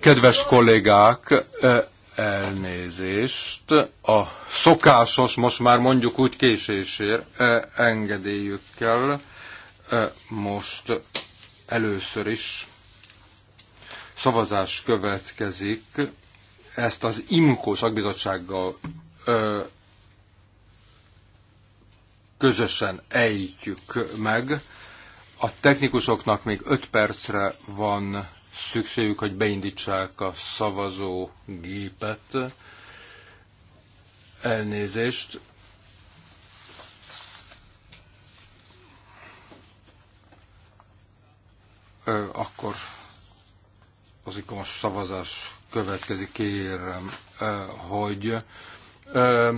Kedves kollégák, e, elnézést a szokásos, most már mondjuk úgy késésért e, engedélyükkel e, most először is szavazás következik. Ezt az IMKO szakbizottsággal közösen ejtjük meg a technikusoknak még 5 percre van szükségük, hogy beindítsák a szavazó gépet. Elnézést. Ö, akkor az ikonos szavazás következik, kérem, ö, hogy ö,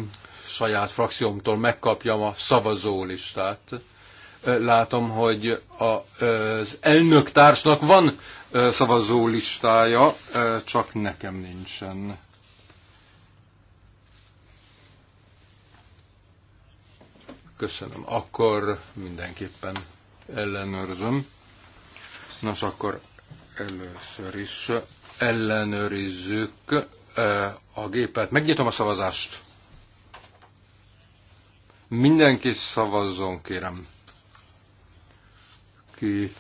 saját frakciómtól megkapjam a szavazólistát. listát. Látom, hogy az elnök társnak van szavazó listája, csak nekem nincsen. Köszönöm. Akkor mindenképpen ellenőrzöm. Nos, akkor először is ellenőrizzük a gépet. Megnyitom a szavazást. Mindenki szavazzon, kérem ki.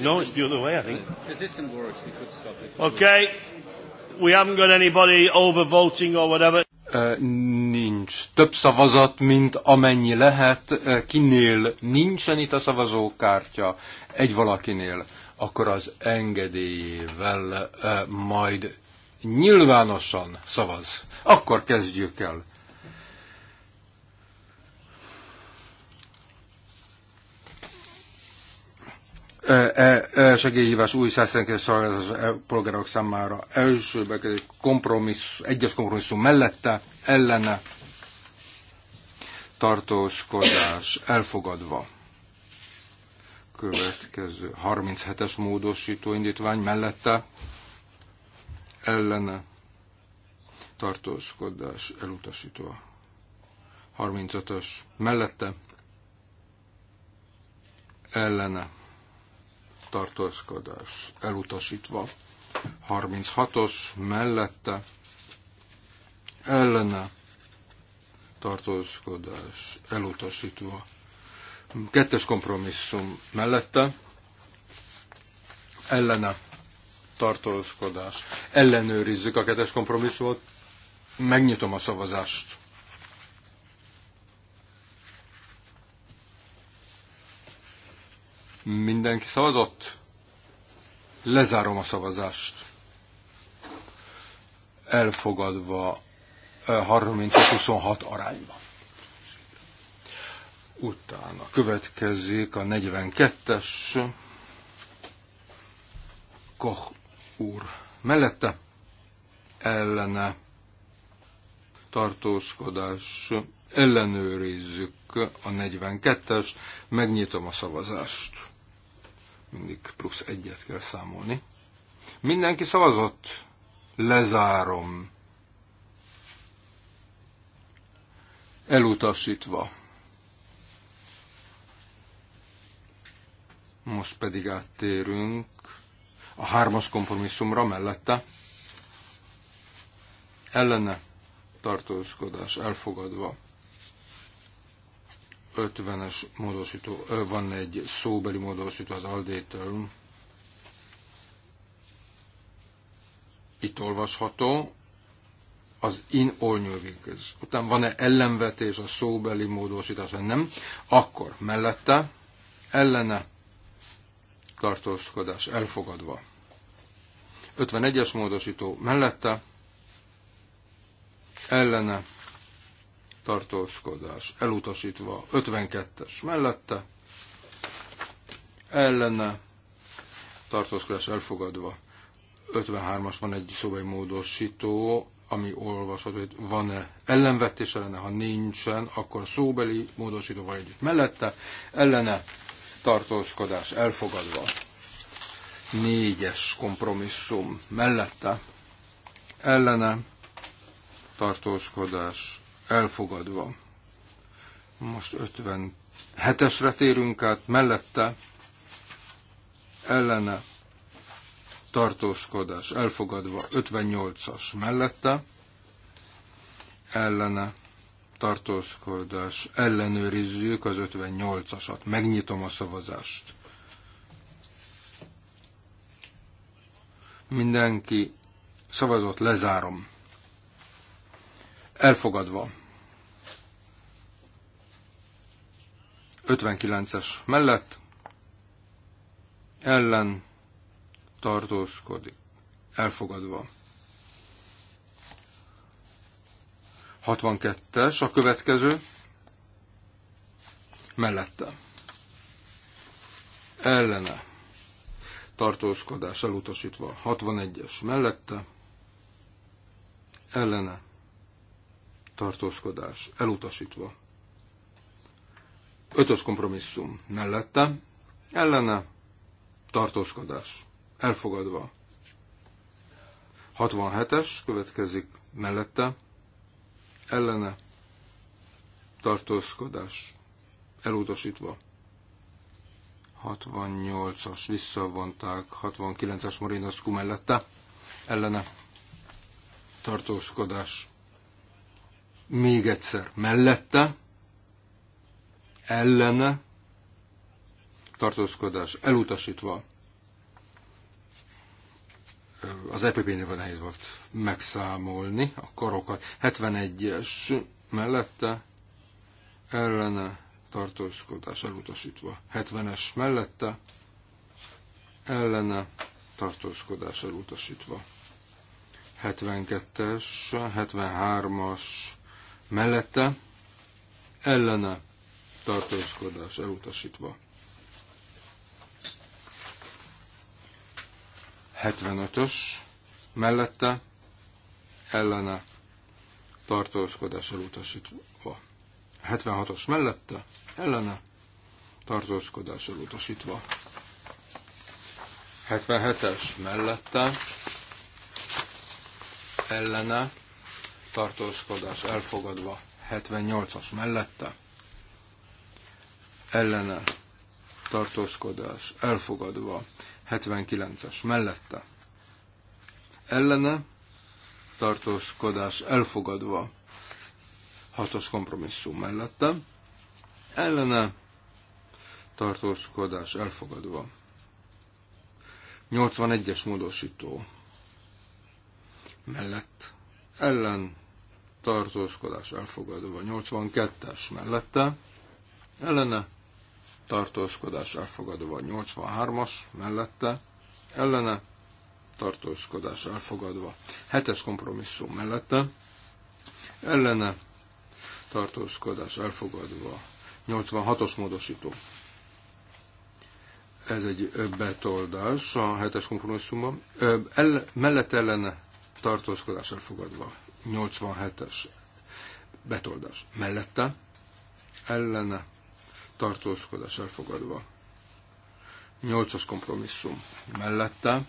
No, it's the other way, I think. If this can work, we could stop it. Okay. We haven't got anybody overvoting or whatever. Nincs több szavazat, mint amennyi lehet. Kinél nincsen itt a szavazókártya? Egy valakinél akkor az engedélyével eh, majd nyilvánosan szavaz. Akkor kezdjük el. E, e, segélyhívás új százszerenkedés szolgáltatás e- polgárok számára első bekezdés kompromissz, egyes kompromisszum mellette, ellene tartózkodás elfogadva. Következő 37-es módosító indítvány mellette ellene tartózkodás elutasítva. 35-ös mellette ellene tartózkodás elutasítva. 36-os mellette ellene tartózkodás elutasítva. Kettes kompromisszum mellette ellene tartózkodás. Ellenőrizzük a kettes kompromisszumot. Megnyitom a szavazást. Mindenki szavazott? Lezárom a szavazást. Elfogadva 30-26 eh, arányban. Utána következik a 42-es Koch úr mellette ellene tartózkodás ellenőrizzük a 42-es, megnyitom a szavazást. Mindig plusz egyet kell számolni. Mindenki szavazott? Lezárom. Elutasítva. Most pedig áttérünk a hármas kompromisszumra mellette. Ellene tartózkodás elfogadva. 50-es módosító, van egy szóbeli módosító az Aldétől. Itt olvasható, az in all new Utána van-e ellenvetés a szóbeli módosítás? Nem. Akkor mellette ellene tartózkodás elfogadva. 51-es módosító mellette ellene tartózkodás elutasítva. 52-es mellette ellene tartózkodás elfogadva. 53-as van egy szobai módosító, ami olvasható, hogy van-e ellenvetés ellene, ha nincsen, akkor szóbeli módosítóval együtt mellette, ellene tartózkodás elfogadva. Négyes kompromisszum mellette ellene tartózkodás elfogadva. Most 57-esre térünk át, mellette ellene tartózkodás elfogadva 58-as mellette, ellene tartózkodás ellenőrizzük az 58-asat. Megnyitom a szavazást. Mindenki szavazott, lezárom. Elfogadva. 59-es mellett ellen tartózkodik. Elfogadva. 62-es a következő mellette. Ellene. Tartózkodás elutasítva. 61-es mellette. Ellene. Tartózkodás elutasítva. Ötös kompromisszum mellette. Ellene. Tartózkodás elfogadva. 67-es következik mellette ellene tartózkodás elutasítva. 68-as visszavonták, 69-as Marinaszku mellette ellene tartózkodás még egyszer mellette ellene tartózkodás elutasítva az EPP-nél van nehéz volt megszámolni a karokat. 71-es mellette ellene tartózkodás elutasítva. 70-es mellette ellene tartózkodás elutasítva. 72-es, 73-as mellette ellene tartózkodás elutasítva. 75-ös mellette ellene tartózkodás elutasítva. 76-os mellette ellene tartózkodás elutasítva. 77-es mellette ellene tartózkodás elfogadva. 78-as mellette ellene tartózkodás elfogadva. 79-es mellette. Ellene tartózkodás elfogadva. 6-os kompromisszum mellette. Ellene tartózkodás elfogadva. 81-es módosító mellett ellen tartózkodás elfogadva 82-es mellette, ellene tartózkodás elfogadva 83-as mellette, ellene tartózkodás elfogadva 7-es kompromisszum mellette, ellene tartózkodás elfogadva 86-os módosító. Ez egy betoldás a 7-es kompromisszumban. El, mellett ellene tartózkodás elfogadva 87-es betoldás. Mellette ellene tartózkodás elfogadva. Nyolcas kompromisszum mellette,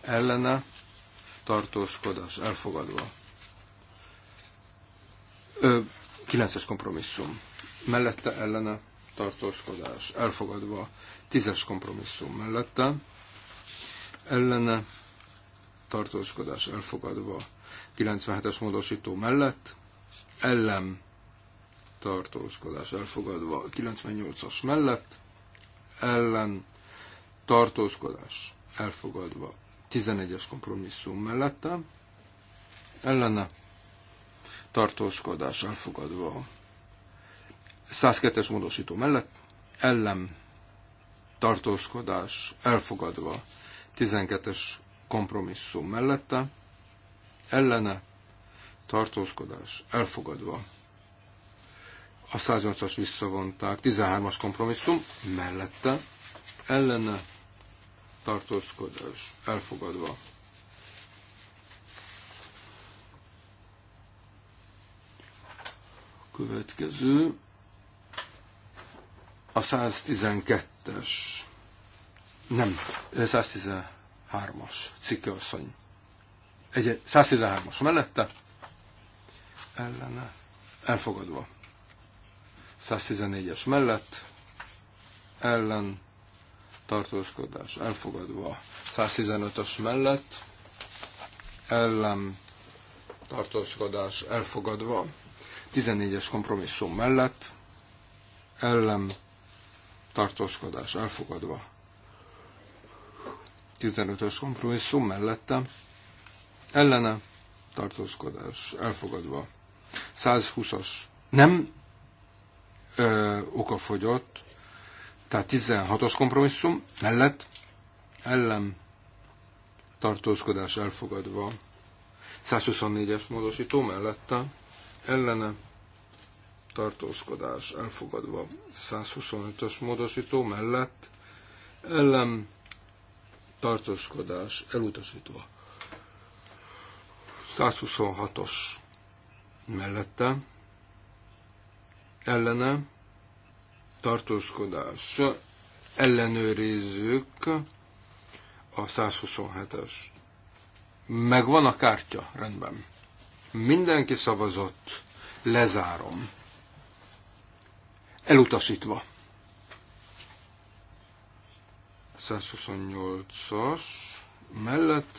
ellene, tartózkodás elfogadva. Ö, kilences kompromisszum mellette, ellene, tartózkodás elfogadva. Tízes kompromisszum mellette, ellene, tartózkodás elfogadva. 97-es módosító mellett, ellen, tartózkodás elfogadva, 98-as mellett, ellen tartózkodás elfogadva, 11-es kompromisszum mellette, ellene tartózkodás elfogadva, 102-es módosító mellett, ellen tartózkodás elfogadva, 12-es kompromisszum mellette, ellene tartózkodás elfogadva. A 108-as visszavonták. 13-as kompromisszum mellette ellene tartózkodás elfogadva. Következő a 112-es, nem, 113-as cikkeasszony. Egy 113-as mellette ellene elfogadva. 114-es mellett ellen tartózkodás elfogadva. 115-ös mellett ellen tartózkodás elfogadva. 14-es kompromisszum mellett ellen tartózkodás elfogadva. 15-ös kompromisszum mellette ellene tartózkodás elfogadva. 120-as nem ö, okafogyott, tehát 16-os kompromisszum mellett ellen tartózkodás elfogadva, 124-es módosító mellette ellene tartózkodás elfogadva, 125-ös módosító mellett ellen tartózkodás elutasítva. 126-os mellette ellene tartózkodás ellenőrizzük a 127-es. Megvan a kártya, rendben. Mindenki szavazott, lezárom. Elutasítva. 128-as mellett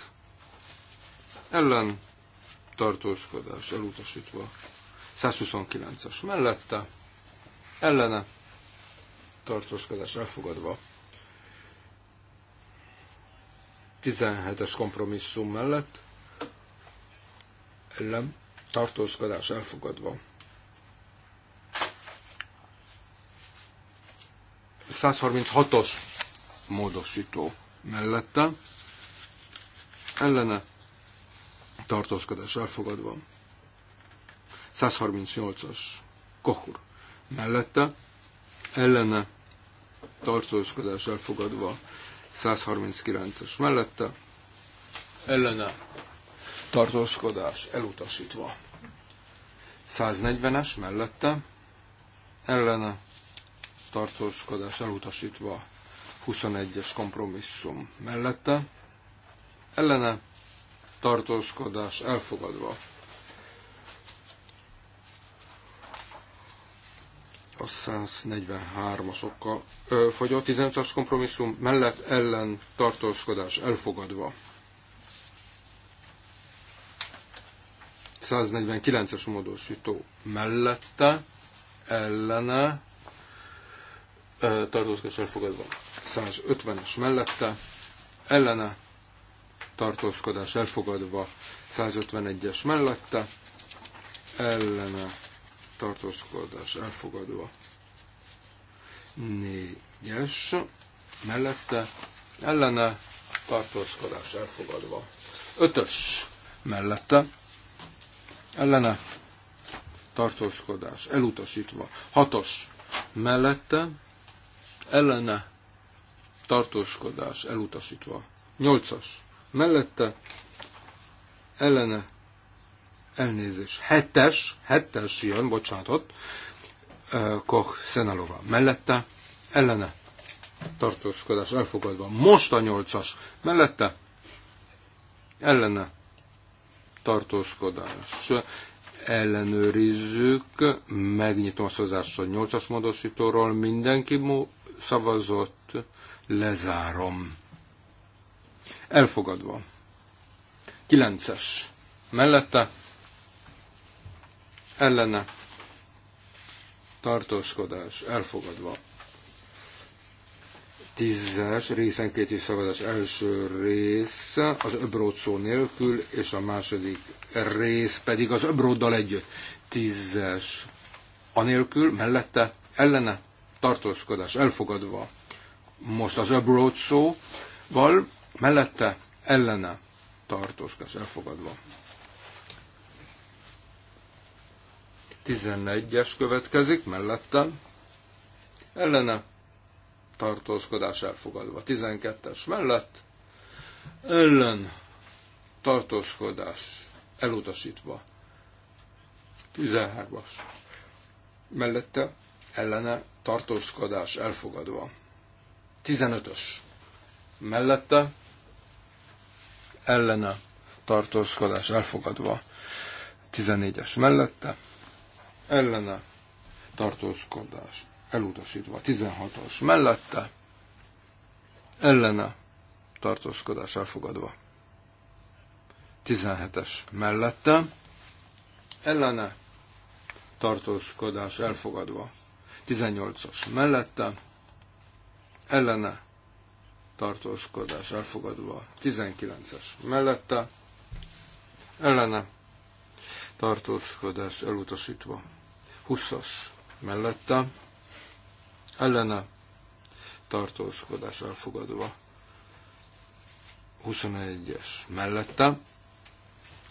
ellen tartózkodás elutasítva. 129-as mellette, ellene, tartózkodás elfogadva. 17-es kompromisszum mellett, ellen, tartózkodás elfogadva. 136-os módosító mellette, ellene tartózkodás elfogadva. 138-as Kohur mellette, ellene tartózkodás elfogadva 139-es mellette, ellene tartózkodás elutasítva 140-es mellette, ellene tartózkodás elutasítva 21-es kompromisszum mellette, ellene tartózkodás elfogadva a 143-asokkal fogyott, 19-as kompromisszum mellett ellen tartózkodás elfogadva. 149-es módosító mellette ellene tartózkodás elfogadva. 150-es mellette ellene tartózkodás elfogadva. 151-es mellette ellene tartózkodás elfogadva. Négyes mellette ellene tartózkodás elfogadva. Ötös mellette ellene tartózkodás elutasítva. Hatos mellette ellene tartózkodás elutasítva. Nyolcas mellette ellene elnézés, hetes, hetes jön, bocsánatot, Koch Szenalova mellette, ellene, tartózkodás elfogadva. Most a nyolcas, mellette, ellene, tartózkodás. Ellenőrizzük, megnyitom a szavazást a nyolcas módosítóról, mindenki szavazott, lezárom. Elfogadva. Kilences. Mellette ellene tartózkodás elfogadva. Tízes részenként is szavazás első rész az öbrót szó nélkül, és a második rész pedig az öbróddal együtt. Tízes anélkül, mellette, ellene tartózkodás elfogadva. Most az öbrót szóval mellette, ellene tartózkodás elfogadva. 11-es következik, mellettem, ellene, tartózkodás elfogadva. 12-es mellett, ellen, tartózkodás elutasítva. 13-as mellette, ellene, tartózkodás elfogadva. 15-ös mellette, ellene, tartózkodás elfogadva. 14-es mellette, ellene tartózkodás elutasítva. 16-os mellette ellene tartózkodás elfogadva. 17-es mellette ellene tartózkodás elfogadva. 18 os mellette ellene tartózkodás elfogadva. 19-es mellette ellene tartózkodás elutasítva. 20-as mellette ellene tartózkodás elfogadva. 21-es mellette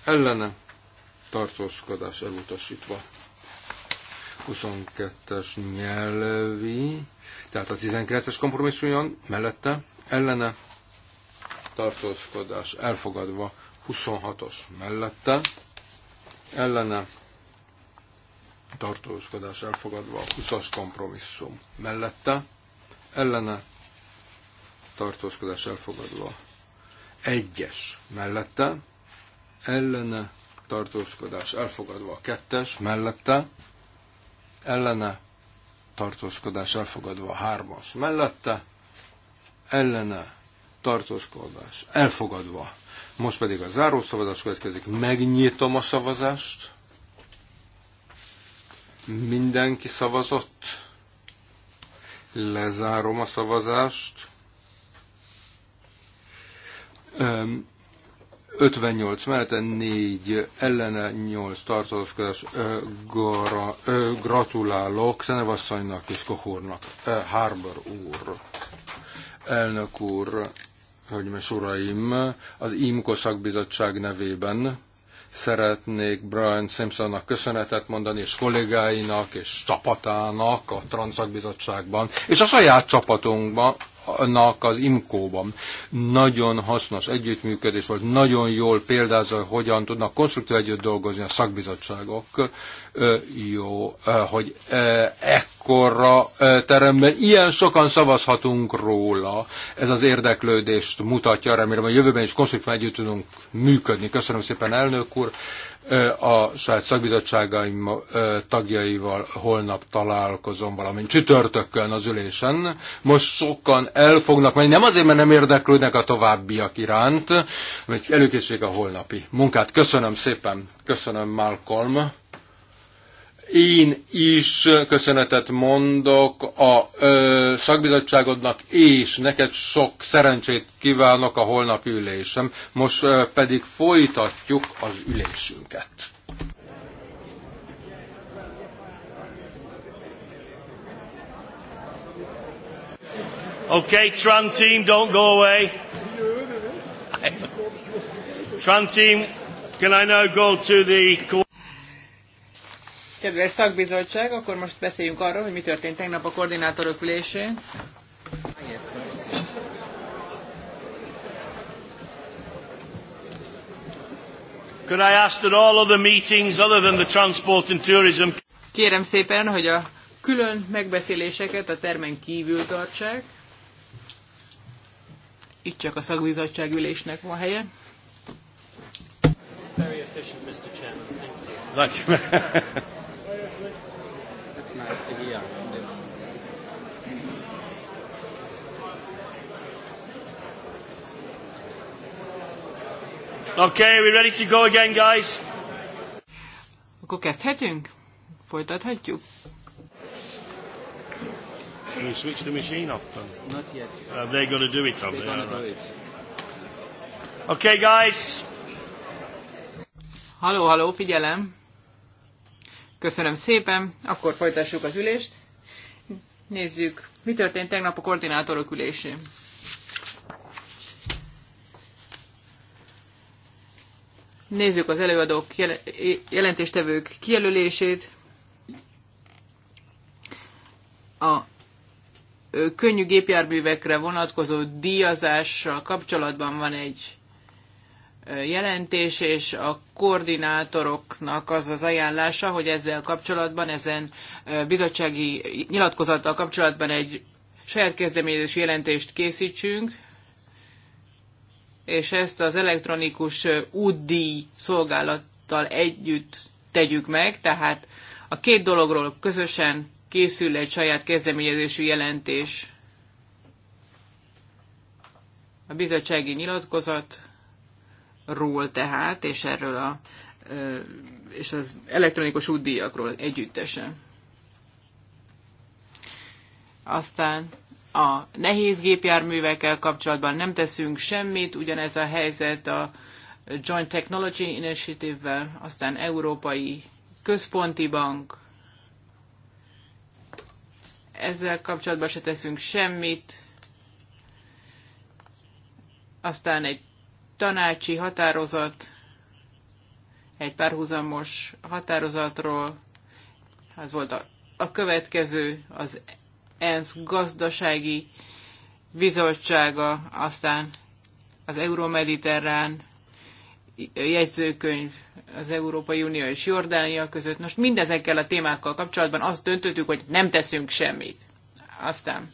ellene tartózkodás elutasítva. 22-es nyelvi, tehát a 19-es kompromisszum mellette ellene tartózkodás elfogadva. 26-os mellette ellene tartózkodás elfogadva a 20-as kompromisszum mellette, ellene tartózkodás elfogadva egyes mellette, ellene tartózkodás elfogadva a kettes mellette, ellene tartózkodás elfogadva a hármas mellette, ellene tartózkodás elfogadva. Most pedig a zárószavazás következik, megnyitom a szavazást, Mindenki szavazott. Lezárom a szavazást. 58 mellette, 4 ellene, 8 tartózkodás. gratulálok Szenevasszonynak és Kohornak. Harbor úr, elnök úr, hölgyeim és uraim, az IMKO szakbizottság nevében Szeretnék Brian Simpsonnak köszönetet mondani, és kollégáinak, és csapatának a Transzakbizottságban, és a saját csapatunkban, annak az imkóban Nagyon hasznos együttműködés volt, nagyon jól példázza, hogy hogyan tudnak konstruktív együtt dolgozni a szakbizottságok. Ö, jó, hogy ekkora teremben ilyen sokan szavazhatunk róla. Ez az érdeklődést mutatja, remélem a jövőben is konstruktív együtt tudunk működni. Köszönöm szépen, elnök úr a saját szakbizottságaim tagjaival holnap találkozom, valamint csütörtökön az ülésen. Most sokan el fognak menni, nem azért, mert nem érdeklődnek a továbbiak iránt, mert előkészség a holnapi munkát. Köszönöm szépen, köszönöm Malcolm. Én is köszönetet mondok a ö, szakbizottságodnak, és neked sok szerencsét kívánok a holnap ülésem. Most ö, pedig folytatjuk az ülésünket. Okay, Tran team, don't go away. Tran team, can I now go to the... Kedves szakbizottság, akkor most beszéljünk arról, hogy mi történt tegnap a koordinátorok ülésén. Could I ask that all other meetings other than the transport and tourism... Kérem szépen, hogy a külön megbeszéléseket a termen kívül tartsák. Itt csak a szakbizottság ülésnek van helye. Very efficient, Mr. Chairman. Thank you. Thank you. Okay, we ready to go again, guys? Akkor kezdhetünk? Folytathatjuk? Can you switch the machine off then? Not yet. Uh, they're going to do it, aren't they? They're going to do it. Okay, guys. Halló, halló, figyelem. Köszönöm szépen. Akkor folytassuk az ülést. Nézzük, mi történt tegnap a koordinátorok ülésén. Nézzük az előadók jelentéstevők kijelölését. A könnyű gépjárművekre vonatkozó díjazással kapcsolatban van egy jelentés, és a koordinátoroknak az az ajánlása, hogy ezzel kapcsolatban, ezen bizottsági nyilatkozattal kapcsolatban egy saját kezdeményezési jelentést készítsünk és ezt az elektronikus útdíj szolgálattal együtt tegyük meg, tehát a két dologról közösen készül egy saját kezdeményezésű jelentés. A bizottsági nyilatkozatról tehát, és erről a és az elektronikus útdíjakról együttesen. Aztán a nehéz gépjárművekkel kapcsolatban nem teszünk semmit, ugyanez a helyzet a Joint Technology Initiative-vel, aztán Európai Központi Bank, ezzel kapcsolatban se teszünk semmit, aztán egy tanácsi határozat, egy párhuzamos határozatról, az volt a, a következő, az ENSZ gazdasági bizottsága, aztán az Euromediterrán jegyzőkönyv az Európai Unió és Jordánia között. Most mindezekkel a témákkal kapcsolatban azt döntöttük, hogy nem teszünk semmit. Aztán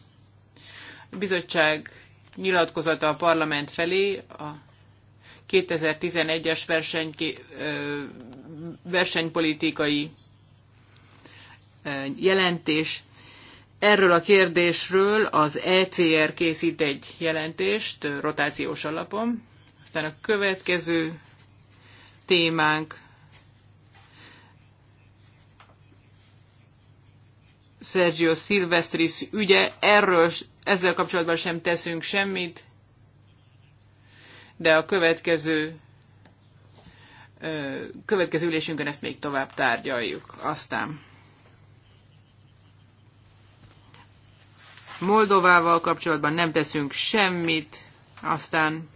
a bizottság nyilatkozata a parlament felé a 2011-es verseny, versenypolitikai jelentés Erről a kérdésről az ECR készít egy jelentést rotációs alapon. Aztán a következő témánk Sergio Silvestris ügye. Erről ezzel kapcsolatban sem teszünk semmit, de a következő következő ülésünkön ezt még tovább tárgyaljuk. Aztán Moldovával kapcsolatban nem teszünk semmit, aztán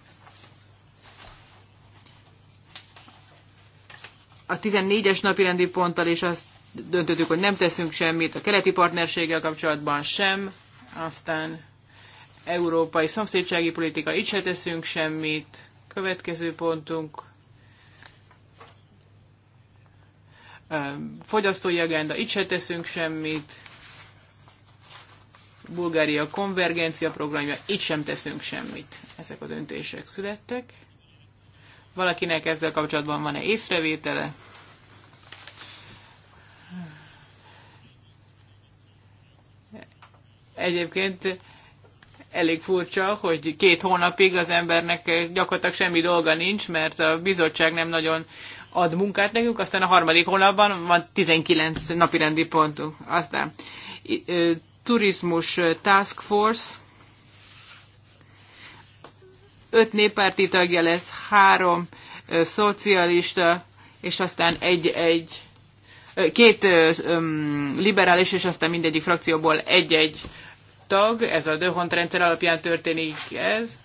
a 14-es napi rendi ponttal is azt döntöttük, hogy nem teszünk semmit, a keleti partnerséggel kapcsolatban sem, aztán európai szomszédsági politika, itt se teszünk semmit, következő pontunk, fogyasztói agenda, itt se teszünk semmit, Bulgária konvergencia programja, itt sem teszünk semmit. Ezek a döntések születtek. Valakinek ezzel kapcsolatban van-e észrevétele? Egyébként elég furcsa, hogy két hónapig az embernek gyakorlatilag semmi dolga nincs, mert a bizottság nem nagyon ad munkát nekünk, aztán a harmadik hónapban van 19 rendi pontunk. Aztán turizmus task force, öt néppárti tagja lesz, három szocialista, és aztán egy-egy, két liberális, és aztán mindegyik frakcióból egy-egy tag, ez a Döhont rendszer alapján történik ez,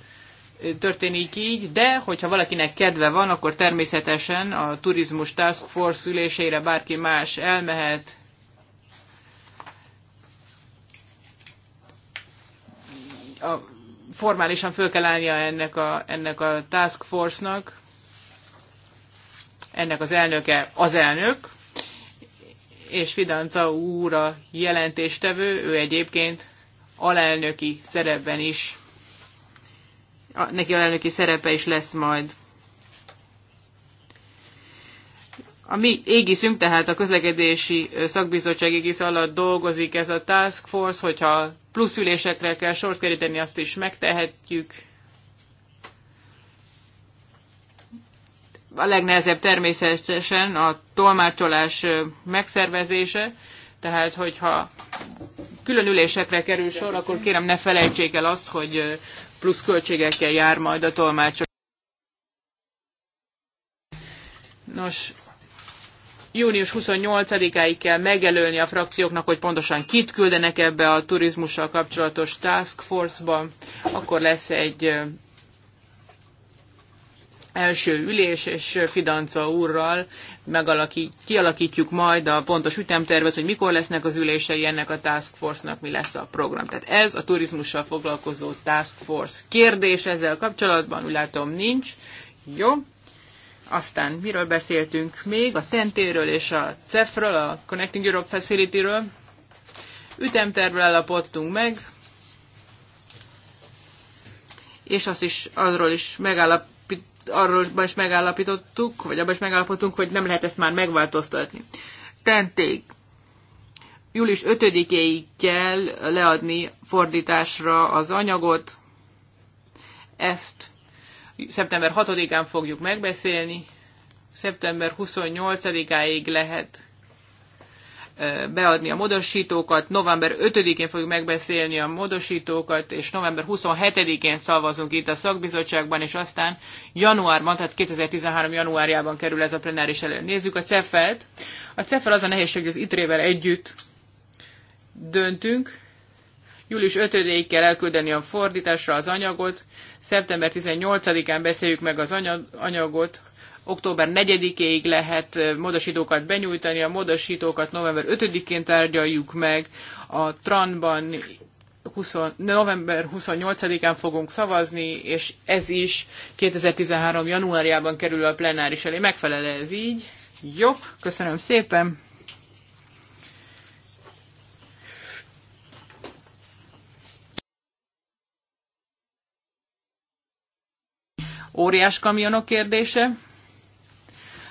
történik így, de hogyha valakinek kedve van, akkor természetesen a turizmus task force ülésére bárki más elmehet, a, formálisan föl kell állnia ennek a, ennek a task force-nak, ennek az elnöke az elnök, és Fidanca úr a jelentéstevő, ő egyébként alelnöki szerepben is, neki alelnöki szerepe is lesz majd. A mi égiszünk, tehát a közlekedési szakbizottság égisz alatt dolgozik ez a task force, hogyha plusz ülésekre kell sort keríteni, azt is megtehetjük. A legnehezebb természetesen a tolmácsolás megszervezése, tehát hogyha külön ülésekre kerül sor, akkor kérem ne felejtsék el azt, hogy plusz költségekkel jár majd a tolmácsolás. Nos, június 28-áig kell megelőlni a frakcióknak, hogy pontosan kit küldenek ebbe a turizmussal kapcsolatos task force-ba. Akkor lesz egy első ülés, és Fidanca úrral megalakít, kialakítjuk majd a pontos ütemtervet, hogy mikor lesznek az ülései ennek a task force-nak, mi lesz a program. Tehát ez a turizmussal foglalkozó task force kérdés ezzel kapcsolatban, úgy látom nincs. Jó, aztán miről beszéltünk még? A tentéről és a CEF-ről, a Connecting Europe Facility-ről. Ütemtervről állapodtunk meg, és azt is, arról is megállapít, arról is megállapítottuk, vagy abban is megállapodtunk, hogy nem lehet ezt már megváltoztatni. Tenték. Július 5-éig kell leadni fordításra az anyagot, ezt szeptember 6-án fogjuk megbeszélni, szeptember 28-áig lehet beadni a módosítókat, november 5-én fogjuk megbeszélni a módosítókat, és november 27-én szavazunk itt a szakbizottságban, és aztán januárban, tehát 2013. januárjában kerül ez a plenáris elő. Nézzük a CEFEL-t. A CEFEL az a nehézség, hogy az ITRE-vel együtt döntünk. Július 5-ig kell elküldeni a fordításra az anyagot, Szeptember 18-án beszéljük meg az anyagot, október 4-éig lehet módosítókat benyújtani, a módosítókat november 5-én tárgyaljuk meg, a Tranban 20, november 28-án fogunk szavazni, és ez is 2013. januárjában kerül a plenáris elé. Megfelel ez így? Jó, köszönöm szépen! óriás kamionok kérdése.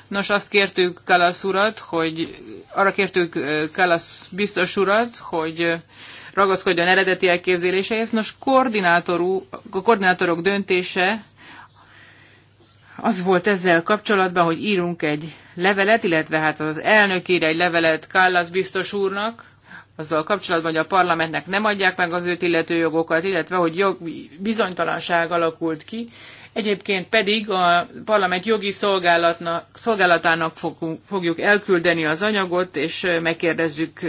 Nos, azt kértük Kalasz urat, hogy arra kértük Kalasz biztos urat, hogy ragaszkodjon eredeti elképzeléséhez. Nos, a koordinátorok döntése az volt ezzel kapcsolatban, hogy írunk egy levelet, illetve hát az elnök ír egy levelet Kallasz biztos úrnak, azzal kapcsolatban, hogy a parlamentnek nem adják meg az őt illető jogokat, illetve hogy jog bizonytalanság alakult ki, Egyébként pedig a parlament jogi szolgálatnak, szolgálatának fogunk, fogjuk elküldeni az anyagot, és megkérdezzük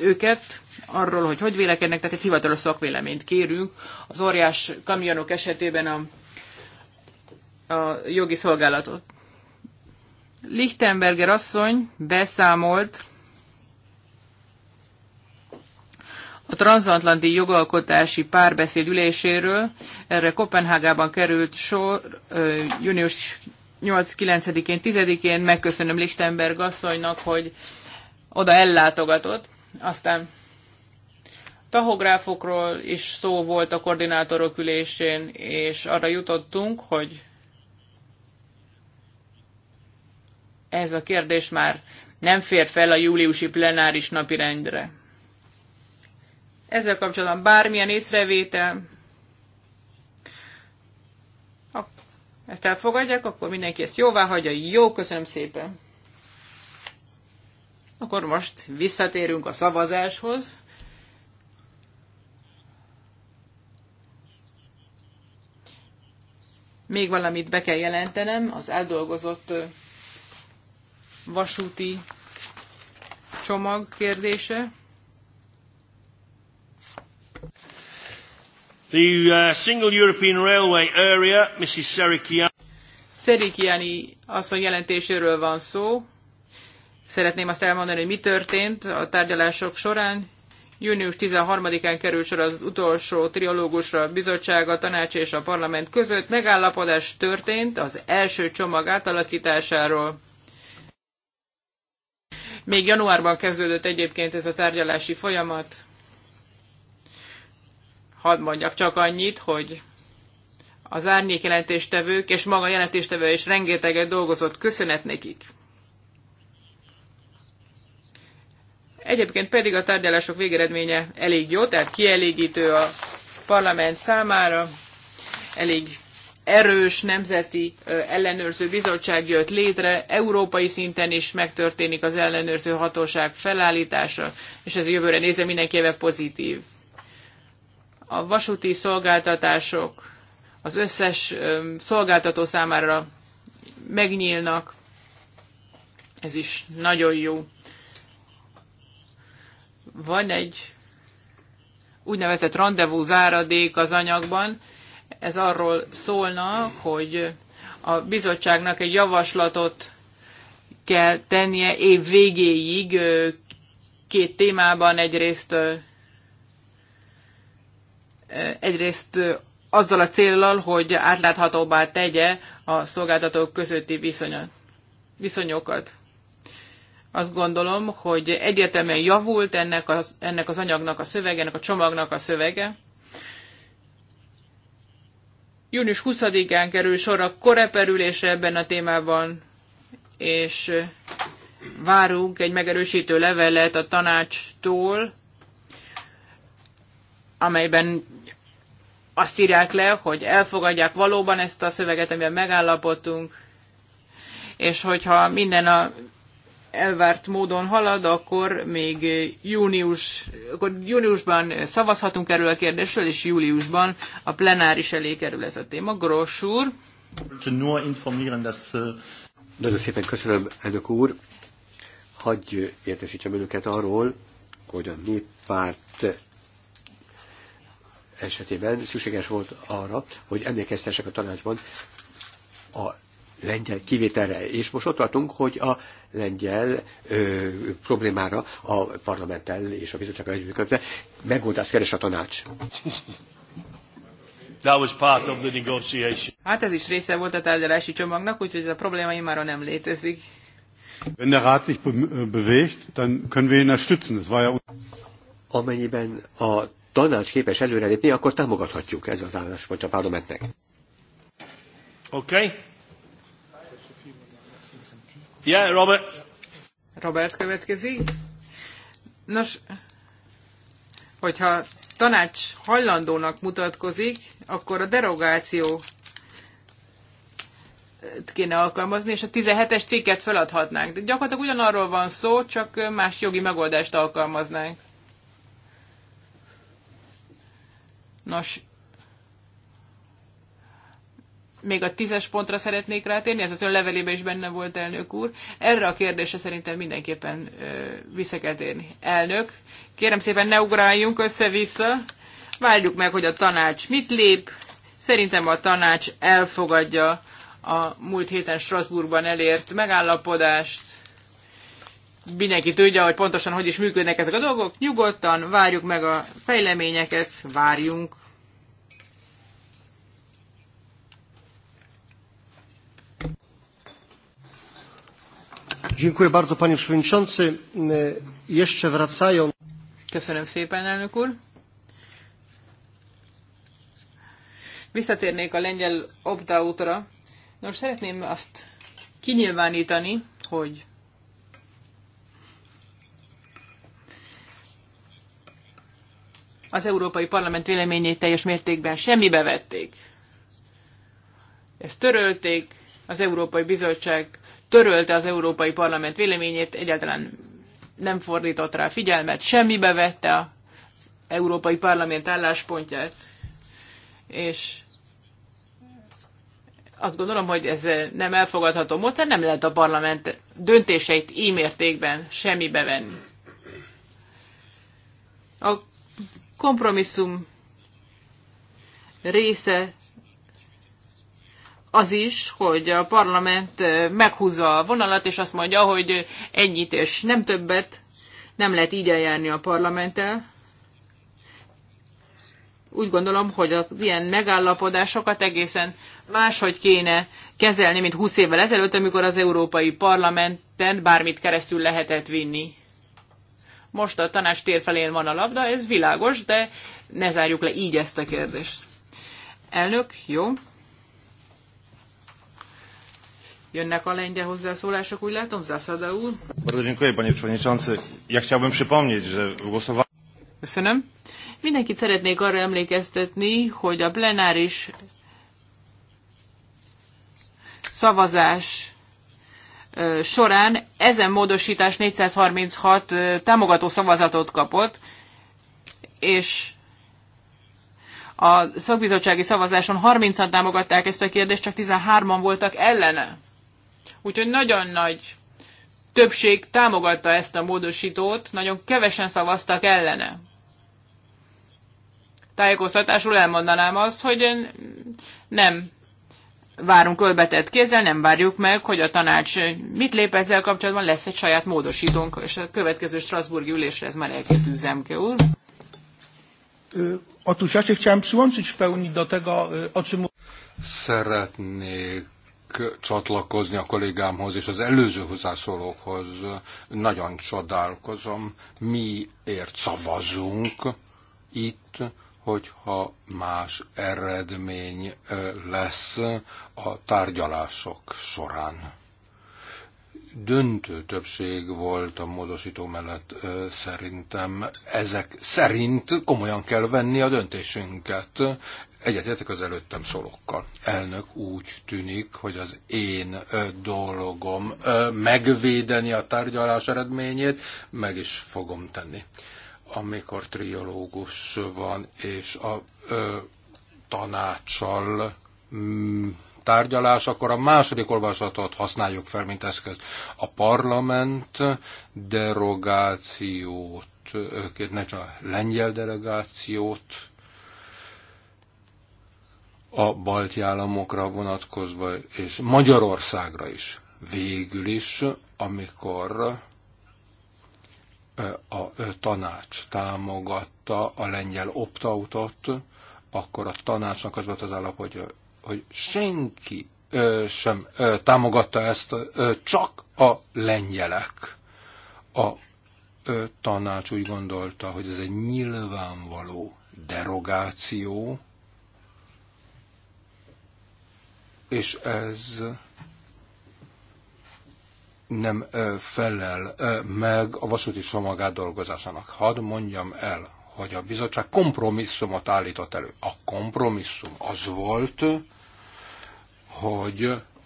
őket arról, hogy hogy vélekednek, tehát egy hivatalos szakvéleményt kérünk. Az óriás kamionok esetében a, a jogi szolgálatot. Lichtenberger asszony beszámolt a transatlanti jogalkotási párbeszéd üléséről. Erre Kopenhágában került sor június 8-9-én, 10-én. Megköszönöm Lichtenberg asszonynak, hogy oda ellátogatott. Aztán tahográfokról is szó volt a koordinátorok ülésén, és arra jutottunk, hogy ez a kérdés már nem fér fel a júliusi plenáris napirendre ezzel kapcsolatban bármilyen észrevétel, ha ezt elfogadják, akkor mindenki ezt jóvá hagyja. Jó, köszönöm szépen. Akkor most visszatérünk a szavazáshoz. Még valamit be kell jelentenem, az eldolgozott vasúti csomag kérdése. The uh, Single European Railway Area, Mrs. Serikiani. Serikiani asszony jelentéséről van szó. Szeretném azt elmondani, hogy mi történt a tárgyalások során. Június 13-án került sor az utolsó triológusra a bizottság, a tanács és a parlament között. Megállapodás történt az első csomag átalakításáról. Még januárban kezdődött egyébként ez a tárgyalási folyamat hadd mondjak csak annyit, hogy az árnyék jelentéstevők és maga jelentéstevő is rengeteget dolgozott. Köszönet nekik! Egyébként pedig a tárgyalások végeredménye elég jó, tehát kielégítő a parlament számára, elég erős nemzeti ellenőrző bizottság jött létre, európai szinten is megtörténik az ellenőrző hatóság felállítása, és ez jövőre nézve mindenképpen pozitív a vasúti szolgáltatások az összes szolgáltató számára megnyílnak. Ez is nagyon jó. Van egy úgynevezett rendezvú záradék az anyagban. Ez arról szólna, hogy a bizottságnak egy javaslatot kell tennie év végéig két témában, egyrészt egyrészt azzal a célral, hogy átláthatóbbá tegye a szolgáltatók közötti viszonyat, viszonyokat. Azt gondolom, hogy egyértelműen javult ennek az, ennek az anyagnak a szövege, ennek a csomagnak a szövege. Június 20-án kerül sor a koreperülésre ebben a témában, és várunk egy megerősítő levelet a tanácstól, amelyben azt írják le, hogy elfogadják valóban ezt a szöveget, amiben megállapodtunk, és hogyha minden a elvárt módon halad, akkor még június, akkor júniusban szavazhatunk erről a kérdésről, és júliusban a plenáris elé kerül ez a téma. Gross úr. Äh, Nagyon szépen köszönöm, elnök úr. Hagy értesítsem önöket arról, hogy a néppárt esetében szükséges volt arra, hogy emlékeztessek a tanácsban a lengyel kivételre. És most ott tartunk, hogy a lengyel ö, problémára a parlamenttel és a bizottsággal együttműködve megoldást keres a tanács. That was part of the negotiation. Hát ez is része volt a tárgyalási csomagnak, úgyhogy ez a probléma már nem létezik. Wenn der Rat sich äh, bewegt, dann können wir ihn unterstützen. Das war ja Amennyiben a tanács képes előrelépni, akkor támogathatjuk ez az álláspontja a parlamentnek. Oké. Okay. Yeah, Robert. Robert következik. Nos, hogyha tanács hajlandónak mutatkozik, akkor a derogáció kéne alkalmazni, és a 17-es cikket feladhatnánk. De gyakorlatilag ugyanarról van szó, csak más jogi megoldást alkalmaznánk. Nos, még a tízes pontra szeretnék rátérni, ez az ön levelében is benne volt, elnök úr. Erre a kérdésre szerintem mindenképpen ö, vissza kell térni. Elnök, kérem szépen ne ugráljunk össze-vissza, várjuk meg, hogy a tanács mit lép. Szerintem a tanács elfogadja a múlt héten Strasbourgban elért megállapodást, mindenki tudja, hogy pontosan hogy is működnek ezek a dolgok. Nyugodtan várjuk meg a fejleményeket, várjunk. Dziękuję bardzo, panie przewodniczący. Jeszcze wracają. Köszönöm szépen, elnök úr. Visszatérnék a lengyel opt Nos, szeretném azt kinyilvánítani, hogy az Európai Parlament véleményét teljes mértékben semmibe vették. Ezt törölték, az Európai Bizottság törölte az Európai Parlament véleményét, egyáltalán nem fordított rá figyelmet, semmibe vette az Európai Parlament álláspontját, és azt gondolom, hogy ez nem elfogadható módszer, nem lehet a parlament döntéseit ímértékben semmibe venni. A kompromisszum része az is, hogy a parlament meghúzza a vonalat, és azt mondja, hogy ennyit és nem többet, nem lehet így eljárni a parlamenttel. Úgy gondolom, hogy az ilyen megállapodásokat egészen máshogy kéne kezelni, mint 20 évvel ezelőtt, amikor az Európai Parlamenten bármit keresztül lehetett vinni. Most a tanács tér felén van a labda, ez világos, de ne zárjuk le így ezt a kérdést. Elnök, jó. Jönnek a lengyel hozzászólások, úgy látom, Zászada úr. Ja Köszönöm. Mindenkit szeretnék arra emlékeztetni, hogy a plenáris szavazás során ezen módosítás 436 támogató szavazatot kapott, és a szakbizottsági szavazáson 30-an támogatták ezt a kérdést, csak 13-an voltak ellene. Úgyhogy nagyon nagy többség támogatta ezt a módosítót, nagyon kevesen szavaztak ellene. Tájékoztatásul elmondanám azt, hogy nem várunk ölbetett kézzel, nem várjuk meg, hogy a tanács mit lép ezzel kapcsolatban, lesz egy saját módosítónk, és a következő Strasburgi ülésre ez már elkészül Zemke úr. Szeretnék csatlakozni a kollégámhoz és az előző hozzászólókhoz. Nagyon csodálkozom, miért szavazunk itt hogyha más eredmény lesz a tárgyalások során. Döntő többség volt a módosító mellett szerintem. Ezek szerint komolyan kell venni a döntésünket. Egyetértek az előttem szólókkal. Elnök úgy tűnik, hogy az én dolgom megvédeni a tárgyalás eredményét, meg is fogom tenni amikor triológus van, és a ö, tanácsal mm, tárgyalás, akkor a második olvasatot használjuk fel, mint eszköz. A parlament derogációt, ne csak a lengyel delegációt, a balti államokra vonatkozva, és Magyarországra is végül is, amikor a tanács támogatta a lengyel optautot, akkor a tanácsnak az volt az állap, hogy, hogy senki sem támogatta ezt, csak a lengyelek. A tanács úgy gondolta, hogy ez egy nyilvánvaló derogáció, és ez nem felel meg a vasúti csomagát dolgozásának. Hadd mondjam el, hogy a bizottság kompromisszumot állított elő. A kompromisszum az volt, hogy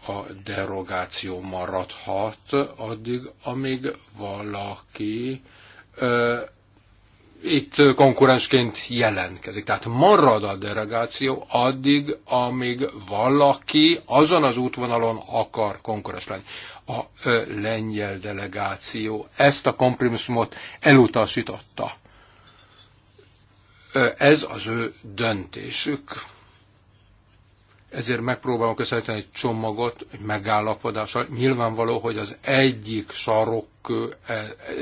a derogáció maradhat addig, amíg valaki ö, itt konkurensként jelentkezik. Tehát marad a delegáció addig, amíg valaki azon az útvonalon akar konkurens lenni a lengyel delegáció ezt a kompromisszumot elutasította. Ez az ő döntésük. Ezért megpróbálom köszönhetően egy csomagot, egy megállapodással. Nyilvánvaló, hogy az egyik sarok,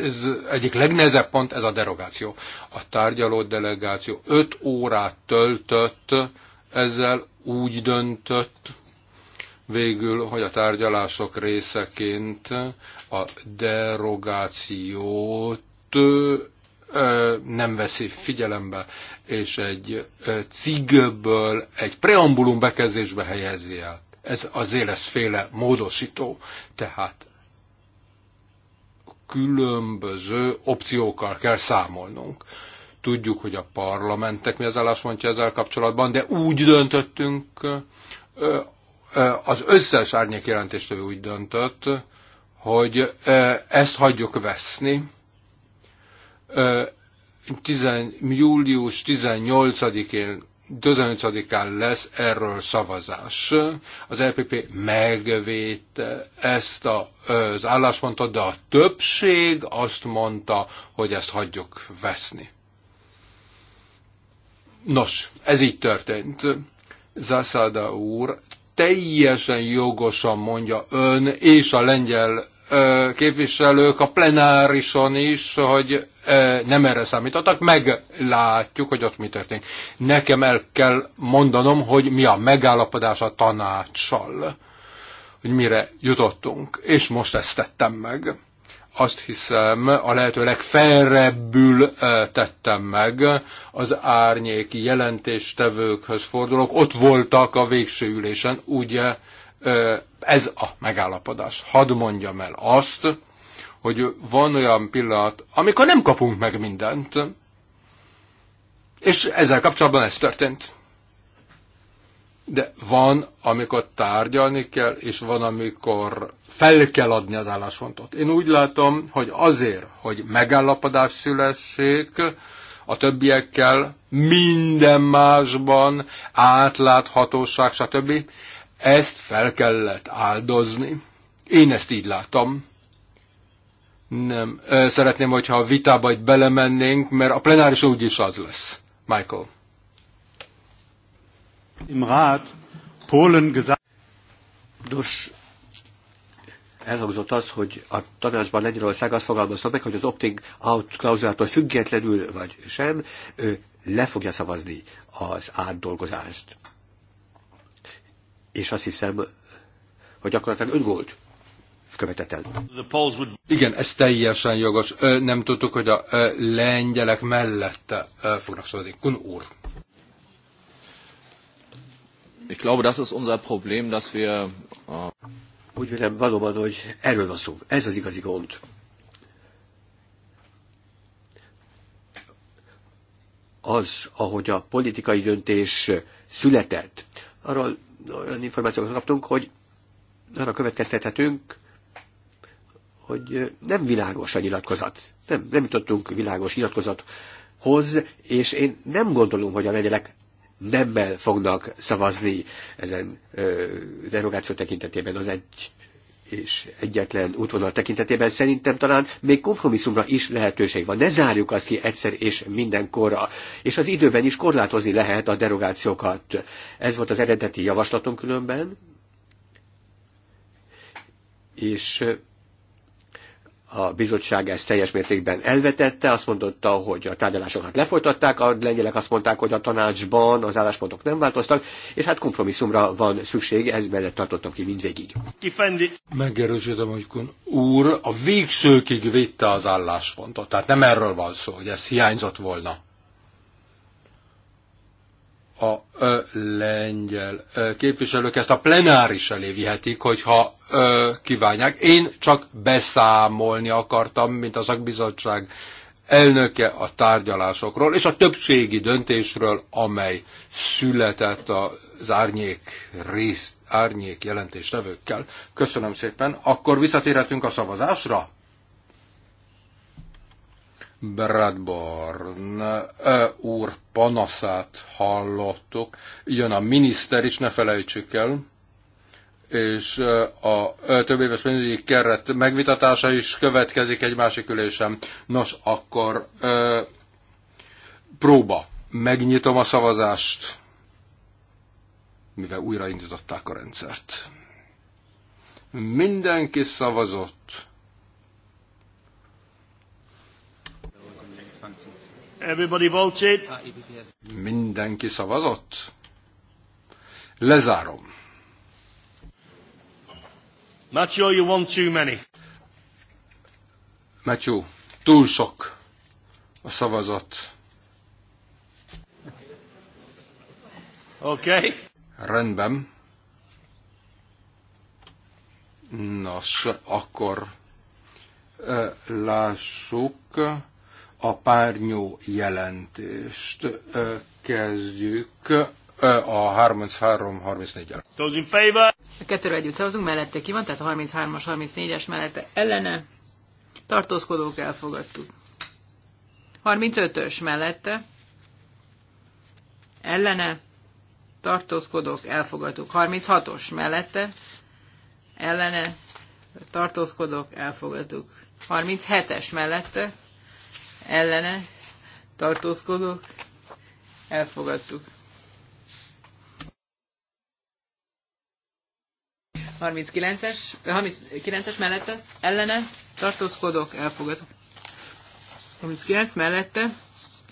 ez egyik legnehezebb pont ez a derogáció. A tárgyaló delegáció öt órát töltött, ezzel úgy döntött, Végül, hogy a tárgyalások részeként a derogációt nem veszi figyelembe, és egy cigből egy preambulum bekezdésbe helyezi el. Ez az éleszféle módosító. Tehát különböző opciókkal kell számolnunk. Tudjuk, hogy a parlamentek mi az álláspontja ezzel kapcsolatban, de úgy döntöttünk az összes árnyék jelentéstől úgy döntött, hogy ezt hagyjuk veszni. július 18-én 15-án lesz erről szavazás. Az LPP megvédte ezt a, az álláspontot, de a többség azt mondta, hogy ezt hagyjuk veszni. Nos, ez így történt. Zászáda úr teljesen jogosan mondja ön és a lengyel képviselők a plenárison is, hogy nem erre számítottak, meglátjuk, hogy ott mi történik. Nekem el kell mondanom, hogy mi a megállapodás a tanácssal, hogy mire jutottunk, és most ezt tettem meg azt hiszem a lehető legfelrebbül tettem meg, az árnyéki jelentéstevőkhöz fordulok, ott voltak a végső ülésen, ugye ez a megállapodás. Hadd mondjam el azt, hogy van olyan pillanat, amikor nem kapunk meg mindent, és ezzel kapcsolatban ez történt. De van, amikor tárgyalni kell, és van, amikor fel kell adni az álláspontot. Én úgy látom, hogy azért, hogy megállapodás szülessék, a többiekkel, minden másban, átláthatóság, stb. Ezt fel kellett áldozni. Én ezt így látom. Nem. Szeretném, hogyha a vitába itt belemennénk, mert a plenáris úgyis az lesz. Michael im Rat Polen gesagt. Nos, elhangzott az, hogy a tanácsban Lengyelország azt fogalmazta meg, hogy az opting out klauzulától függetlenül vagy sem, ő le fogja szavazni az átdolgozást. És azt hiszem, hogy gyakorlatilag öngolt követett el. Igen, ez teljesen jogos. Nem tudtuk, hogy a lengyelek mellette fognak szólni. Kun úr ich glaube, das ist unser Problem, dass wir... Uh... Úgy vélem valóban, hogy erről van szó. Ez az igazi gond. Az, ahogy a politikai döntés született, arról olyan információkat kaptunk, hogy arra következtethetünk, hogy nem világos a nyilatkozat. Nem, nem jutottunk világos nyilatkozathoz, és én nem gondolom, hogy a lengyelek nemmel fognak szavazni ezen derogáció tekintetében az egy és egyetlen útvonal tekintetében szerintem talán még kompromisszumra is lehetőség van. Ne zárjuk azt ki egyszer és mindenkorra. És az időben is korlátozni lehet a derogációkat. Ez volt az eredeti javaslatom különben. És a bizottság ezt teljes mértékben elvetette, azt mondotta, hogy a tárgyalásokat lefolytatták, a lengyelek azt mondták, hogy a tanácsban az álláspontok nem változtak, és hát kompromisszumra van szükség, ez mellett tartottam ki mindvégig. Kifendi. Megerősítem, hogy Kun úr a végsőkig vitte az álláspontot, tehát nem erről van szó, hogy ez hiányzott volna a lengyel képviselők ezt a plenáris elé vihetik, hogyha kívánják. Én csak beszámolni akartam, mint a szakbizottság elnöke a tárgyalásokról és a többségi döntésről, amely született az árnyék részt, árnyék jelentéstevőkkel. Köszönöm szépen. Akkor visszatérhetünk a szavazásra? Bradborn úr panaszát hallottuk. Jön a miniszter is, ne felejtsük el és a több éves pénzügyi keret megvitatása is következik egy másik ülésen. Nos, akkor ö, próba. Megnyitom a szavazást, mivel újraindították a rendszert. Mindenki szavazott. Everybody voted. Mindenki szavazott? Lezárom. Macho, you want too many. Macho, túl sok a szavazat. Oké. Okay. Rendben. Nos, akkor lássuk a párnyó jelentést kezdjük a 33-34-el. Those in favor? A kettőről együtt szavazunk, mellette ki van, tehát a 33-as, 34-es mellette ellene. Tartózkodók elfogadtuk. 35-ös mellette. Ellene. Tartózkodók elfogadtuk. 36-os mellette. Ellene. Tartózkodók elfogadtuk. 37-es mellette ellene tartózkodók elfogadtuk. 39-es, 39-es mellette ellene tartózkodók elfogadtuk. 39 mellette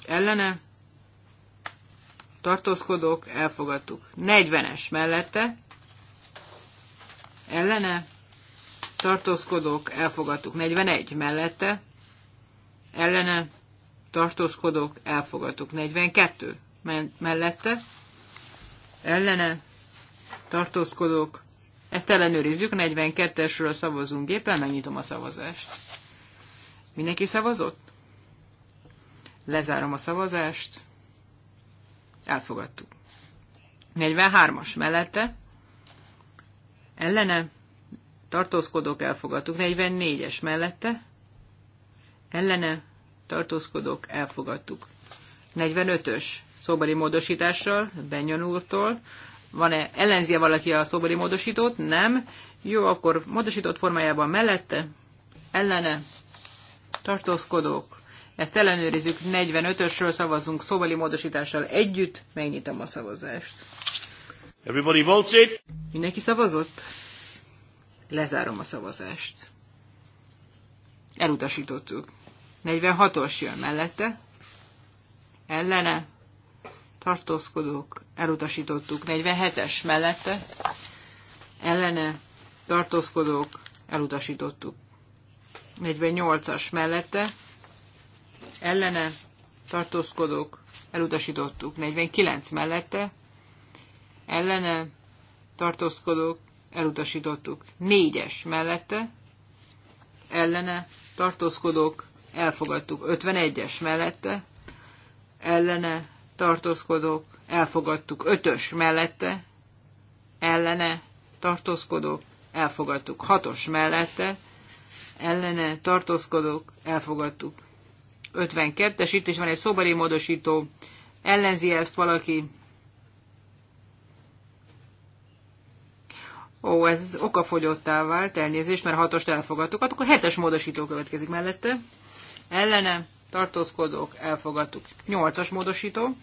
ellene tartózkodók elfogadtuk. 40-es mellette ellene tartózkodók elfogadtuk. 41 mellette ellene tartózkodok, elfogadok. 42 mellette ellene tartózkodok, Ezt ellenőrizzük, 42-esről szavazunk géppel, megnyitom a szavazást. Mindenki szavazott? Lezárom a szavazást. Elfogadtuk. 43-as mellette ellene tartózkodok, elfogadtuk. 44-es mellette ellene tartózkodók elfogadtuk. 45-ös szóbeli módosítással, Benyon úrtól. Van-e, ellenzi -e valaki a szóbeli módosítót? Nem. Jó, akkor módosított formájában mellette, ellene, tartózkodók. Ezt ellenőrizzük, 45-ösről szavazunk szóbeli módosítással együtt. Megnyitom a szavazást. Everybody votes it. Mindenki szavazott? Lezárom a szavazást. Elutasítottuk. 46-os jön mellette, ellene, tartózkodók, elutasítottuk. 47-es mellette, ellene, tartózkodók, elutasítottuk. 48-as mellette, ellene, tartózkodók, elutasítottuk. 49 mellette, ellene, tartózkodók, elutasítottuk. 4-es mellette, ellene, tartózkodók, elfogadtuk. 51-es mellette, ellene tartózkodok, elfogadtuk. 5-ös mellette, ellene tartózkodok, elfogadtuk. 6-os mellette, ellene tartózkodok, elfogadtuk. 52-es, itt is van egy szobari módosító, ellenzi ezt valaki, Ó, ez okafogyottá vált, elnézést, mert hatost elfogadtuk, hát akkor hetes módosító következik mellette ellene tartózkodók elfogadtuk. 8-as módosító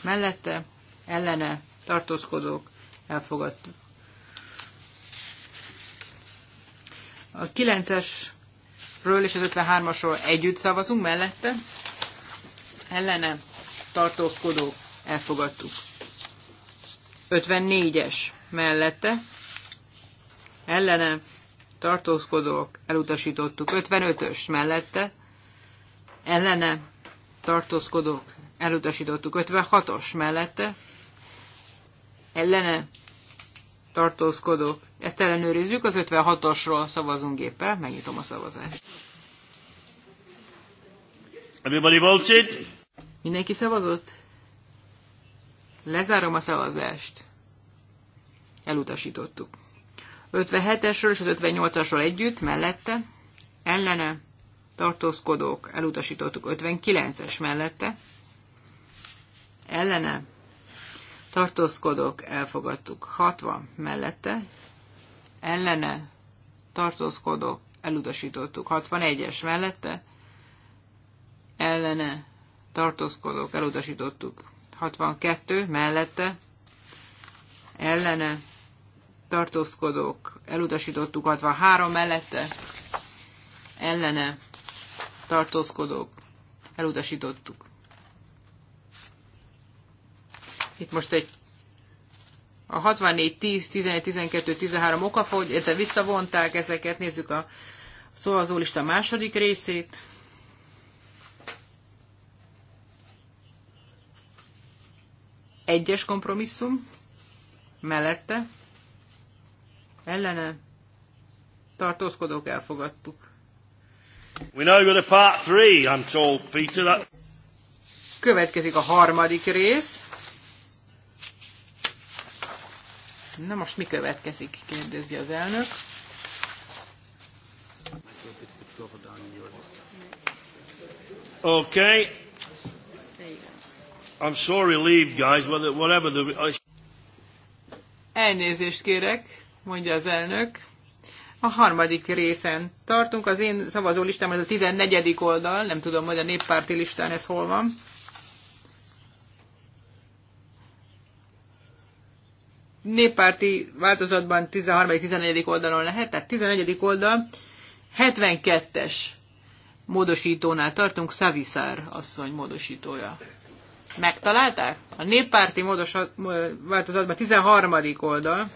mellette ellene tartózkodók elfogadtuk. A 9-esről és az 53-asról együtt szavazunk mellette ellene tartózkodók elfogadtuk. 54-es mellette ellene tartózkodók elutasítottuk. 55-ös mellette ellene tartózkodók elutasítottuk 56-os mellette, ellene tartózkodók. Ezt ellenőrizzük, az 56-osról szavazunk géppel, megnyitom a szavazást. Everybody voted? Mindenki szavazott? Lezárom a szavazást. Elutasítottuk. 57-esről és az 58-asról együtt, mellette, ellene, tartózkodók, elutasítottuk 59-es mellette, ellene, tartózkodók, elfogadtuk 60 mellette, ellene, tartózkodók, elutasítottuk 61-es mellette, ellene, tartózkodók, elutasítottuk 62 mellette, ellene, tartózkodók, elutasítottuk 63 mellette, ellene tartózkodók, elutasítottuk. Itt most egy a 64, 10, 11, 12, 13 okafogy, illetve visszavonták ezeket, nézzük a szóhazólista második részét. Egyes kompromisszum, mellette, ellene, tartózkodók elfogadtuk. Következik a harmadik rész. Na most mi következik, kérdezi az elnök. Okay. I'm so relieved, guys, whatever the... Elnézést kérek, mondja az elnök. A harmadik részen tartunk, az én szavazó listám az a 14. oldal, nem tudom, hogy a néppárti listán ez hol van. Néppárti változatban 13.-14. oldalon lehet, tehát 14. oldal, 72-es módosítónál tartunk, Szaviszár asszony módosítója. Megtalálták? A néppárti módos, változatban 13. oldal.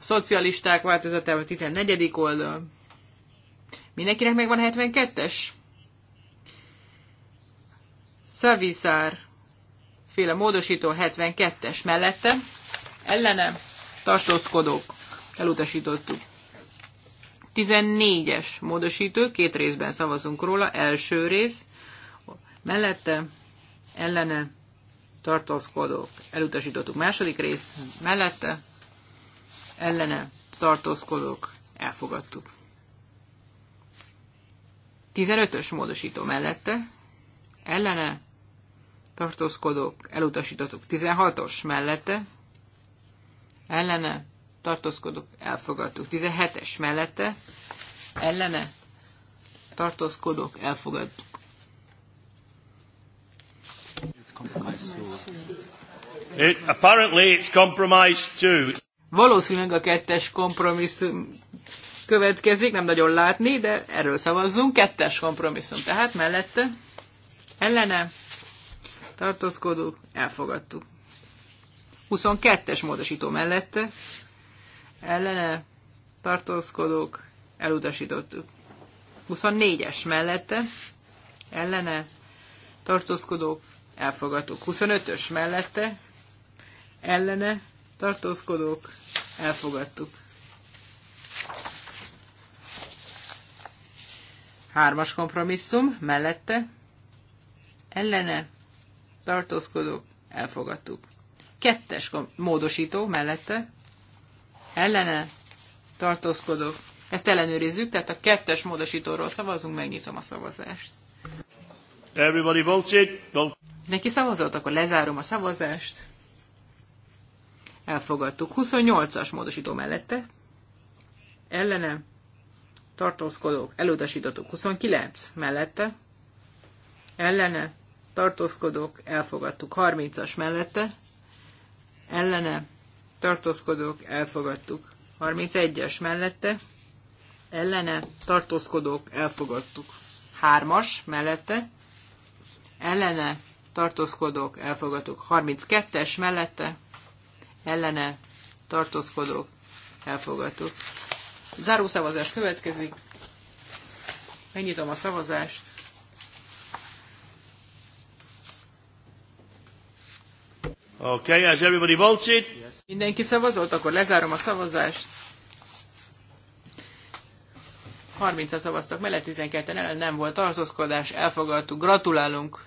Szocialisták változatában 14. oldal. Mindenkinek megvan 72-es? szavizár féle módosító 72-es mellette. Ellene tartózkodók. Elutasítottuk. 14-es módosító, két részben szavazunk róla. Első rész mellette, ellene tartózkodók. Elutasítottuk. Második rész mellette, ellene tartózkodók elfogadtuk. 15-ös módosító mellette ellene tartózkodók elutasítottuk. 16-os mellette ellene tartózkodók elfogadtuk. 17-es mellette ellene tartózkodók elfogadtuk. It, apparently it's compromised too. Valószínűleg a kettes kompromisszum következik, nem nagyon látni, de erről szavazzunk. Kettes kompromisszum, tehát mellette, ellene, tartózkodó, elfogadtuk. 22-es módosító mellette, ellene, tartózkodók, elutasítottuk. 24-es mellette, ellene, tartózkodók, elfogadtuk. 25-ös mellette, ellene, tartózkodók, elfogadtuk. Hármas kompromisszum, mellette, ellene, tartózkodók, elfogadtuk. Kettes módosító, mellette, ellene, tartózkodók. Ezt ellenőrizzük, tehát a kettes módosítóról szavazunk, megnyitom a szavazást. Everybody voted. Neki szavazott, akkor lezárom a szavazást elfogadtuk. 28-as módosító mellette, ellene, tartózkodók, elutasítottuk. 29 mellette, ellene, tartózkodók, elfogadtuk. 30-as mellette, ellene, tartózkodók, elfogadtuk. 31-es mellette, ellene, tartózkodók, elfogadtuk. 3-as mellette, ellene, tartózkodók, elfogadtuk. 32-es mellette, ellene tartózkodók elfogadtuk. Záró szavazás következik. Megnyitom a szavazást. Okay, has everybody voted? Yes. Mindenki szavazott, akkor lezárom a szavazást. 30 szavaztak mellett, 12 ellen nem volt tartózkodás, elfogadtuk. Gratulálunk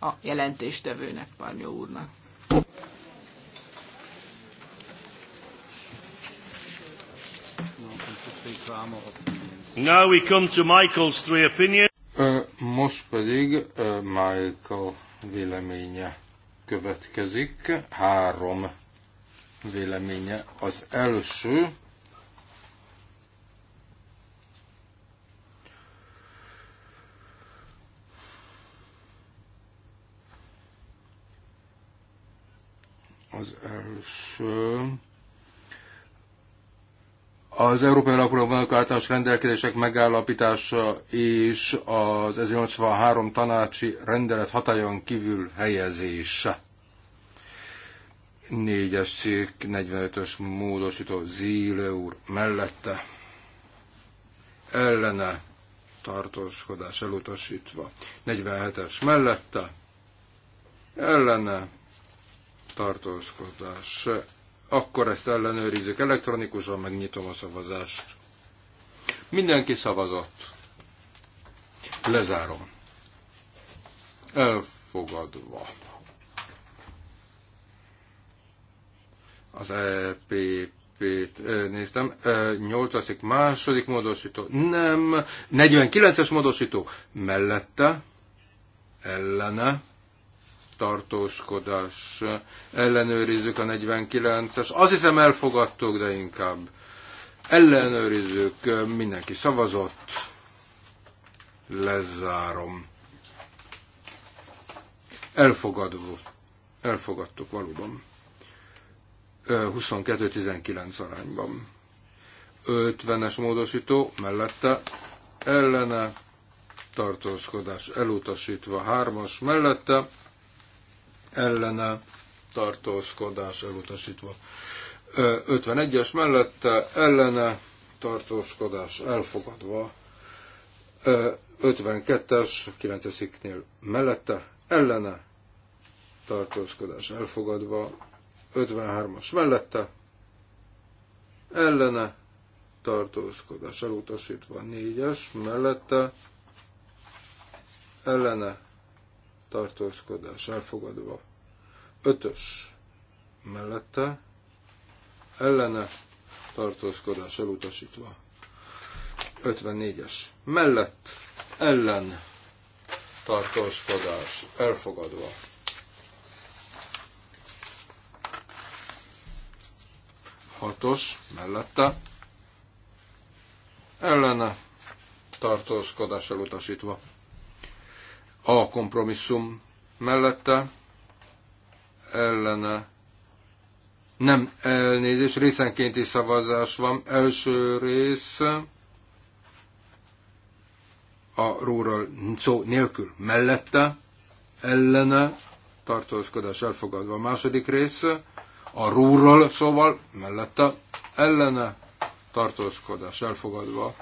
a jelentéstevőnek, Parnyó úrnak. Now we come to Michael's three opinions. Uh, Most pedig uh, Michael véleménye következik. Három véleménye. Az első az első az Európai Alapuló vannak általános rendelkezések megállapítása és az 1083 tanácsi rendelet hatályon kívül helyezése. 4-es cikk, 45-ös módosító Zíle úr mellette ellene tartózkodás elutasítva. 47-es mellette ellene tartózkodás akkor ezt ellenőrizzük elektronikusan, megnyitom a szavazást. Mindenki szavazott. Lezárom. Elfogadva. Az EPP t néztem, 8 második módosító, nem, 49-es módosító mellette, ellene, tartózkodás. Ellenőrizzük a 49-es. Azt hiszem elfogadtuk, de inkább ellenőrizzük. Mindenki szavazott. Lezárom. Elfogadó. Elfogadtuk valóban. 22-19 arányban. 50-es módosító mellette ellene tartózkodás elutasítva hármas mellette ellene tartózkodás elutasítva. 51-es mellette ellene tartózkodás elfogadva. 52-es, 9 sziknél mellette ellene tartózkodás elfogadva. 53-as mellette ellene tartózkodás elutasítva. 4-es mellette ellene tartózkodás elfogadva. Ötös mellette ellene tartózkodás elutasítva. 54-es mellett ellen tartózkodás elfogadva. Hatos mellette ellene tartózkodás elutasítva. A kompromisszum mellette ellene nem elnézés, részenkénti szavazás van. Első rész a róról szó nélkül mellette, ellene, tartózkodás elfogadva. A második rész a róról szóval mellette, ellene, tartózkodás elfogadva.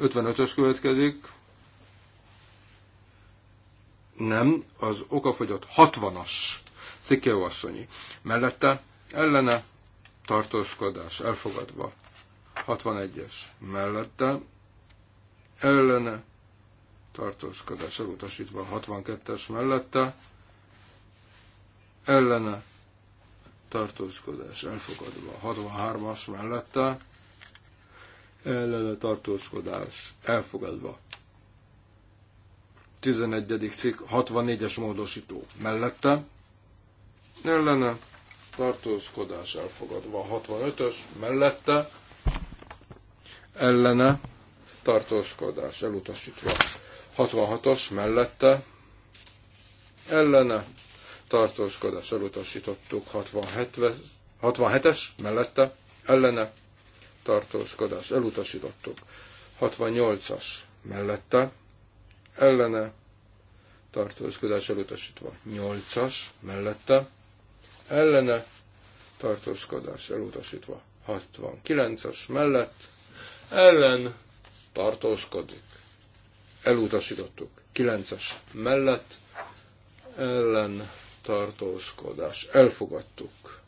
55-ös következik nem, az okafogyott 60-as Szikeo asszonyi. Mellette ellene tartózkodás elfogadva. 61-es mellette ellene tartózkodás elutasítva. 62-es mellette ellene tartózkodás elfogadva. 63-as mellette ellene tartózkodás elfogadva. 11. cikk 64-es módosító mellette, ellene, tartózkodás elfogadva 65-ös mellette, ellene, tartózkodás elutasítva 66-os mellette, ellene, tartózkodás elutasítottuk 67-es mellette, ellene, tartózkodás elutasítottuk 68-as mellette, ellene tartózkodás elutasítva 8-as mellette, ellene tartózkodás elutasítva 69-as mellett, ellen tartózkodik, elutasítottuk 9 as mellett, ellen tartózkodás elfogadtuk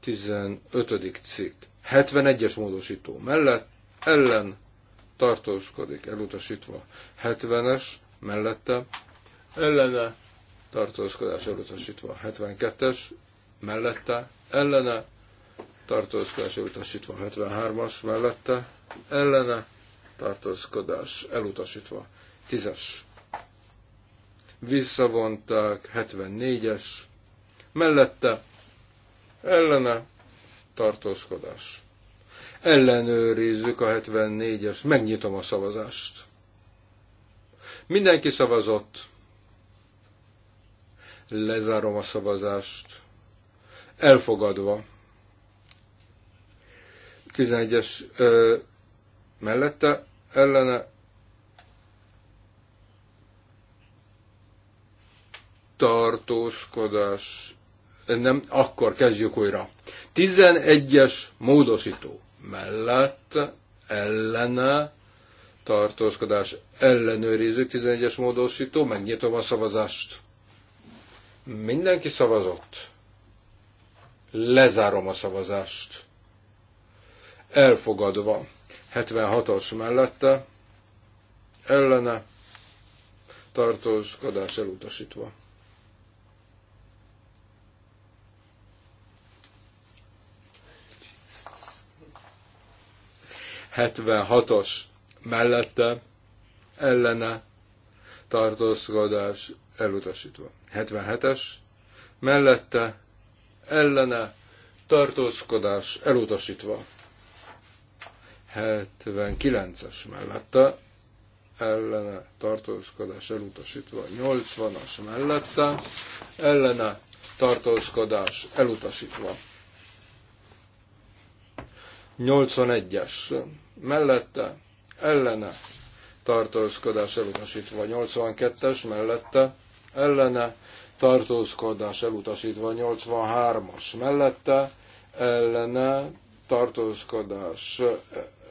15. cikk 71-es módosító mellett, ellen tartózkodik, elutasítva. 70-es mellette ellene tartózkodás elutasítva. 72-es mellette ellene tartózkodás elutasítva. 73-as mellette ellene tartózkodás elutasítva. 10-es visszavonták 74-es mellette ellene tartózkodás Ellenőrizzük a 74-es. Megnyitom a szavazást. Mindenki szavazott. Lezárom a szavazást. Elfogadva. 11-es mellette ellene tartózkodás. Nem, akkor kezdjük újra. 11-es módosító mellett ellene tartózkodás ellenőrizők 11-es módosító, megnyitom a szavazást. Mindenki szavazott. Lezárom a szavazást. Elfogadva. 76-os mellette ellene tartózkodás elutasítva. 76-os mellette ellene tartózkodás elutasítva. 77-es mellette ellene tartózkodás elutasítva. 79-es mellette ellene tartózkodás elutasítva. 80-as mellette ellene tartózkodás elutasítva. 81-es mellette ellene tartózkodás elutasítva 82-es mellette ellene tartózkodás elutasítva 83-as mellette ellene tartózkodás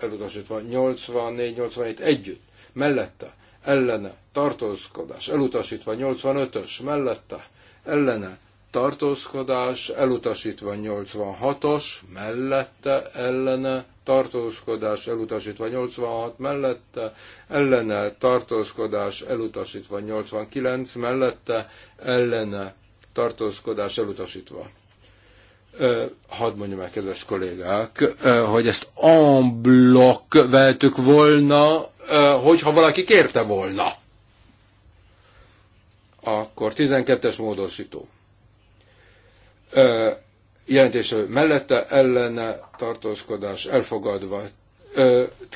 elutasítva 84-87 együtt mellette ellene tartózkodás elutasítva 85-ös mellette ellene tartózkodás, elutasítva 86-os, mellette ellene tartózkodás, elutasítva 86 mellette, ellene tartózkodás, elutasítva 89 mellette, ellene tartózkodás, elutasítva. Ö, hadd mondjam el, kedves kollégák, hogy ezt en bloc veltük volna, ö, hogyha valaki kérte volna. Akkor 12-es módosító jelentése mellette ellene tartózkodás elfogadva.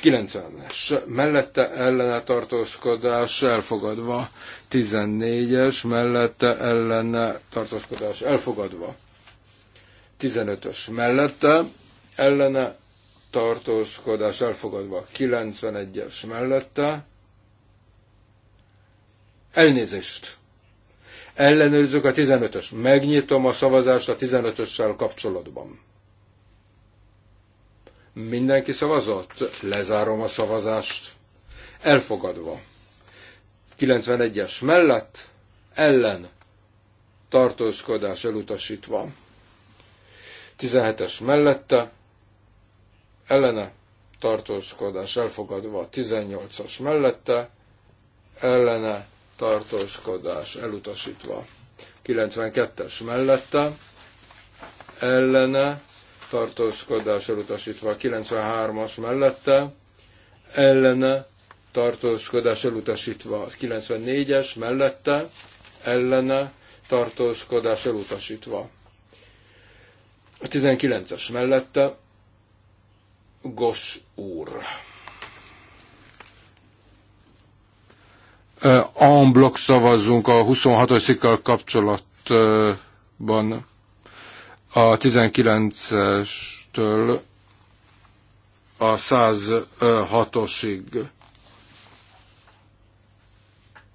90-es mellette ellene tartózkodás elfogadva. 14-es mellette ellene tartózkodás elfogadva. 15-ös mellette ellene tartózkodás elfogadva. 91-es mellette elnézést Ellenőrzök a 15-ös. Megnyitom a szavazást a 15-össel kapcsolatban. Mindenki szavazott? Lezárom a szavazást. Elfogadva. 91-es mellett, ellen, tartózkodás elutasítva. 17-es mellette, ellene, tartózkodás elfogadva. 18-as mellette, ellene, tartózkodás elutasítva. 92-es mellette ellene tartózkodás elutasítva. 93-as mellette ellene tartózkodás elutasítva. 94-es mellette ellene tartózkodás elutasítva. A 19-es mellette Gos úr. en blok szavazunk a 26-os szikkal kapcsolatban a 19-estől a 106-osig.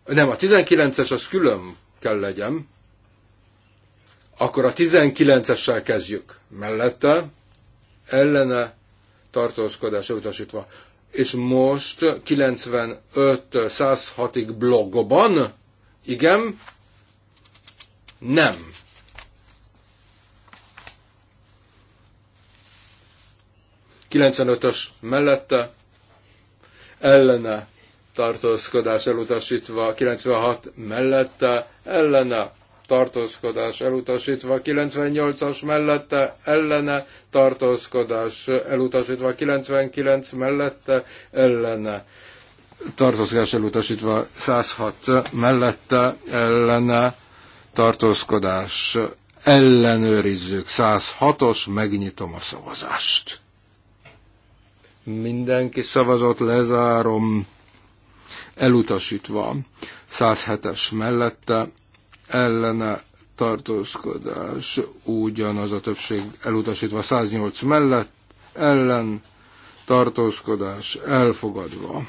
Nem, a 19-es az külön kell legyen. Akkor a 19-essel kezdjük. Mellette, ellene, tartózkodás utasítva és most 95-106-ig blogban, igen, nem. ös mellette ellene tartózkodás elutasítva, 96 mellette ellene tartózkodás elutasítva, 98-as mellette ellene tartózkodás elutasítva, 99 mellette ellene tartózkodás elutasítva, 106 mellette ellene tartózkodás ellenőrizzük, 106-os, megnyitom a szavazást. Mindenki szavazott, lezárom elutasítva 107-es mellette ellene tartózkodás ugyanaz a többség elutasítva 108 mellett, ellen tartózkodás elfogadva.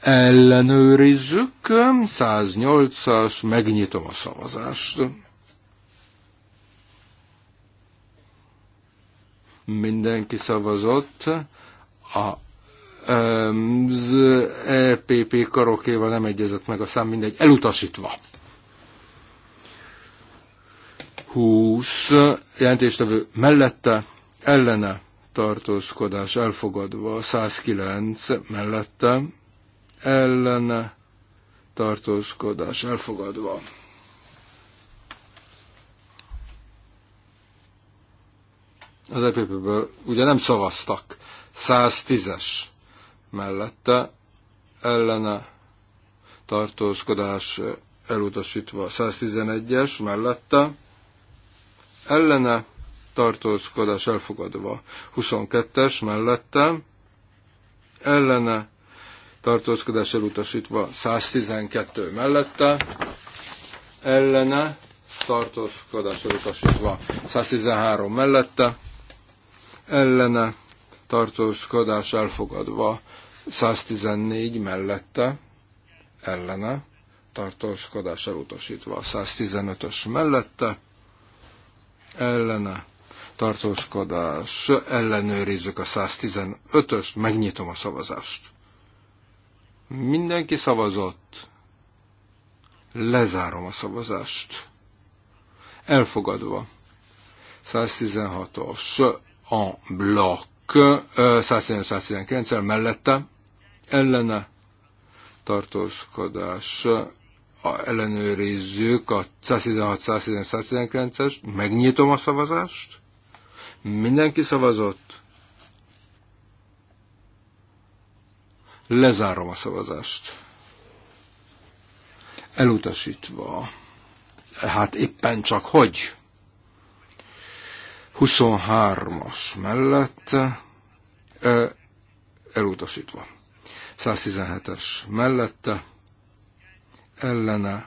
Ellenőrizzük, 108-as, megnyitom a szavazást. Mindenki szavazott, a az EPP karokéval nem egyezett meg a szám, mindegy, elutasítva. 20 jelentéstevő mellette ellene tartózkodás elfogadva, 109 mellette ellene tartózkodás elfogadva. Az EPP-ből ugye nem szavaztak. 110-es mellette ellene tartózkodás elutasítva. 111-es mellette ellene tartózkodás elfogadva. 22-es mellette ellene tartózkodás elutasítva. 112 mellette ellene tartózkodás elutasítva. 113 mellette ellene tartózkodás elfogadva. 114 mellette ellene tartózkodás elutasítva. 115-ös mellette ellene tartózkodás, ellenőrizzük a 115-öst, megnyitom a szavazást. Mindenki szavazott, lezárom a szavazást. Elfogadva. 116-os a blokk, 119-el mellette, ellene tartózkodás, ellenőrizzük a 116, 119-est, megnyitom a szavazást, mindenki szavazott, lezárom a szavazást. Elutasítva. Hát éppen csak hogy? 23-as mellett elutasítva. 117-es mellette ellene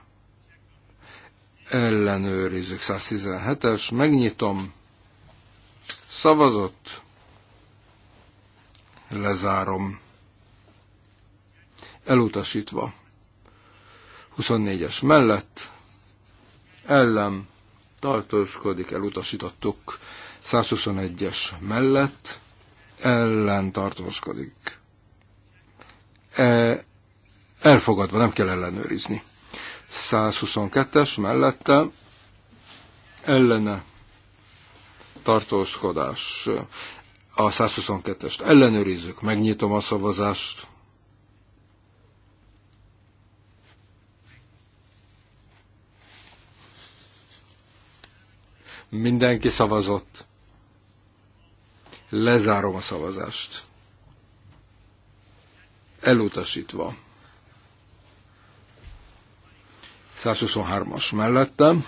ellenőrizzük 117-es, megnyitom, szavazott, lezárom, elutasítva, 24-es mellett, ellen, tartózkodik, elutasítottuk, 121-es mellett, ellen tartózkodik. E, Elfogadva, nem kell ellenőrizni. 122-es mellette ellene tartózkodás. A 122-est ellenőrizzük, megnyitom a szavazást. Mindenki szavazott. Lezárom a szavazást. Elutasítva. 123-as mellettem,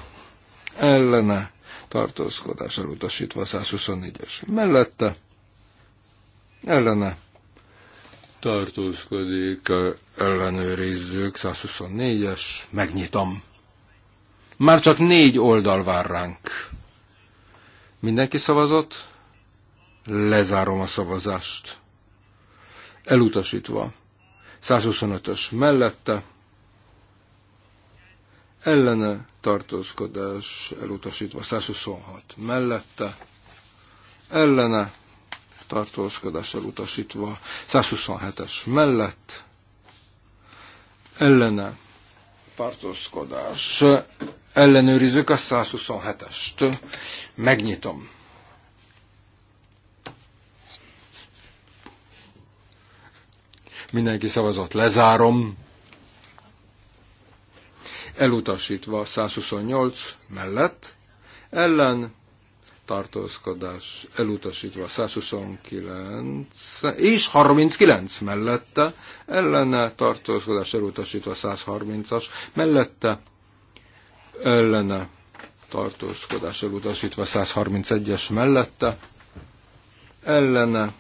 ellene utasítva a 124-es mellette, ellene tartózkodik, ellenőrizzük, 124-es, megnyitom. Már csak négy oldal vár ránk. Mindenki szavazott? Lezárom a szavazást. Elutasítva. 125-ös mellette, ellene tartózkodás elutasítva 126 mellette, ellene tartózkodás elutasítva 127-es mellett, ellene tartózkodás ellenőrizők a 127-est, megnyitom. Mindenki szavazott, lezárom elutasítva 128 mellett, ellen tartózkodás elutasítva 129 és 39 mellette, ellene tartózkodás elutasítva 130-as, mellette ellene tartózkodás elutasítva 131-es mellette, ellene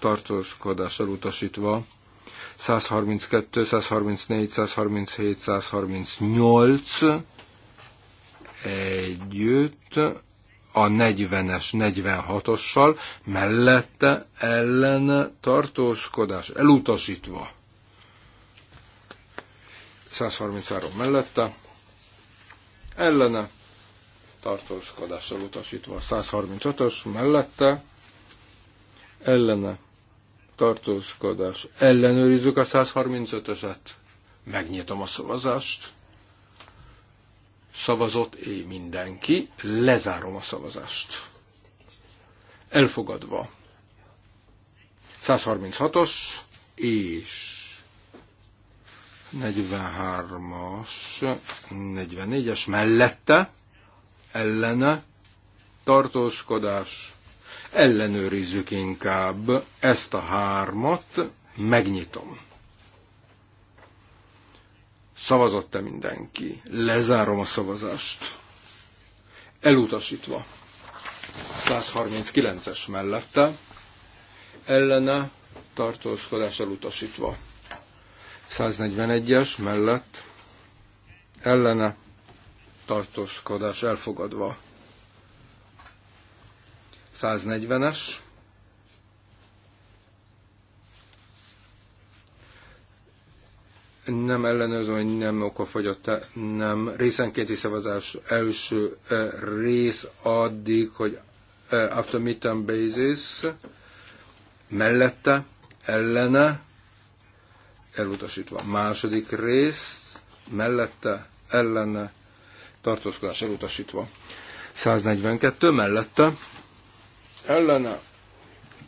tartózkodás elutasítva 132, 134, 137, 138 együtt a 40-es, 46-ossal, mellette ellen tartózkodás elutasítva. 133 mellette, ellene tartózkodással utasítva. a 135-ös mellette, ellene tartózkodás. Ellenőrizzük a 135-öset. Megnyitom a szavazást. Szavazott é mindenki. Lezárom a szavazást. Elfogadva. 136-os és 43-as, 44-es mellette ellene tartózkodás Ellenőrizzük inkább ezt a hármat, megnyitom. Szavazott-e mindenki? Lezárom a szavazást. Elutasítva. 139-es mellette. Ellene tartózkodás elutasítva. 141-es mellett. Ellene tartózkodás elfogadva. 140-es. Nem ellenőrzöm, hogy nem okafogyott -e, nem. Részenkénti szavazás első rész addig, hogy after midterm basis mellette, ellene, elutasítva. Második rész mellette, ellene, tartózkodás elutasítva. 142 mellette, ellene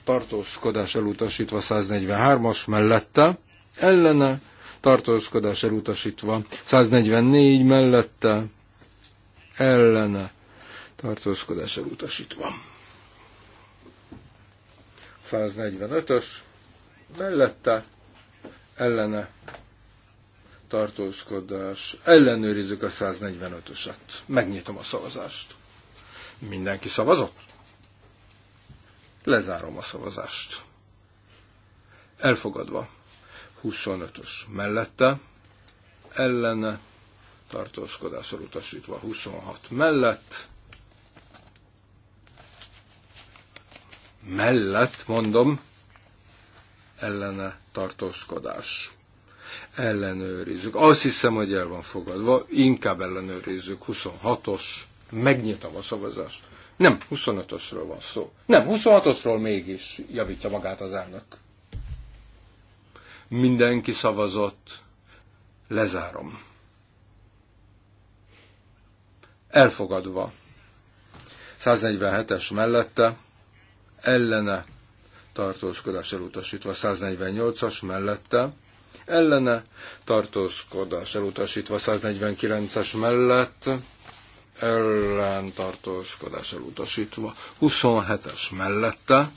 tartózkodás elutasítva 143-as mellette, ellene tartózkodás elutasítva 144 mellette, ellene tartózkodás elutasítva. 145-ös mellette, ellene tartózkodás, ellenőrizzük a 145-öset. Megnyitom a szavazást. Mindenki szavazott? Lezárom a szavazást. Elfogadva. 25-ös mellette, ellene, tartózkodásra utasítva 26 mellett, mellett, mondom, ellene tartózkodás. Ellenőrizzük. Azt hiszem, hogy el van fogadva, inkább ellenőrizzük. 26-os, megnyitom a szavazást. Nem, 25-ösről van szó. Nem, 26-osról mégis javítja magát az elnök. Mindenki szavazott. Lezárom. Elfogadva. 147-es mellette, ellene, tartózkodás elutasítva, 148-as mellette, ellene, tartózkodás elutasítva, 149-es mellett, ellentartózkodás elutasítva, 27-es mellette,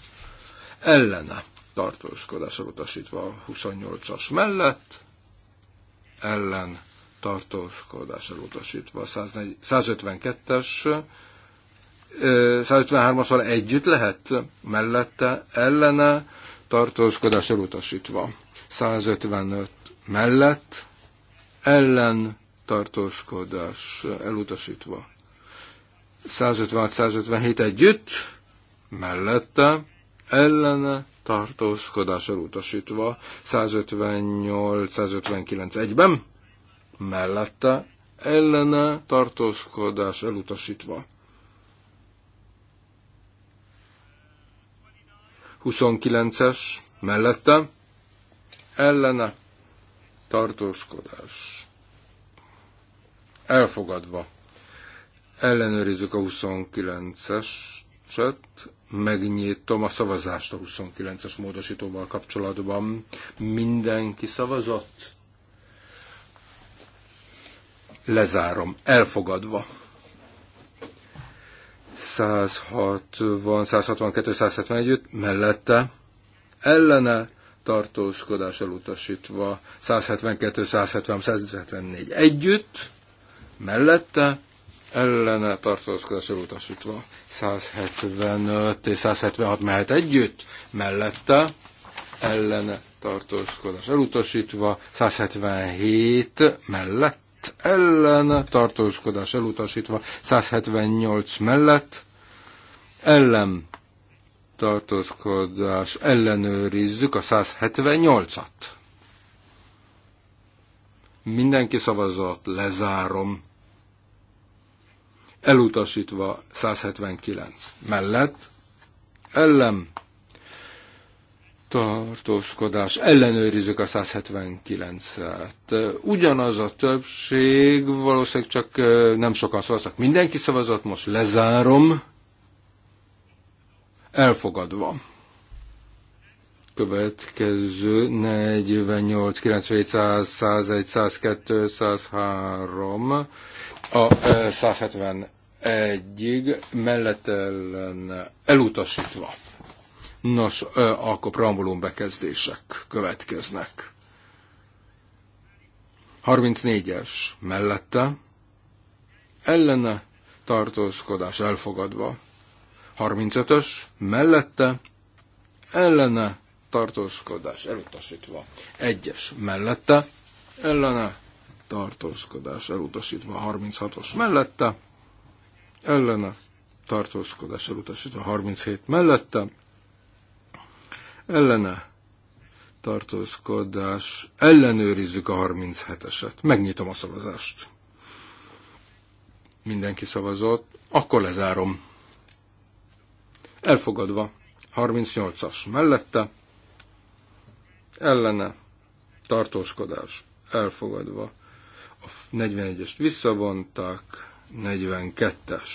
ellene tartózkodás elutasítva, 28-as mellett, ellen tartózkodás elutasítva, 152-es, 153-asal együtt lehet, mellette, ellene tartózkodás elutasítva, 155 mellett, ellen tartózkodás elutasítva. 156-157 együtt, mellette, ellene, tartózkodás elutasítva, 158-159 egyben, mellette, ellene, tartózkodás elutasítva. 29-es, mellette, ellene, tartózkodás elfogadva. Ellenőrizzük a 29-eset, megnyitom a szavazást a 29-es módosítóval kapcsolatban. Mindenki szavazott? Lezárom, elfogadva. 160, 162, 171 mellette, ellene tartózkodás elutasítva 172, 173, 174 együtt, mellette ellene tartózkodás elutasítva 175 és 176 mehet együtt, mellette ellene tartózkodás elutasítva 177 mellett ellen tartózkodás elutasítva 178 mellett ellen tartózkodás ellenőrizzük a 178-at. Mindenki szavazott, lezárom elutasítva 179 mellett, ellen tartózkodás, ellenőrizzük a 179-et. Ugyanaz a többség, valószínűleg csak nem sokan szavaztak. Mindenki szavazott, most lezárom. Elfogadva. Következő 48, 97, 100, 101, 102, 103. A 170 egyig mellett ellen elutasítva. Nos, akkor preambulum bekezdések következnek. 34-es mellette ellene tartózkodás elfogadva. 35-ös mellette ellene tartózkodás elutasítva. 1-es mellette ellene tartózkodás elutasítva. 36-os mellette ellene tartózkodás elutasítva 37 mellette, ellene tartózkodás, ellenőrizzük a 37-eset. Megnyitom a szavazást. Mindenki szavazott, akkor lezárom. Elfogadva, 38-as mellette, ellene tartózkodás, elfogadva. A 41-est visszavonták, 42-es.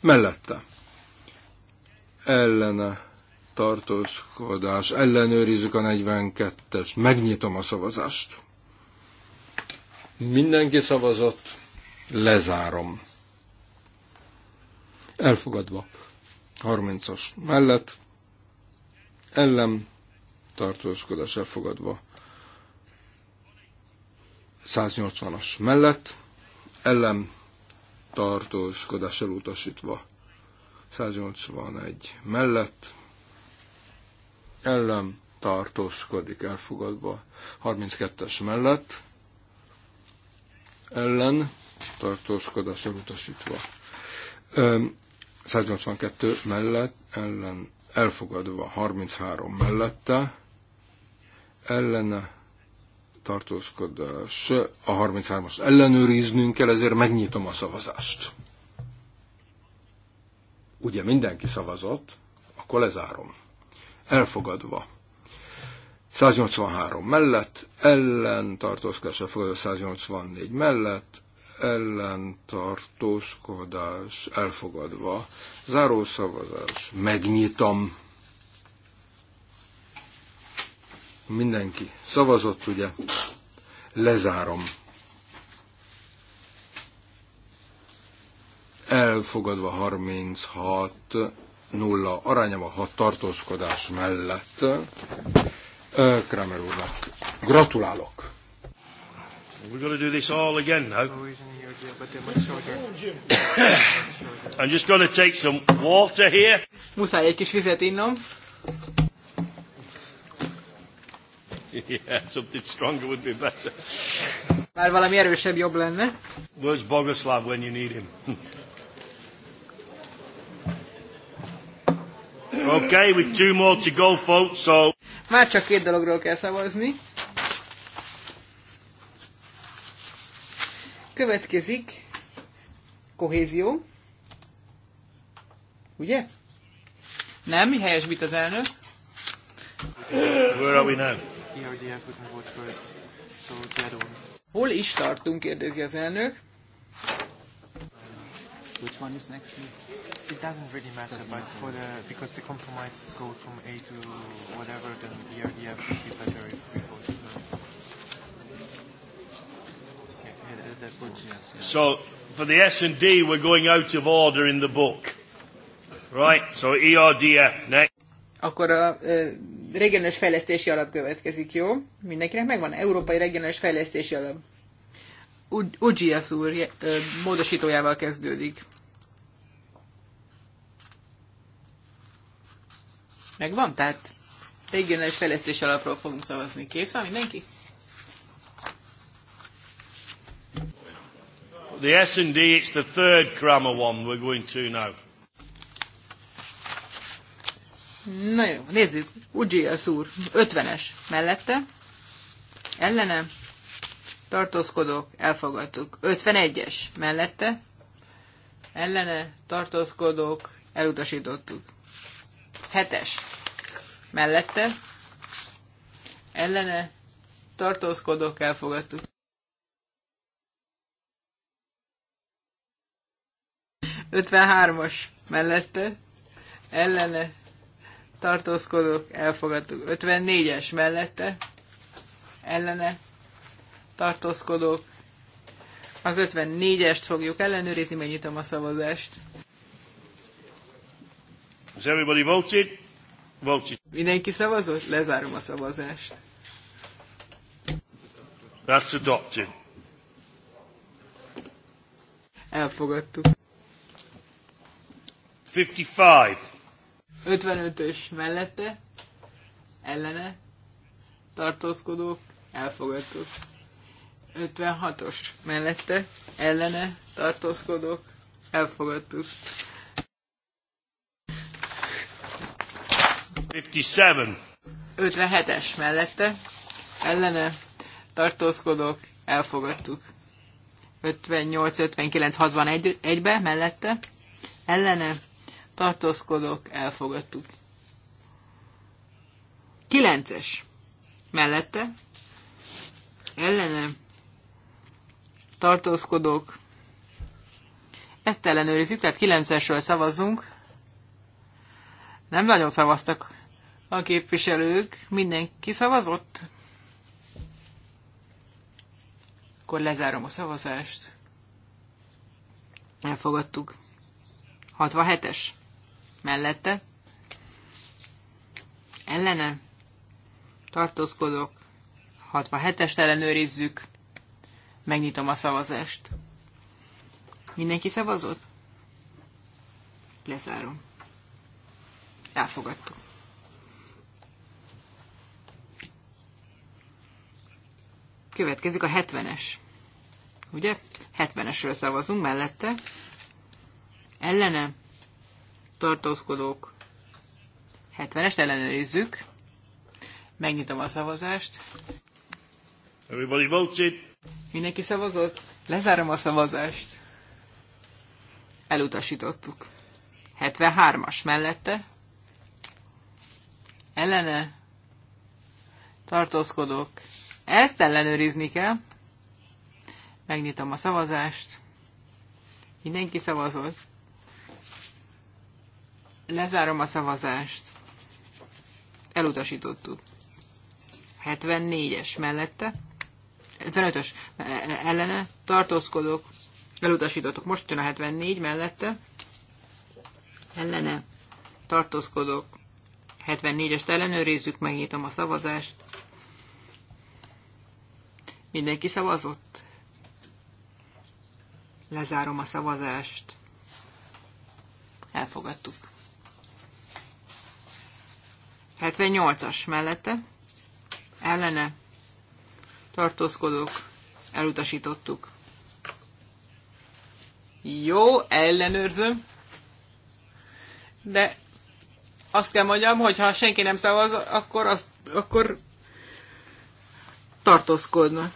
Mellette. Ellene tartózkodás. Ellenőrizzük a 42 es Megnyitom a szavazást. Mindenki szavazott. Lezárom. Elfogadva. 30-as mellett. Ellen tartózkodás elfogadva. 180-as mellett. Ellen tartózkodás elutasítva. 181 mellett ellen tartózkodik elfogadva. 32-es mellett ellen tartózkodás elutasítva. 182 mellett ellen elfogadva 33 mellette ellene tartózkodás a 33-as ellenőriznünk kell, ezért megnyitom a szavazást. Ugye mindenki szavazott, akkor lezárom. Elfogadva. 183 mellett, ellen tartózkodás elfogadva 184 mellett, ellen tartózkodás elfogadva. Zárószavazás. Megnyitom. Mindenki szavazott, ugye? Lezárom. Elfogadva 36 nulla arányom a hat tartózkodás mellett. Kramer úrnak. Gratulálok! We're going to do this all again now. Oh, I'm just going to take some water here. Muszáj egy kis vizet innom. Yeah, something stronger would be better. Már valami erősebb jobb lenne. Where's Bogoslav when you need him? okay, with two more to go, folks, so... Már csak két dologról kell szavazni. Következik kohézió. Ugye? Nem, mit az elnök. Where are we now? Hol is tartunk, kérdezi az elnök. Which one is next? It doesn't really matter, doesn't but matter. for the because the compromises go from A to whatever, then ERDF would be better if we go to So for the S and D, we're going out of order in the book, right? So ERDF next. Akkor a regionális fejlesztési alap következik, jó? Mindenkinek megvan Európai Regionális Fejlesztési Alap. Ugyias úr módosítójával kezdődik. Megvan? Tehát regionális fejlesztési alapról fogunk szavazni. Kész van mindenki? The S&D, it's the third grammar one we're going to now. Na jó, nézzük. a úr, 50-es mellette. Ellene. Tartózkodok, elfogadtuk. 51-es mellette. Ellene. Tartózkodok, elutasítottuk. 7-es mellette. Ellene. Tartózkodok, elfogadtuk. Ötvenhármas mellette ellene tartózkodók, elfogadtuk. 54-es mellette, ellene, tartózkodók. Az 54-est fogjuk ellenőrizni, nyitom a szavazást. Has everybody voted? Voted. Mindenki szavazott? Lezárom a szavazást. That's adopted. Elfogadtuk. 55. 55-ös mellette, ellene, tartózkodók, elfogadtuk. 56-os mellette, ellene, tartózkodók, elfogadtuk. 57. 57-es mellette, ellene, tartózkodók, elfogadtuk. 58, 59, 61 be mellette, ellene, tartózkodok, elfogadtuk. 9 mellette, ellenem, tartózkodok, ezt ellenőrizzük, tehát 9-esről szavazunk. Nem nagyon szavaztak a képviselők, mindenki szavazott. Akkor lezárom a szavazást. Elfogadtuk. 67-es mellette, ellene, tartózkodok, 67-est ellenőrizzük, megnyitom a szavazást. Mindenki szavazott? Lezárom. Elfogadtuk. Következik a 70-es. Ugye? 70-esről szavazunk mellette. Ellene tartózkodók 70-est ellenőrizzük. Megnyitom a szavazást. Everybody votes it. Mindenki szavazott? Lezárom a szavazást. Elutasítottuk. 73-as mellette. Ellene tartózkodók. Ezt ellenőrizni kell. Megnyitom a szavazást. Mindenki szavazott. Lezárom a szavazást. Elutasítottuk. 74-es mellette. 75-ös ellene tartózkodok. Elutasítottuk. Most jön a 74 mellette. Ellene tartózkodok. 74-est ellenőrizzük, megnyitom a szavazást. Mindenki szavazott? Lezárom a szavazást. Elfogadtuk. 78-as mellette ellene tartózkodók elutasítottuk. Jó, ellenőrzöm, de azt kell mondjam, hogy ha senki nem szavaz, akkor, azt, akkor tartózkodnak.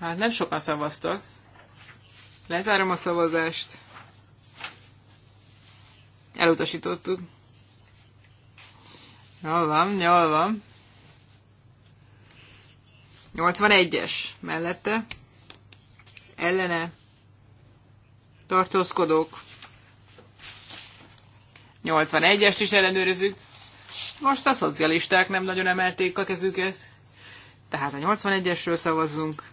Hát nem sokan szavaztak. Lezárom a szavazást. Elutasítottuk. Jól van, jól van. 81-es mellette. Ellene. Tartózkodók. 81-est is ellenőrizzük. Most a szocialisták nem nagyon emelték a kezüket. Tehát a 81-esről szavazzunk.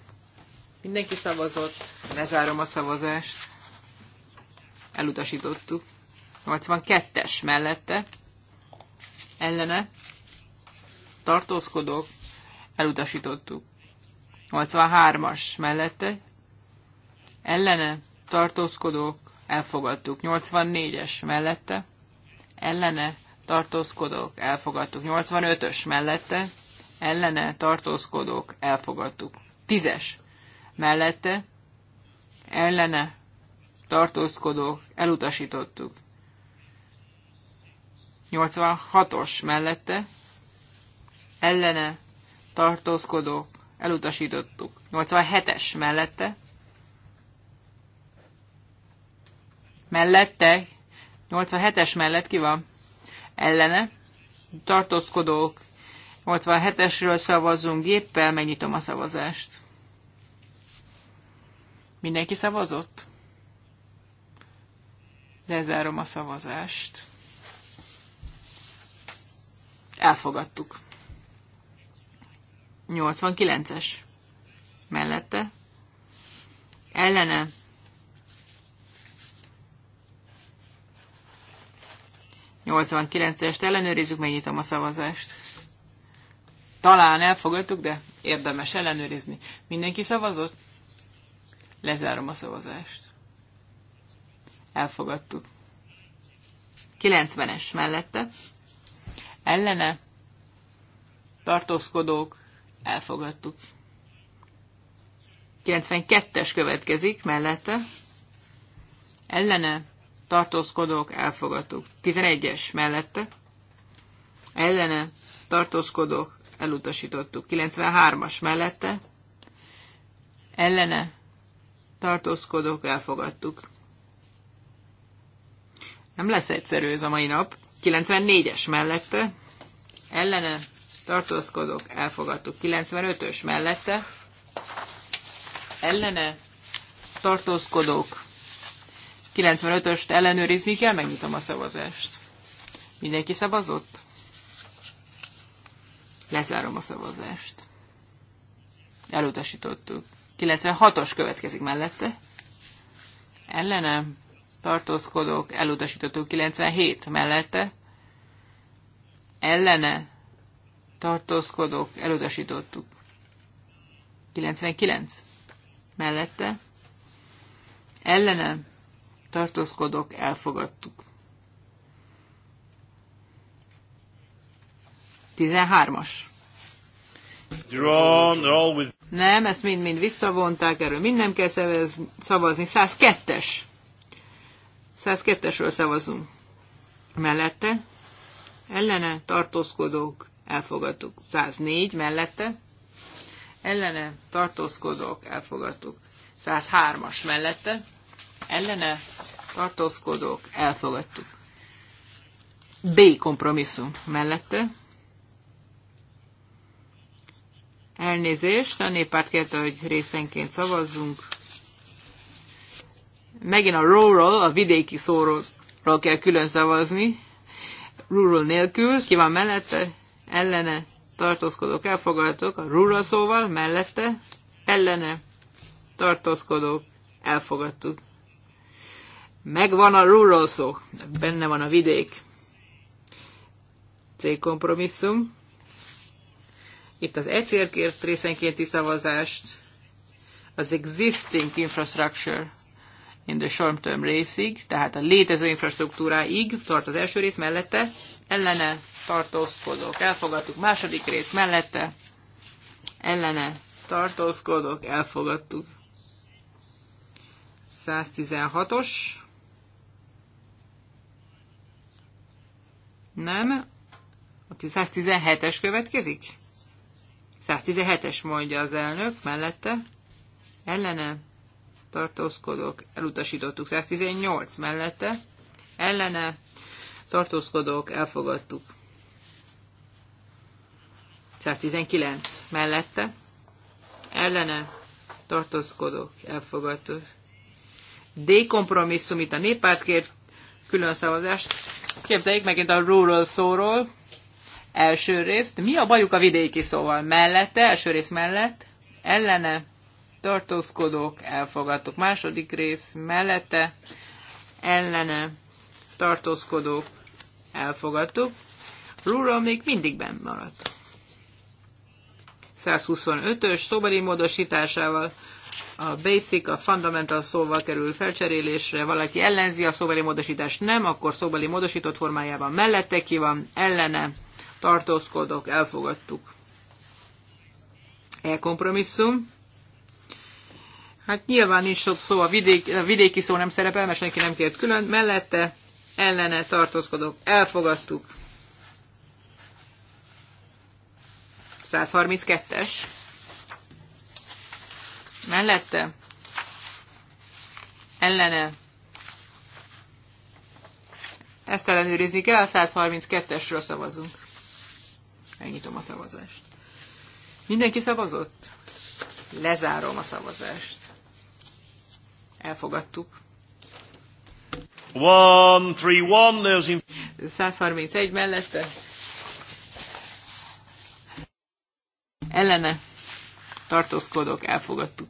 Mindenki szavazott. Lezárom a szavazást. Elutasítottuk. 82-es mellette ellene tartózkodók elutasítottuk. 83-as mellette ellene tartózkodók elfogadtuk. 84-es mellette ellene tartózkodók elfogadtuk. 85-ös mellette ellene tartózkodók elfogadtuk. 10-es mellette ellene tartózkodók elutasítottuk. 86-os mellette ellene tartózkodók elutasítottuk. 87-es mellette mellette 87-es mellett ki van? Ellene tartózkodók 87-esről szavazzunk géppel, megnyitom a szavazást. Mindenki szavazott? Lezárom a szavazást. Elfogadtuk. 89-es. Mellette. Ellene. est ellenőrizzük, megnyitom a szavazást. Talán elfogadtuk, de érdemes ellenőrizni. Mindenki szavazott? Lezárom a szavazást. Elfogadtuk. 90-es mellette ellene tartózkodók elfogadtuk. 92-es következik mellette, ellene tartózkodók elfogadtuk. 11-es mellette, ellene tartózkodók elutasítottuk. 93-as mellette, ellene tartózkodók elfogadtuk. Nem lesz egyszerű ez a mai nap. 94-es mellette, ellene tartózkodok, elfogadtuk. 95-ös mellette, ellene tartózkodok, 95-öst ellenőrizni kell, megnyitom a szavazást. Mindenki szavazott? Lezárom a szavazást. Elutasítottuk. 96-os következik mellette. Ellenem tartózkodók, elutasítottuk 97 mellette, ellene tartózkodók, elutasítottuk 99 mellette, ellene tartózkodók, elfogadtuk 13-as. Nem, ezt mind-mind visszavonták, erről mind nem kell szavazni. 102-es 102-esről szavazunk. Mellette. Ellene tartózkodók elfogadtuk. 104 mellette. Ellene tartózkodók elfogadtuk. 103-as mellette. Ellene tartózkodók elfogadtuk. B kompromisszum mellette. Elnézést, a néppárt kérte, hogy részenként szavazzunk megint a rural, a vidéki szóról kell külön szavazni. Rural nélkül, ki van mellette, ellene, tartózkodok, elfogadtok. A rural szóval mellette, ellene, tartózkodok, elfogadtuk. Megvan a rural szó, benne van a vidék. C kompromisszum. Itt az egyszerkért részenkénti szavazást, az existing infrastructure in the short term részig, tehát a létező infrastruktúráig tart az első rész mellette, ellene tartózkodok, elfogadtuk második rész mellette, ellene tartózkodok, elfogadtuk. 116-os. Nem. A 117-es következik? 117-es mondja az elnök mellette. Ellene tartózkodok, elutasítottuk 118 mellette, ellene tartózkodok, elfogadtuk 119 mellette, ellene tartózkodok, elfogadtuk. D kompromisszum, itt a néppárt kér külön szavazást. Képzeljék megint a rural szóról. Első részt. Mi a bajuk a vidéki szóval? Mellette, első rész mellett, ellene tartózkodók, elfogadtuk. Második rész mellette, ellene, tartózkodók, elfogadtuk. Plural még mindig benn maradt. 125-ös szobari módosításával a basic, a fundamental szóval kerül felcserélésre, valaki ellenzi a szóbeli módosítást, nem, akkor szóbeli módosított formájában mellette ki van, ellene, tartózkodok, elfogadtuk. E kompromisszum Hát nyilván nincs sok szó, a, vidék, a vidéki szó nem szerepel, mert senki nem kért külön. Mellette ellene tartózkodok. Elfogadtuk. 132-es. Mellette ellene ezt ellenőrizni kell, a 132-esről szavazunk. Megnyitom a szavazást. Mindenki szavazott? Lezárom a szavazást. Elfogadtuk. 131, mellette. Ellene tartózkodok, elfogadtuk.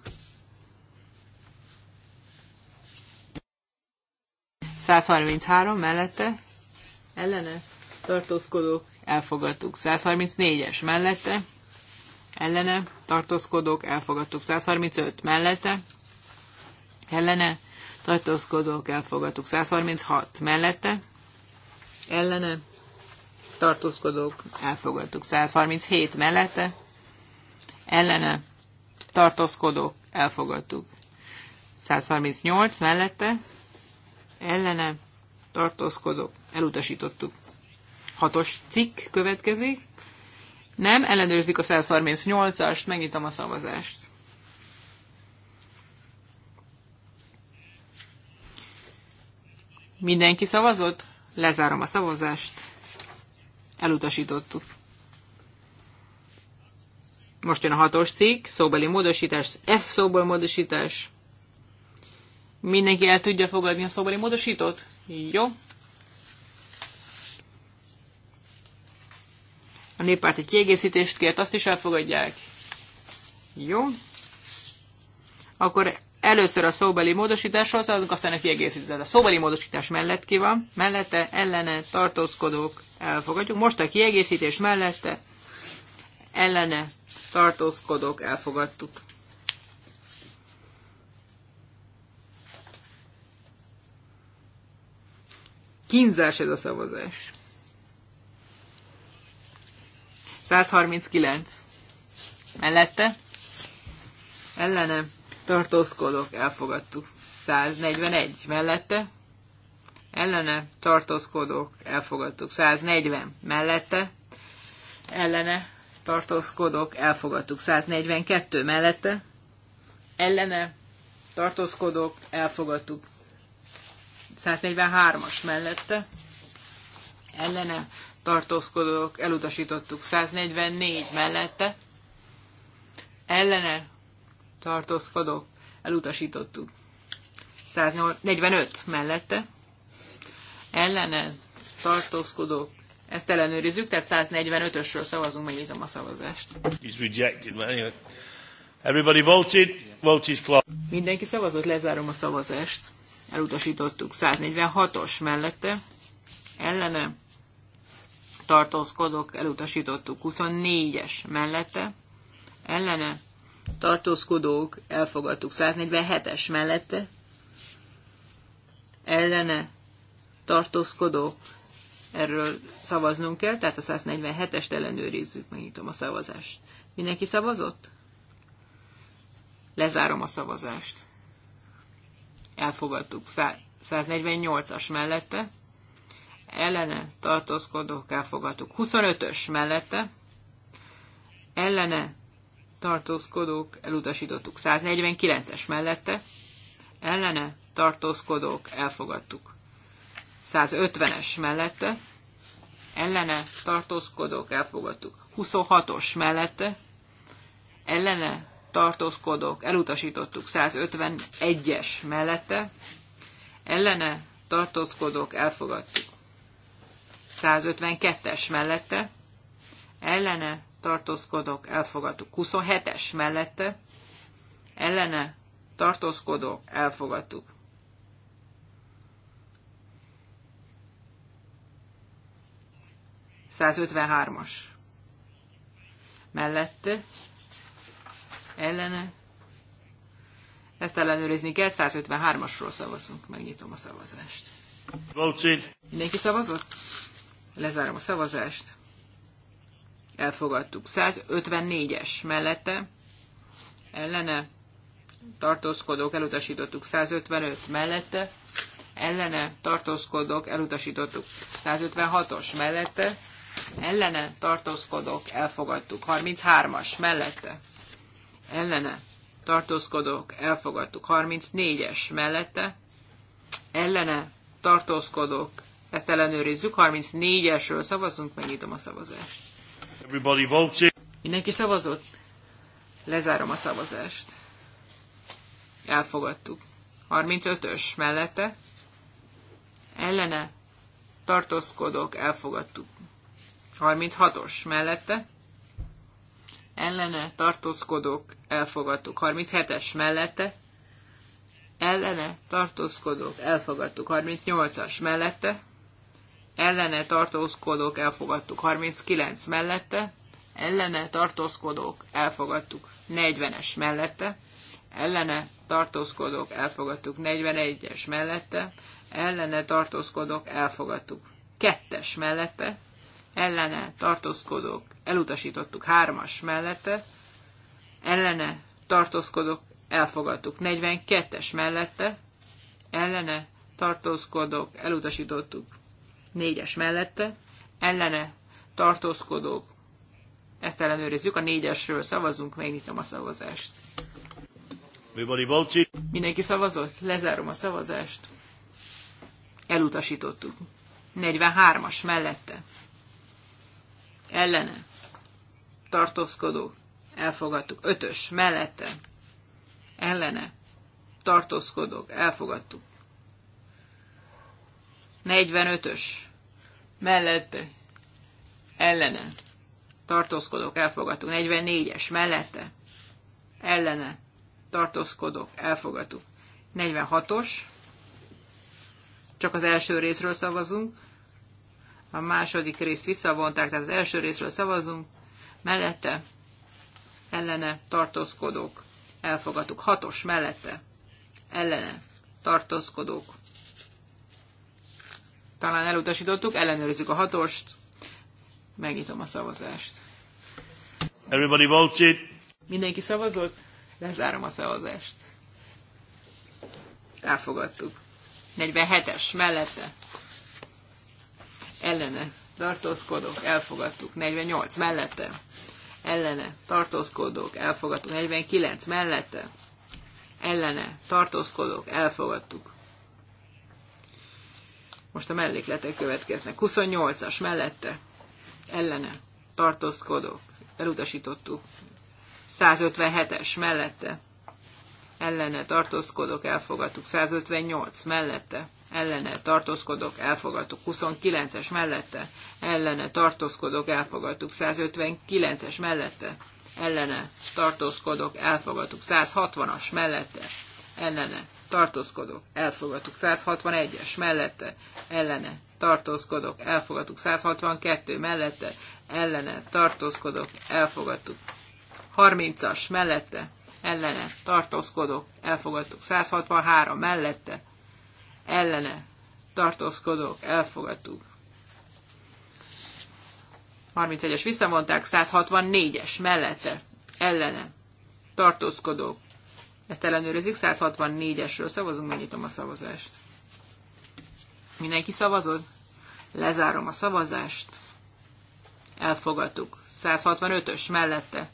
133 mellette. Ellene tartózkodok, elfogadtuk. 134-es mellette, ellene tartózkodok, elfogadtuk. 135 mellette, ellene, tartózkodók elfogadtuk 136 mellette, ellene, tartózkodók elfogadtuk 137 mellette, ellene, tartózkodók elfogadtuk 138 mellette, ellene, tartózkodók elutasítottuk. Hatos cikk következik. Nem, ellenőrzik a 138-ast, megnyitom a szavazást. Mindenki szavazott? Lezárom a szavazást. Elutasítottuk. Most jön a hatos cikk, szóbeli módosítás, F szóból módosítás. Mindenki el tudja fogadni a szóbeli módosítót? Jó. A néppárt egy kiegészítést kért, azt is elfogadják. Jó. Akkor Először a szóbeli módosításról szavazunk, aztán a Tehát A szóbeli módosítás mellett ki van, mellette, ellene, tartózkodók, elfogadjuk. Most a kiegészítés mellette, ellene, tartózkodók, elfogadtuk. Kínzás ez a szavazás. 139. Mellette? Ellene tartózkodok, elfogadtuk. 141 mellette, ellene, tartózkodok, elfogadtuk. 140 mellette, ellene, tartózkodok, elfogadtuk. 142 mellette, ellene, tartózkodok, elfogadtuk. 143-as mellette, ellene, tartózkodók, elutasítottuk 144 mellette, ellene tartózkodok, elutasítottuk. 145 mellette ellene tartózkodok, ezt ellenőrizzük, tehát 145-ösről szavazunk, megnyitom a szavazást. He's rejected, man. Everybody voted, voted is Mindenki szavazott, lezárom a szavazást. Elutasítottuk 146-os mellette, ellene tartózkodok, elutasítottuk 24-es mellette, ellene tartózkodók, elfogadtuk 147-es mellette, ellene tartózkodók, erről szavaznunk kell, tehát a 147-est ellenőrizzük, megnyitom a szavazást. Mindenki szavazott? Lezárom a szavazást. Elfogadtuk 148-as mellette, ellene tartózkodók elfogadtuk 25-ös mellette, ellene tartózkodók, elutasítottuk. 149-es mellette, ellene, tartózkodók, elfogadtuk. 150-es mellette, ellene, tartózkodók, elfogadtuk. 26-os mellette, ellene, tartózkodók, elutasítottuk. 151-es mellette, ellene, tartózkodók, elfogadtuk. 152-es mellette, ellene, tartózkodok, elfogadtuk. 27-es mellette, ellene, tartózkodok, elfogadtuk. as mellette, ellene, ezt ellenőrizni kell, 153-asról szavazunk, megnyitom a szavazást. Mindenki szavazott? Lezárom a szavazást elfogadtuk. 154-es mellette, ellene, tartózkodók, elutasítottuk. 155 mellette, ellene, tartózkodók, elutasítottuk. 156-os mellette, ellene, tartózkodók, elfogadtuk. 33-as mellette, ellene, tartózkodók, elfogadtuk. 34-es mellette, ellene, tartózkodók, ezt ellenőrizzük, 34-esről szavazunk, megnyitom a szavazást. Mindenki szavazott? Lezárom a szavazást. Elfogadtuk. 35-ös mellette. Ellene. Tartózkodok. Elfogadtuk. 36-os mellette. Ellene. Tartózkodok. Elfogadtuk. 37-es mellette. Ellene. Tartózkodok. Elfogadtuk. 38-as mellette ellene tartózkodók elfogadtuk 39 mellette, ellene tartózkodók elfogadtuk 40-es mellette, ellene tartózkodók elfogadtuk 41-es mellette, ellene tartózkodók elfogadtuk 2-es mellette, ellene tartózkodók elutasítottuk 3-as mellette, ellene tartózkodók elfogadtuk 42-es mellette, ellene tartózkodók elutasítottuk négyes mellette, ellene tartózkodók, ezt ellenőrizzük, a négyesről szavazunk, megnyitom a szavazást. Mindenki szavazott? Lezárom a szavazást. Elutasítottuk. 43-as mellette. Ellene. Tartózkodó. Elfogadtuk. 5-ös mellette. Ellene. Tartózkodók. Elfogadtuk. 45-ös mellette ellene tartózkodok, elfogadtuk. 44-es mellette ellene tartózkodok, elfogadtuk. 46-os csak az első részről szavazunk, a második részt visszavonták, tehát az első részről szavazunk, mellette ellene tartózkodók, elfogadtuk. os mellette ellene tartózkodok, talán elutasítottuk, ellenőrizzük a hatost, megnyitom a szavazást. Everybody voted. Mindenki szavazott? Lezárom a szavazást. Elfogadtuk. 47-es mellette. Ellene. Tartózkodok. Elfogadtuk. 48 mellette. Ellene. Tartózkodok. Elfogadtuk. 49 mellette. Ellene. Tartózkodok. Elfogadtuk. Most a mellékletek következnek. 28-as mellette, ellene, tartózkodók, elutasítottuk. 157-es mellette, ellene, tartózkodok, elfogadtuk. 158 mellette, ellene, tartózkodok, elfogadtuk. 29-es mellette, ellene, tartózkodok, elfogadtuk. 159-es mellette, ellene, tartózkodok, elfogadtuk. 160-as mellette, ellene, tartózkodok, elfogadtuk 161-es, mellette, ellene, tartózkodok, elfogadtuk 162 mellette, ellene, tartózkodok, elfogadtuk 30-as, mellette, ellene, tartózkodok, elfogadtuk 163 mellette, ellene, tartózkodok, elfogadtuk 31-es visszavonták, 164-es mellette, ellene, tartózkodók, ezt ellenőrizzük. 164-esről szavazunk, megnyitom a szavazást. Mindenki szavazod, Lezárom a szavazást. Elfogadtuk. 165-ös mellette.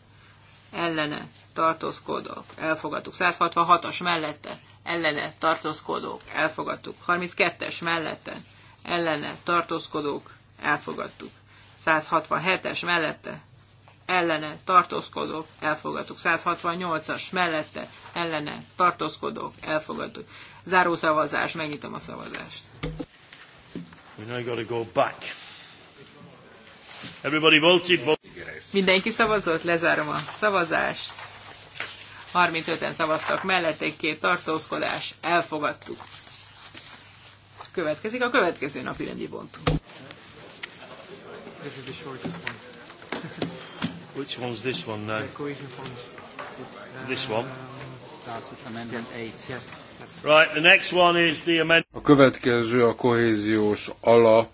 Ellene tartózkodók. Elfogadtuk. 166-as mellette. Ellene tartózkodók. Elfogadtuk. 32-es mellette. Ellene tartózkodók. Elfogadtuk. 167-es mellette ellene tartózkodok, elfogadtuk. 168-as mellette ellene tartózkodok, elfogadtuk. Záró szavazás, megnyitom a szavazást. go back. Everybody voted. Mindenki szavazott, lezárom a szavazást. 35-en szavaztak mellette, két tartózkodás, elfogadtuk. Következik a következő napi rendi pontunk. This is the shortest one. Which one's this one now? Cohesion fund. This um, one. Starts with amendment Yes. eight. Right, the next one is the amendment. A következő a kohéziós alap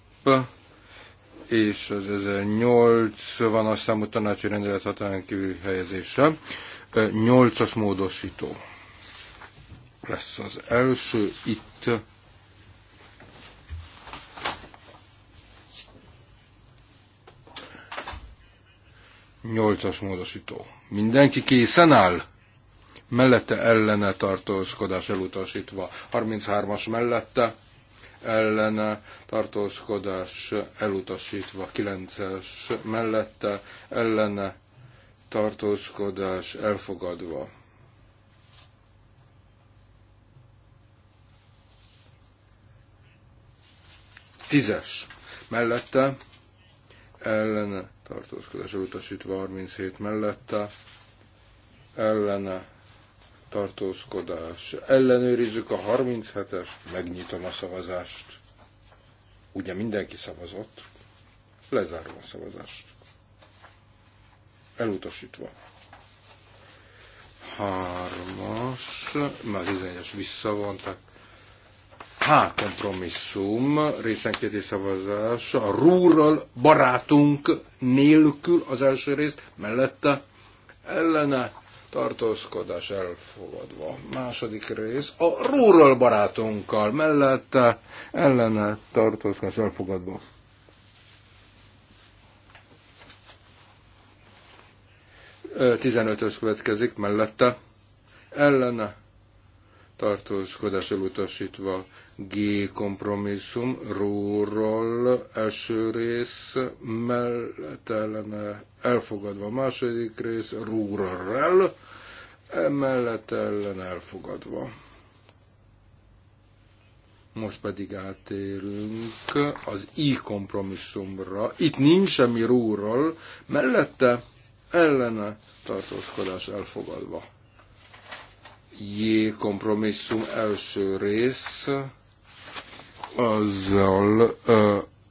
és az van a számú tanácsi rendelet hatályon kívül helyezése. 8-as módosító lesz az első itt Nyolcas módosító. Mindenki készen áll? Mellette ellene tartózkodás elutasítva. 33-as mellette ellene tartózkodás elutasítva. 9-es mellette ellene tartózkodás elfogadva. Tízes mellette ellene tartózkodás utasítva 37 mellette, ellene tartózkodás. Ellenőrizzük a 37-es, megnyitom a szavazást. Ugye mindenki szavazott, lezárom a szavazást. Elutasítva. Hármas, már 11-es visszavonták, H kompromisszum részenkéti szavazás a rural barátunk nélkül az első rész mellette ellene tartózkodás elfogadva. Második rész a rural barátunkkal mellette ellene tartózkodás elfogadva. Tizenötös következik mellette ellene tartózkodás elutasítva. G kompromisszum róról első rész mellettelene elfogadva elfogadva, második rész rúrral emellett ellen elfogadva. Most pedig átérünk az I kompromisszumra. Itt nincs semmi rúrral, mellette ellene tartózkodás elfogadva. J kompromisszum első rész azzal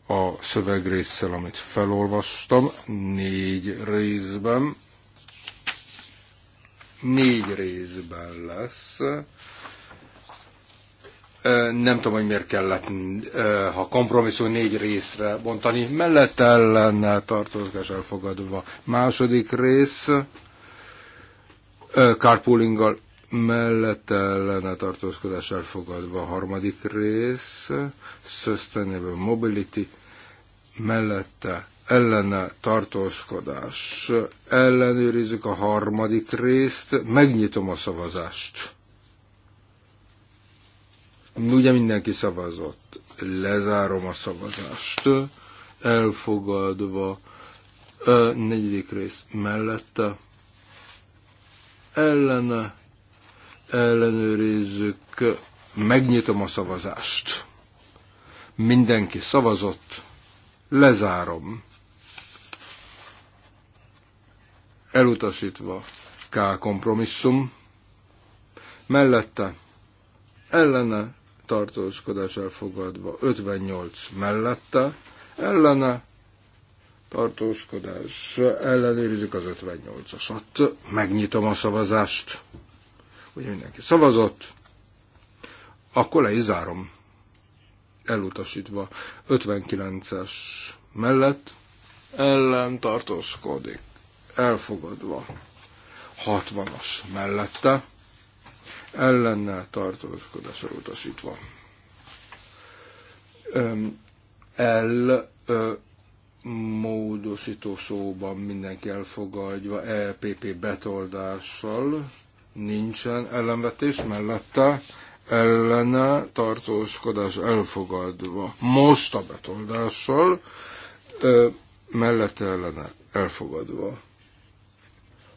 a szövegrésszel, amit felolvastam, négy részben, négy részben lesz. Nem tudom, hogy miért kellett, ha kompromisszum négy részre bontani, mellett ellen tartozás elfogadva. Második rész carpoolinggal mellette ellene tartózkodás elfogadva a harmadik rész, Sustainable Mobility, mellette ellene tartózkodás. Ellenőrizzük a harmadik részt, megnyitom a szavazást. Ugye mindenki szavazott, lezárom a szavazást, elfogadva a negyedik rész mellette, ellene ellenőrizzük, megnyitom a szavazást. Mindenki szavazott, lezárom. Elutasítva K kompromisszum, mellette ellene tartózkodás elfogadva 58 mellette, ellene tartózkodás ellenőrizzük az 58-asat. Megnyitom a szavazást. Ugye mindenki szavazott, akkor le is zárom. Elutasítva 59-es mellett ellen tartózkodik. Elfogadva 60-as mellette ellennel tartózkodásra utasítva. El módosító szóban mindenki elfogadva, EPP betoldással, nincsen ellenvetés mellette, ellene tartózkodás elfogadva. Most a betoldással ö, mellette ellene elfogadva.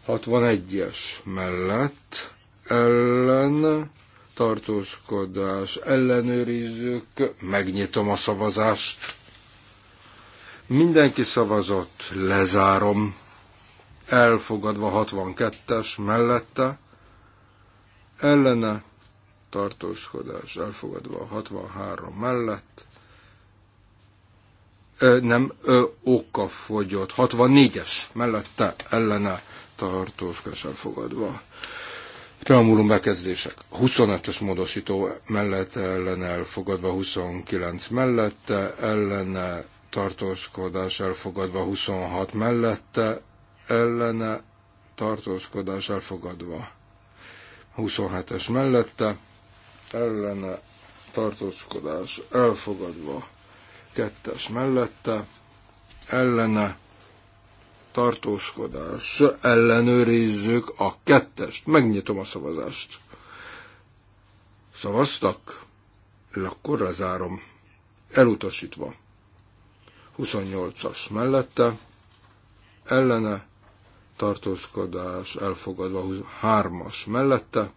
61-es mellett ellen tartózkodás ellenőrizzük, megnyitom a szavazást. Mindenki szavazott, lezárom. Elfogadva 62-es mellette ellene tartózkodás elfogadva a 63 mellett, ö, nem ö, oka fogyott, 64-es mellette ellene tartózkodás elfogadva. Preambulum bekezdések. 25-ös módosító mellett ellene elfogadva, 29 mellette ellene tartózkodás elfogadva, 26 mellette ellene tartózkodás elfogadva. 27-es mellette, ellene tartózkodás elfogadva, 2-es mellette, ellene tartózkodás, ellenőrizzük a kettest. Megnyitom a szavazást. Szavaztak? Akkor lezárom. Elutasítva. 28-as mellette, ellene tartózkodás elfogadva, hármas mellette,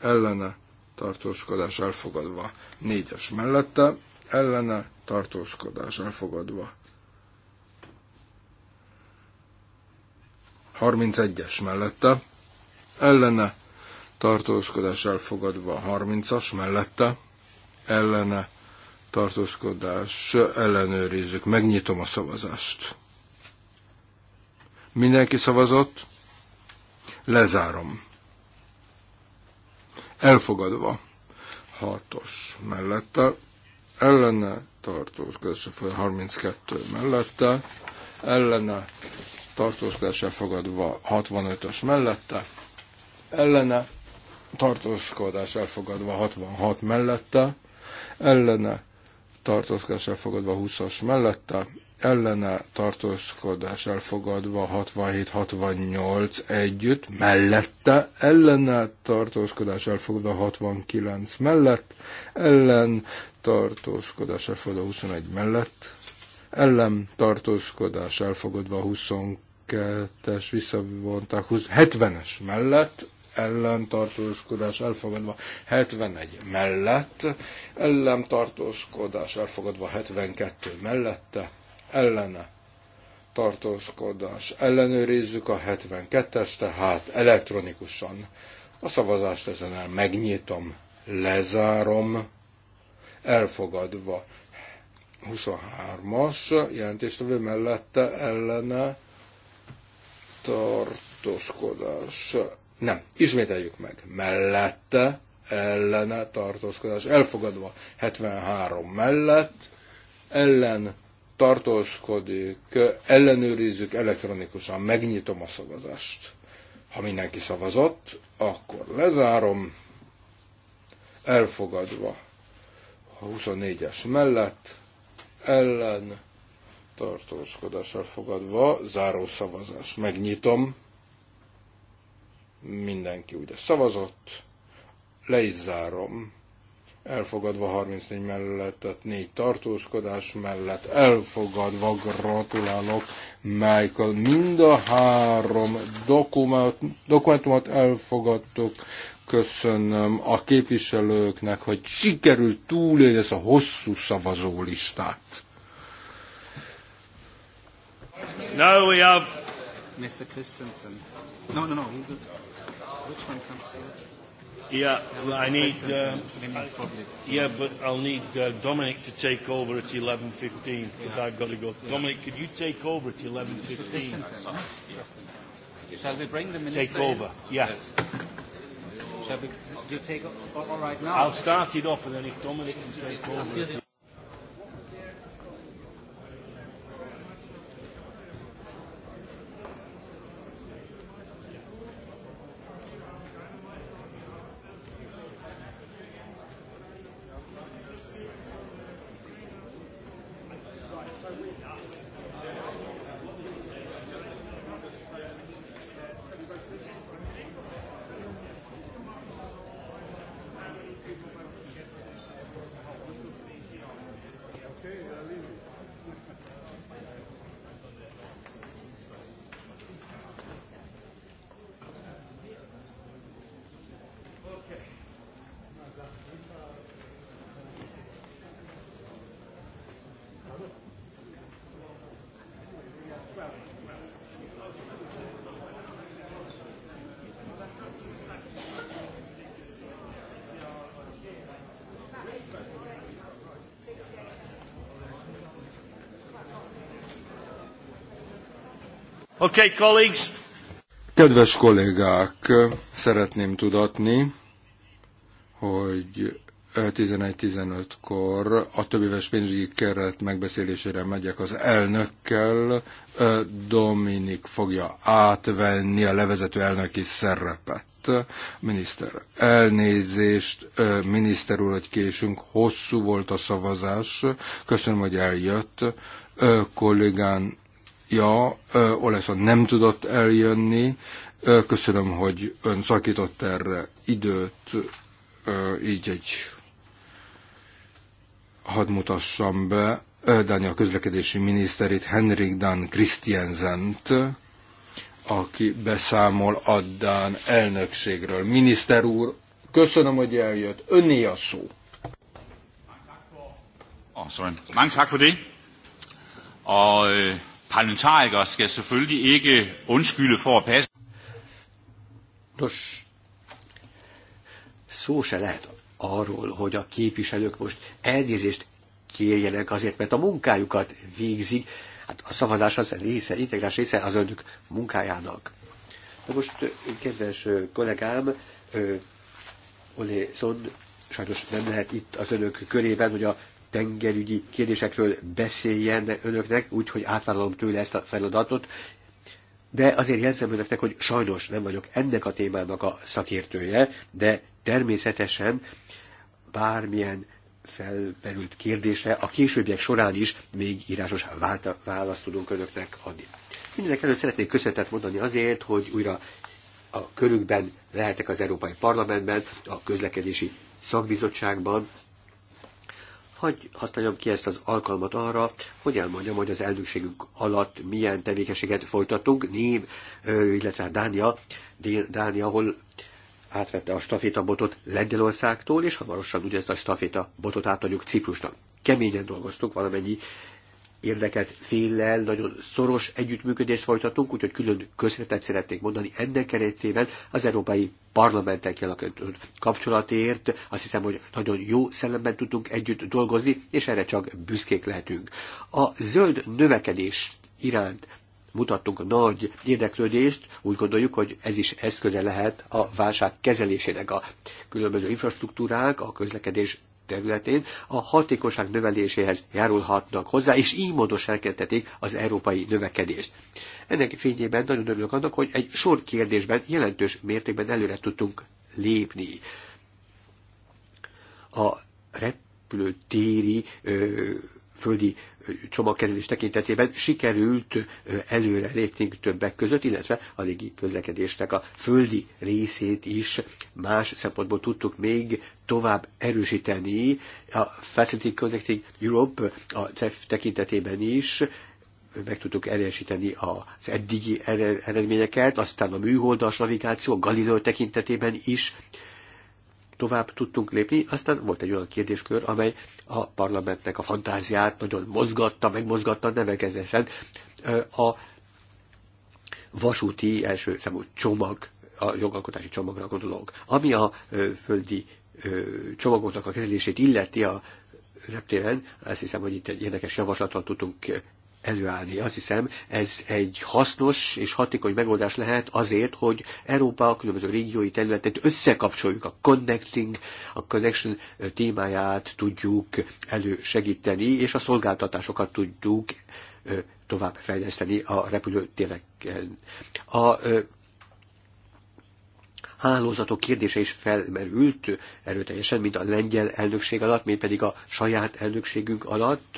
ellene tartózkodás elfogadva, négyes mellette, ellene tartózkodás elfogadva. 31-es mellette, ellene tartózkodás elfogadva 30-as mellette, ellene tartózkodás ellenőrizzük. Megnyitom a szavazást. Mindenki szavazott? Lezárom. Elfogadva. Hatos mellette. Ellene tartózkodás a 32 mellette. Ellene tartózkodás elfogadva 65-ös mellette. Ellene tartózkodás elfogadva 66 mellette. Ellene tartózkodás elfogadva 20-as mellette ellene tartózkodás elfogadva 67-68 együtt, mellette ellene tartózkodás elfogadva 69 mellett, ellen tartózkodás elfogadva 21 mellett, ellen tartózkodás elfogadva 22-es, visszavonták 70-es mellett, ellen tartózkodás elfogadva 71 mellett, ellen tartózkodás elfogadva 72 mellette, ellene tartózkodás. Ellenőrizzük a 72-es, tehát elektronikusan. A szavazást ezen el megnyitom, lezárom, elfogadva. 23-as jelentéstevő mellette ellene tartózkodás. Nem, ismételjük meg. Mellette ellene tartózkodás. Elfogadva 73 mellett ellen tartózkodik, ellenőrizzük elektronikusan, megnyitom a szavazást. Ha mindenki szavazott, akkor lezárom, elfogadva a 24-es mellett, ellen, tartózkodás elfogadva, záró szavazás, megnyitom, mindenki ugye szavazott, le is zárom, elfogadva 34 mellett, tehát 4 tartózkodás mellett, elfogadva gratulálok Michael. Mind a három dokumentumot elfogadtuk. Köszönöm a képviselőknek, hogy sikerült túlélni ezt a hosszú szavazólistát. Now we have Mr. Christensen. No, no, no. Which one comes here? Yeah, I need. Uh, yeah, but I'll need uh, Dominic to take over at 11:15 because I've got to go. Dominic, could you take over at 11:15? Shall we bring the minister? Take over. In? Yeah. Yes. Shall we? Do you take? over right now. I'll start it off, and then if Dominic can take over. Okay, colleagues. Kedves kollégák, szeretném tudatni, hogy 11-15-kor a többéves pénzügyi keret megbeszélésére megyek az elnökkel. Dominik fogja átvenni a levezető elnöki szerepet. Miniszter, elnézést, miniszter úr, hogy késünk, hosszú volt a szavazás. Köszönöm, hogy eljött. Kollégán ja, Oleszon nem tudott eljönni. Köszönöm, hogy ön szakított erre időt, így egy hadd mutassam be Dánia közlekedési miniszterét, Henrik Dan Christiansent, aki beszámol a Dán elnökségről. Miniszter úr, köszönöm, hogy eljött. Önné a szó. Oh, sorry. Mange tak for det. Og øh, Parlamentarikere skal selvfølgelig ikke undskylde for at passe. Nos, szó se lehet arról, hogy a képviselők most elnézést kérjenek azért, mert a munkájukat végzik, hát a szavazás az része, integrás része az önök munkájának. Na most, kedves kollégám, Olé Szon, sajnos nem lehet itt az önök körében, hogy a tengerügyi kérdésekről beszéljen önöknek, úgyhogy átvállalom tőle ezt a feladatot, de azért jelzem önöknek, hogy sajnos nem vagyok ennek a témának a szakértője, de természetesen bármilyen felmerült kérdésre a későbbiek során is még írásos választ tudunk önöknek adni. Mindenek előtt szeretnék köszönetet mondani azért, hogy újra a körükben lehetek az Európai Parlamentben, a közlekedési szakbizottságban, Hagy használjam ki ezt az alkalmat arra, hogy elmondjam, hogy az elnökségünk alatt milyen tevékenységet folytatunk. Ném, illetve hát Dánia, Dánia, ahol átvette a stafétabotot Lengyelországtól, és hamarosan ugye ezt a stafétabotot átadjuk Ciprusnak. Keményen dolgoztunk valamennyi érdekelt féllel nagyon szoros együttműködést folytatunk, úgyhogy külön köszönetet szeretnék mondani ennek keretében az Európai Parlamenten kialakított kapcsolatért. Azt hiszem, hogy nagyon jó szellemben tudtunk együtt dolgozni, és erre csak büszkék lehetünk. A zöld növekedés iránt mutattunk nagy érdeklődést, úgy gondoljuk, hogy ez is eszköze lehet a válság kezelésének. A különböző infrastruktúrák, a közlekedés területén a hatékonyság növeléséhez járulhatnak hozzá, és így módon serkentetik az európai növekedést. Ennek fényében nagyon örülök annak, hogy egy sor kérdésben jelentős mértékben előre tudtunk lépni. A repülőtéri ö, földi csomagkezelés tekintetében sikerült előre lépni többek között, illetve a légi közlekedésnek a földi részét is más szempontból tudtuk még tovább erősíteni. A Facility Connecting Europe a CEF tekintetében is meg tudtuk erősíteni az eddigi er-, eredményeket, aztán a műholdas navigáció, a Galileo tekintetében is tovább tudtunk lépni. Aztán volt egy olyan kérdéskör, amely a parlamentnek a fantáziát nagyon mozgatta, megmozgatta nevekezesen. a vasúti első számú csomag, a jogalkotási csomagra gondolok, ami a földi csomagoknak a kezelését illeti a reptéren, azt hiszem, hogy itt egy érdekes javaslatot tudtunk előállni. Azt hiszem, ez egy hasznos és hatékony megoldás lehet azért, hogy Európa a különböző régiói területet összekapcsoljuk a connecting, a connection témáját tudjuk elősegíteni, és a szolgáltatásokat tudjuk tovább fejleszteni a repülőtéreken. A hálózatok kérdése is felmerült erőteljesen, mint a lengyel elnökség alatt, mint pedig a saját elnökségünk alatt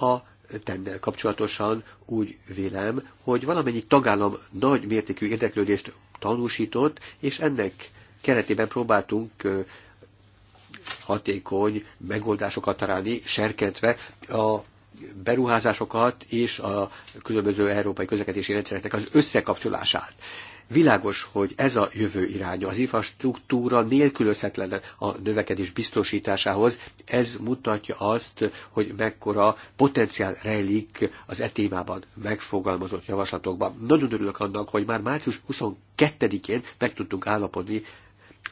a tennel kapcsolatosan úgy vélem, hogy valamennyi tagállam nagy mértékű érdeklődést tanúsított, és ennek keretében próbáltunk hatékony megoldásokat találni, serkentve a beruházásokat és a különböző európai közlekedési rendszereknek az összekapcsolását. Világos, hogy ez a jövő iránya. Az infrastruktúra nélkülözhetetlen a növekedés biztosításához. Ez mutatja azt, hogy mekkora potenciál rejlik az etémában megfogalmazott javaslatokban. Nagyon örülök annak, hogy már március 22-én meg tudtunk állapodni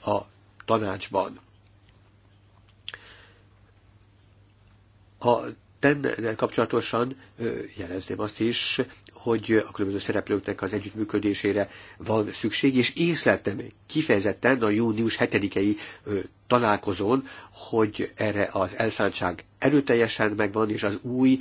a tanácsban. a tennel kapcsolatosan jelezném azt is, hogy a különböző szereplőknek az együttműködésére van szükség, és észleltem kifejezetten a június 7-i találkozón, hogy erre az elszántság erőteljesen megvan, és az új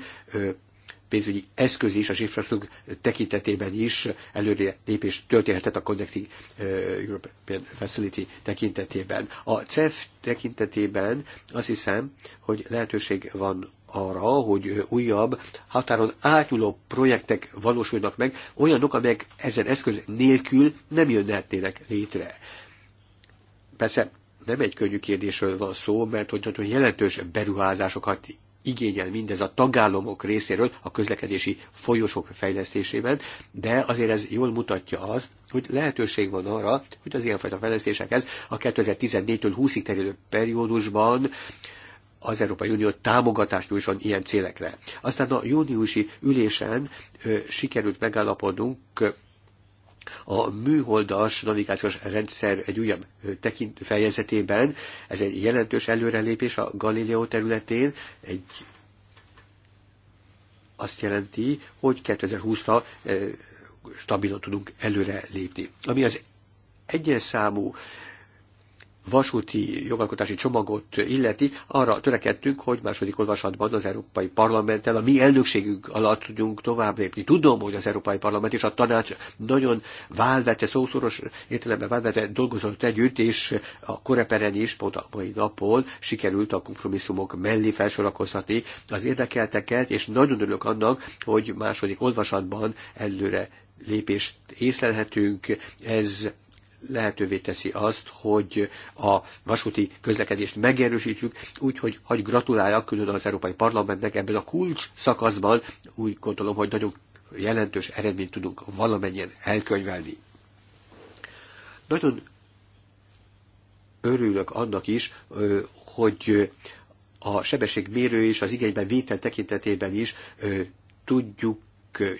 pénzügyi eszköz is, a infrastruktúr tekintetében is előre lépés történhetett a Connecting European Facility tekintetében. A CEF tekintetében azt hiszem, hogy lehetőség van arra, hogy újabb határon átnyúló projektek valósulnak meg, olyanok, amelyek ezen eszköz nélkül nem jönnehetnének létre. Persze nem egy könnyű kérdésről van szó, mert hogy nagyon jelentős beruházásokat igényel mindez a tagállamok részéről a közlekedési folyosók fejlesztésében, de azért ez jól mutatja azt, hogy lehetőség van arra, hogy az ilyenfajta fejlesztésekhez a 2014-től 20-ig terjedő periódusban az Európai Unió támogatást nyújtson ilyen célekre. Aztán a júniusi ülésen ö, sikerült megállapodunk a műholdas navigációs rendszer egy újabb tekint fejezetében, ez egy jelentős előrelépés a Galileo területén, egy azt jelenti, hogy 2020-ra stabilan tudunk előre lépni. Ami az egyes számú vasúti jogalkotási csomagot illeti, arra törekedtünk, hogy második olvasatban az Európai Parlamenttel a mi elnökségünk alatt tudjunk tovább lépni. Tudom, hogy az Európai Parlament és a tanács nagyon válvete, szószoros értelemben válvete dolgozott együtt, és a koreperen is pont a mai napon sikerült a kompromisszumok mellé felsorakozhatni az érdekelteket, és nagyon örülök annak, hogy második olvasatban előre lépést észlelhetünk. Ez lehetővé teszi azt, hogy a vasúti közlekedést megerősítjük, úgyhogy hagy gratuláljak külön az Európai Parlamentnek ebben a kulcs szakaszban, úgy gondolom, hogy nagyon jelentős eredményt tudunk valamennyien elkönyvelni. Nagyon örülök annak is, hogy a sebességmérő és az igényben vétel tekintetében is tudjuk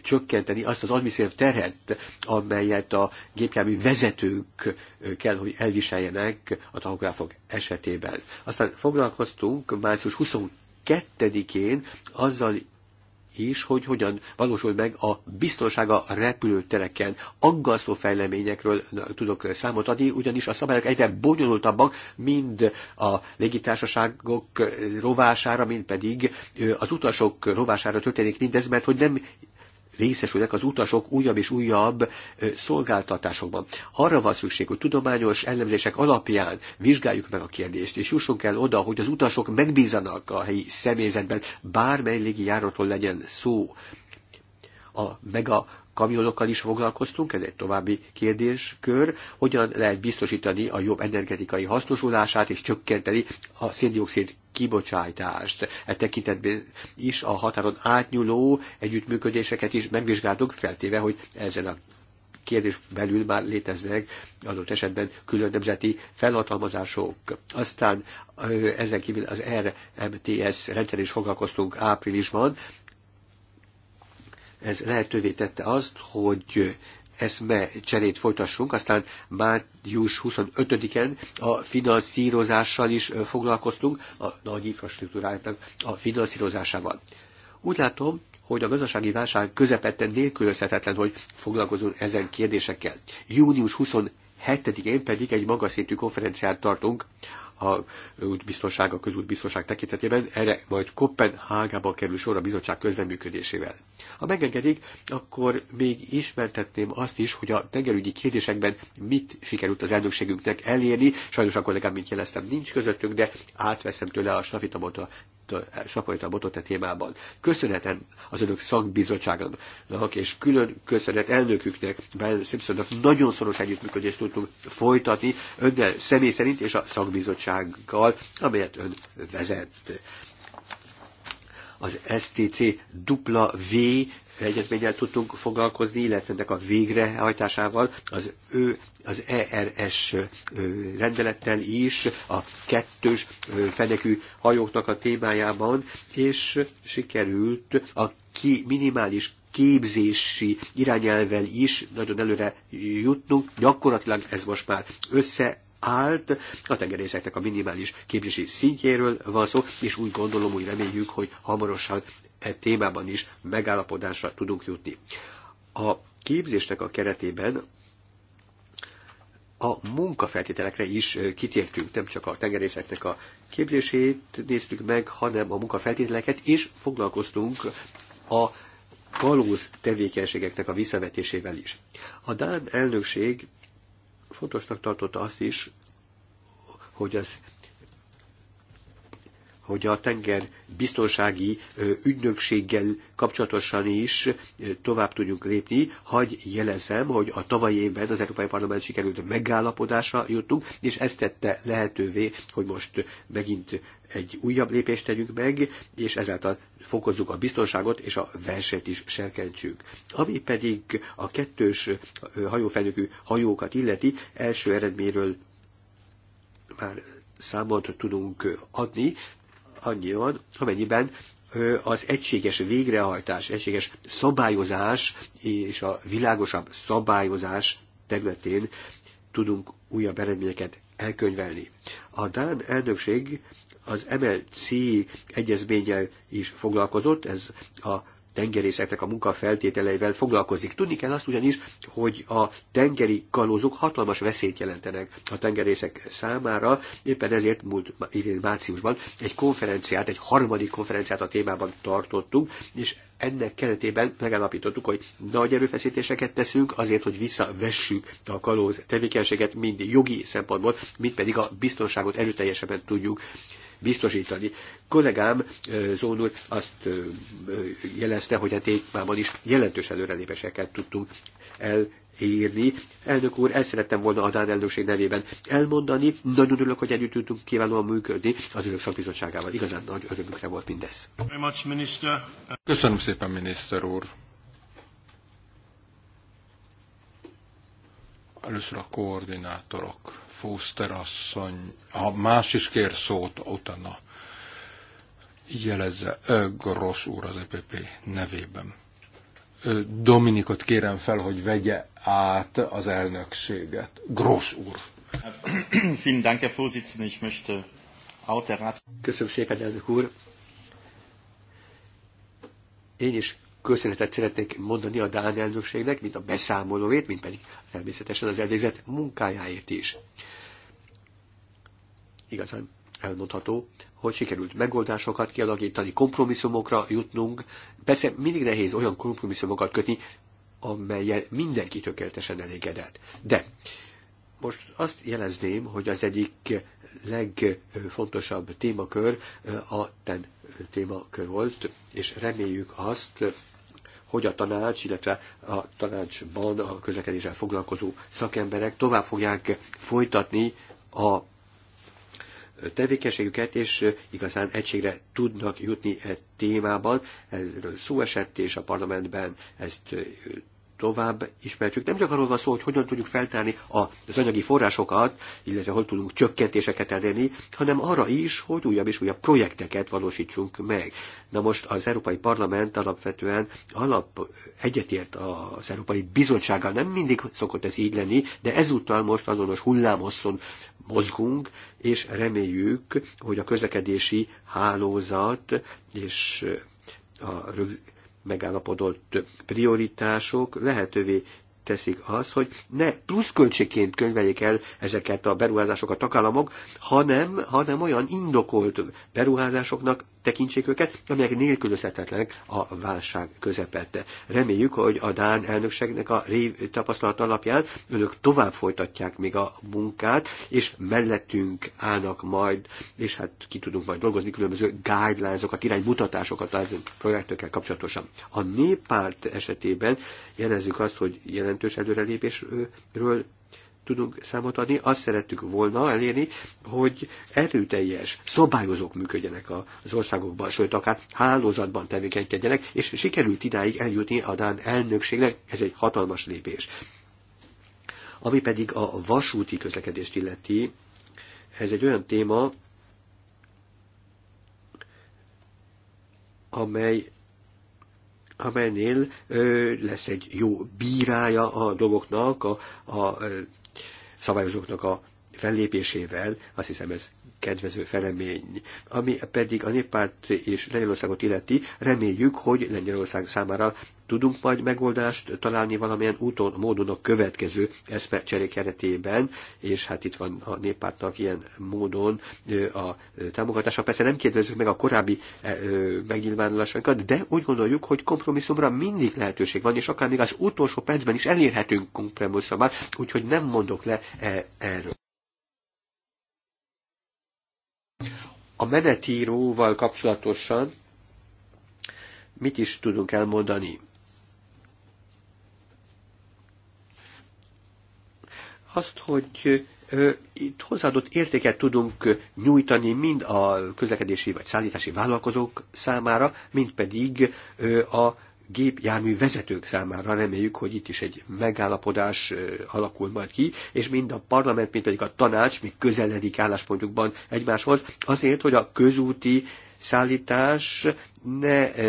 csökkenteni azt az adminisztratív terhet, amelyet a gépjármű vezetők kell, hogy elviseljenek a tahográfok esetében. Aztán foglalkoztunk március 22-én azzal is, hogy hogyan valósul meg a biztonsága repülőtereken. Aggasztó fejleményekről tudok számot adni, ugyanis a szabályok egyre bonyolultabbak, mind a légitársaságok rovására, mind pedig az utasok rovására történik mindez, mert hogy nem részesülnek az utasok újabb és újabb szolgáltatásokban. Arra van szükség, hogy tudományos elemzések alapján vizsgáljuk meg a kérdést, és jussunk el oda, hogy az utasok megbízanak a helyi személyzetben, bármely légi járaton legyen szó. A mega kamionokkal is foglalkoztunk, ez egy további kérdéskör, hogyan lehet biztosítani a jobb energetikai hasznosulását és csökkenteni a széndiokszid kibocsátást. E tekintetben is a határon átnyúló együttműködéseket is megvizsgáltuk, feltéve, hogy ezen a kérdés belül már léteznek adott esetben külön nemzeti felhatalmazások. Aztán ezen kívül az RMTS rendszer is foglalkoztunk áprilisban, ez lehetővé tette azt, hogy eszme cserét folytassunk, aztán május 25-en a finanszírozással is foglalkoztunk, a nagy infrastruktúrájának a finanszírozásával. Úgy látom, hogy a gazdasági válság közepette nélkülözhetetlen, hogy foglalkozunk ezen kérdésekkel. Június 7-én pedig egy magas szintű konferenciát tartunk a útbiztonság, a közútbiztonság tekintetében, erre majd Kopenhágába kerül sor a bizottság közleműködésével. Ha megengedik, akkor még ismertetném azt is, hogy a tengerügyi kérdésekben mit sikerült az elnökségünknek elérni. Sajnos a kollégám, mint jeleztem, nincs közöttünk, de átveszem tőle a stafitamot a Sapolyta a e témában. Köszönetem az önök szakbizottságának, és külön köszönet elnöküknek, Brian Simpsonnak nagyon szoros együttműködést tudtunk folytatni önnel személy szerint és a szakbizottsággal, amelyet ön vezet. Az STC dupla V egyezménnyel tudtunk foglalkozni, illetve ennek a végrehajtásával az ő az ERS rendelettel is a kettős fenekű hajóknak a témájában, és sikerült a ki, minimális képzési irányelvel is nagyon előre jutnunk. Gyakorlatilag ez most már össze állt, a tengerészeknek a minimális képzési szintjéről van szó, és úgy gondolom, úgy reméljük, hogy hamarosan e témában is megállapodásra tudunk jutni. A képzésnek a keretében a munkafeltételekre is kitértünk, nem csak a tengerészeknek a képzését néztük meg, hanem a munkafeltételeket, és foglalkoztunk a kalóz tevékenységeknek a visszavetésével is. A Dán elnökség fontosnak tartotta azt is, hogy az hogy a tenger biztonsági ügynökséggel kapcsolatosan is tovább tudjunk lépni. Hagy jelezem, hogy a tavalyi évben az Európai Parlament sikerült megállapodásra jutunk, és ezt tette lehetővé, hogy most megint egy újabb lépést tegyünk meg, és ezáltal fokozzuk a biztonságot és a versenyt is serkentsük. Ami pedig a kettős hajófenőkű hajókat illeti, első eredményről már számot tudunk adni annyian, amennyiben az egységes végrehajtás, egységes szabályozás és a világosabb szabályozás területén tudunk újabb eredményeket elkönyvelni. A Dán elnökség az MLC egyezménnyel is foglalkozott, ez a tengerészeknek a munkafeltételeivel foglalkozik. Tudni kell azt ugyanis, hogy a tengeri kalózok hatalmas veszélyt jelentenek a tengerészek számára, éppen ezért múlt idén márciusban egy konferenciát, egy harmadik konferenciát a témában tartottunk, és ennek keretében megállapítottuk, hogy nagy erőfeszítéseket teszünk azért, hogy visszavessük a kalóz tevékenységet mind jogi szempontból, mind pedig a biztonságot erőteljesebben tudjuk biztosítani. Kollégám Zónul azt jelezte, hogy a hát témában is jelentős előrelépéseket tudtunk el írni. Elnök úr, el szerettem volna a Dán elnökség nevében elmondani. Nagyon örülök, hogy együtt tudtunk kiválóan működni az önök szakbizottságával. Igazán nagy örömükre volt mindez. Köszönöm szépen, miniszter úr. Először a koordinátorok Fuster asszony, ha más is kér szót, utána jelezze Gros úr az EPP nevében. Dominikot kérem fel, hogy vegye át az elnökséget. Gros úr. Köszönöm szépen, elnök úr. Én is köszönetet szeretnék mondani a Dán elnökségnek, mint a beszámolóért, mint pedig természetesen az elvégzett munkájáért is. Igazán elmondható, hogy sikerült megoldásokat kialakítani, kompromisszumokra jutnunk. Persze mindig nehéz olyan kompromisszumokat kötni, amelyel mindenki tökéletesen elégedett. De most azt jelezném, hogy az egyik legfontosabb témakör a TEN témakör volt, és reméljük azt, hogy a tanács, illetve a tanácsban a közlekedéssel foglalkozó szakemberek tovább fogják folytatni a tevékenységüket, és igazán egységre tudnak jutni e témában. Erről szó esett, és a parlamentben ezt tovább ismertjük. Nem csak arról van szó, hogy hogyan tudjuk feltárni az anyagi forrásokat, illetve hol tudunk csökkentéseket elérni, hanem arra is, hogy újabb és újabb projekteket valósítsunk meg. Na most az Európai Parlament alapvetően alap egyetért az Európai Bizottsággal. Nem mindig szokott ez így lenni, de ezúttal most azonos hullámosszon mozgunk, és reméljük, hogy a közlekedési hálózat és a rögzítés, megállapodott prioritások lehetővé teszik az, hogy ne pluszköltségként könyveljék el ezeket a beruházásokat a tagállamok, hanem, hanem olyan indokolt beruházásoknak tekintsék őket, amelyek nélkülözhetetlenek a válság közepette. Reméljük, hogy a Dán elnökségnek a rév tapasztalat alapján önök tovább folytatják még a munkát, és mellettünk állnak majd, és hát ki tudunk majd dolgozni különböző guidelines-okat, iránymutatásokat az projektökkel kapcsolatosan. A néppárt esetében jelezzük azt, hogy jelentős előrelépésről tudunk számot adni, azt szerettük volna elérni, hogy erőteljes szabályozók működjenek az országokban, sőt, akár hálózatban tevékenykedjenek, és sikerült idáig eljutni a Dán elnökségnek, ez egy hatalmas lépés. Ami pedig a vasúti közlekedést illeti, ez egy olyan téma, amely amelynél ö, lesz egy jó bírája a dolgoknak, a, a szabályozóknak a fellépésével, azt hiszem ez kedvező felemény. Ami pedig a néppárt és Lengyelországot illeti, reméljük, hogy Lengyelország számára tudunk majd megoldást találni valamilyen úton, módon a következő eszmecsere keretében, és hát itt van a néppártnak ilyen módon a támogatása. Persze nem kérdezzük meg a korábbi megnyilvánulásainkat, de úgy gondoljuk, hogy kompromisszumra mindig lehetőség van, és akár még az utolsó percben is elérhetünk kompromisszumát, úgyhogy nem mondok le e, erről. A menetíróval kapcsolatosan mit is tudunk elmondani? Azt, hogy itt hozzáadott értéket tudunk nyújtani mind a közlekedési vagy szállítási vállalkozók számára, mind pedig a gépjármű vezetők számára. Reméljük, hogy itt is egy megállapodás alakul majd ki, és mind a parlament, mind pedig a tanács még közeledik álláspontjukban egymáshoz, azért, hogy a közúti szállítás ne e,